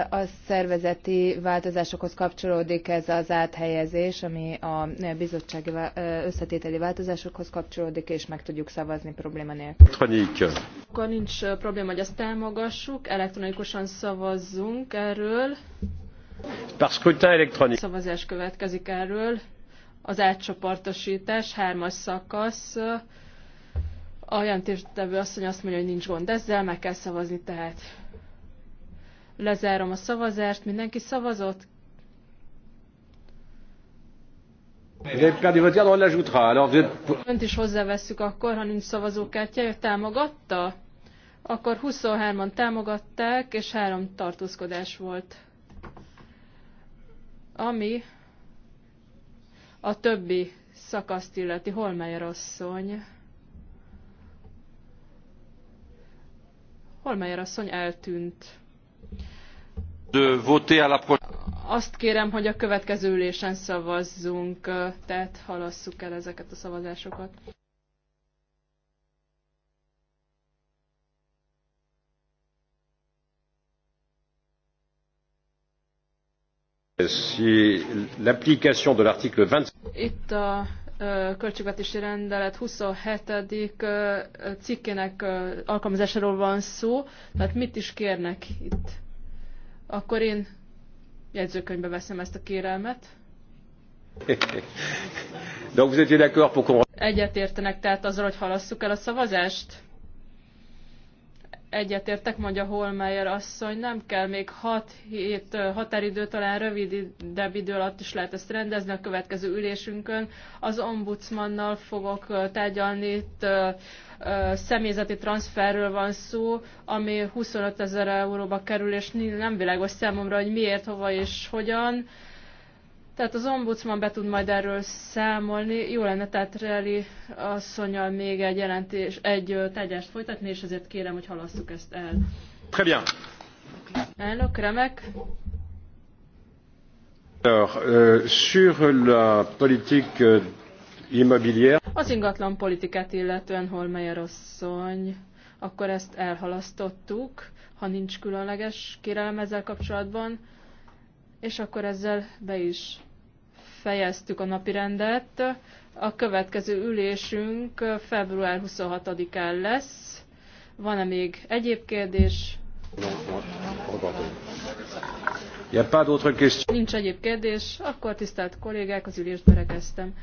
S3: a szervezeti változásokhoz kapcsolódik ez az áthelyezés, ami a bizottsági összetételi változásokhoz kapcsolódik, és meg tudjuk
S2: szavazni probléma nélkül. Akkor nincs probléma, hogy ezt támogassuk, elektronikusan szavazzunk erről. Par Szavazás következik erről. Az átcsoportosítás, hármas szakasz. A jelentéstevő asszony azt mondja, hogy nincs gond ezzel, meg kell szavazni tehát. Lezárom a szavazást, mindenki szavazott. Önt is hozzávesszük akkor, ha nincs ő támogatta? Akkor 23-an támogatták, és három tartózkodás volt. Ami a többi szakaszt illeti Holmeyer asszony. Holmeyer asszony eltűnt. Azt kérem, hogy a következő ülésen szavazzunk, tehát halasszuk el ezeket a szavazásokat. Itt a költségvetési rendelet 27. cikkének alkalmazásáról van szó, tehát mit is kérnek itt? Akkor én jegyzőkönyvbe veszem ezt a kérelmet. <laughs> Egyetértenek tehát azzal, hogy halasszuk el a szavazást? egyetértek, mondja Holmeyer asszony, nem kell még 6 hét határidő, talán rövidebb idő alatt is lehet ezt rendezni a következő ülésünkön. Az ombudsmannal fogok tárgyalni, itt személyzeti transferről van szó, ami 25 ezer euróba kerül, és nem világos számomra, hogy miért, hova és hogyan tehát az ombudsman be tud majd erről számolni. Jó lenne tehát Reli asszonyal még egy jelentés, egy tegyest folytatni, és ezért kérem, hogy halasszuk ezt el. Très bien. Elnök, remek.
S1: Alors, euh, sur la politique euh, immobilière.
S2: Az ingatlan politikát illetően Holmeyer asszony, akkor ezt elhalasztottuk, ha nincs különleges kérelem ezzel kapcsolatban, és akkor ezzel be is befejeztük a napirendet. A következő ülésünk február 26-án lesz. Van-e még egyéb kérdés? Nincs egyéb kérdés, akkor tisztelt kollégák, az ülést berekeztem.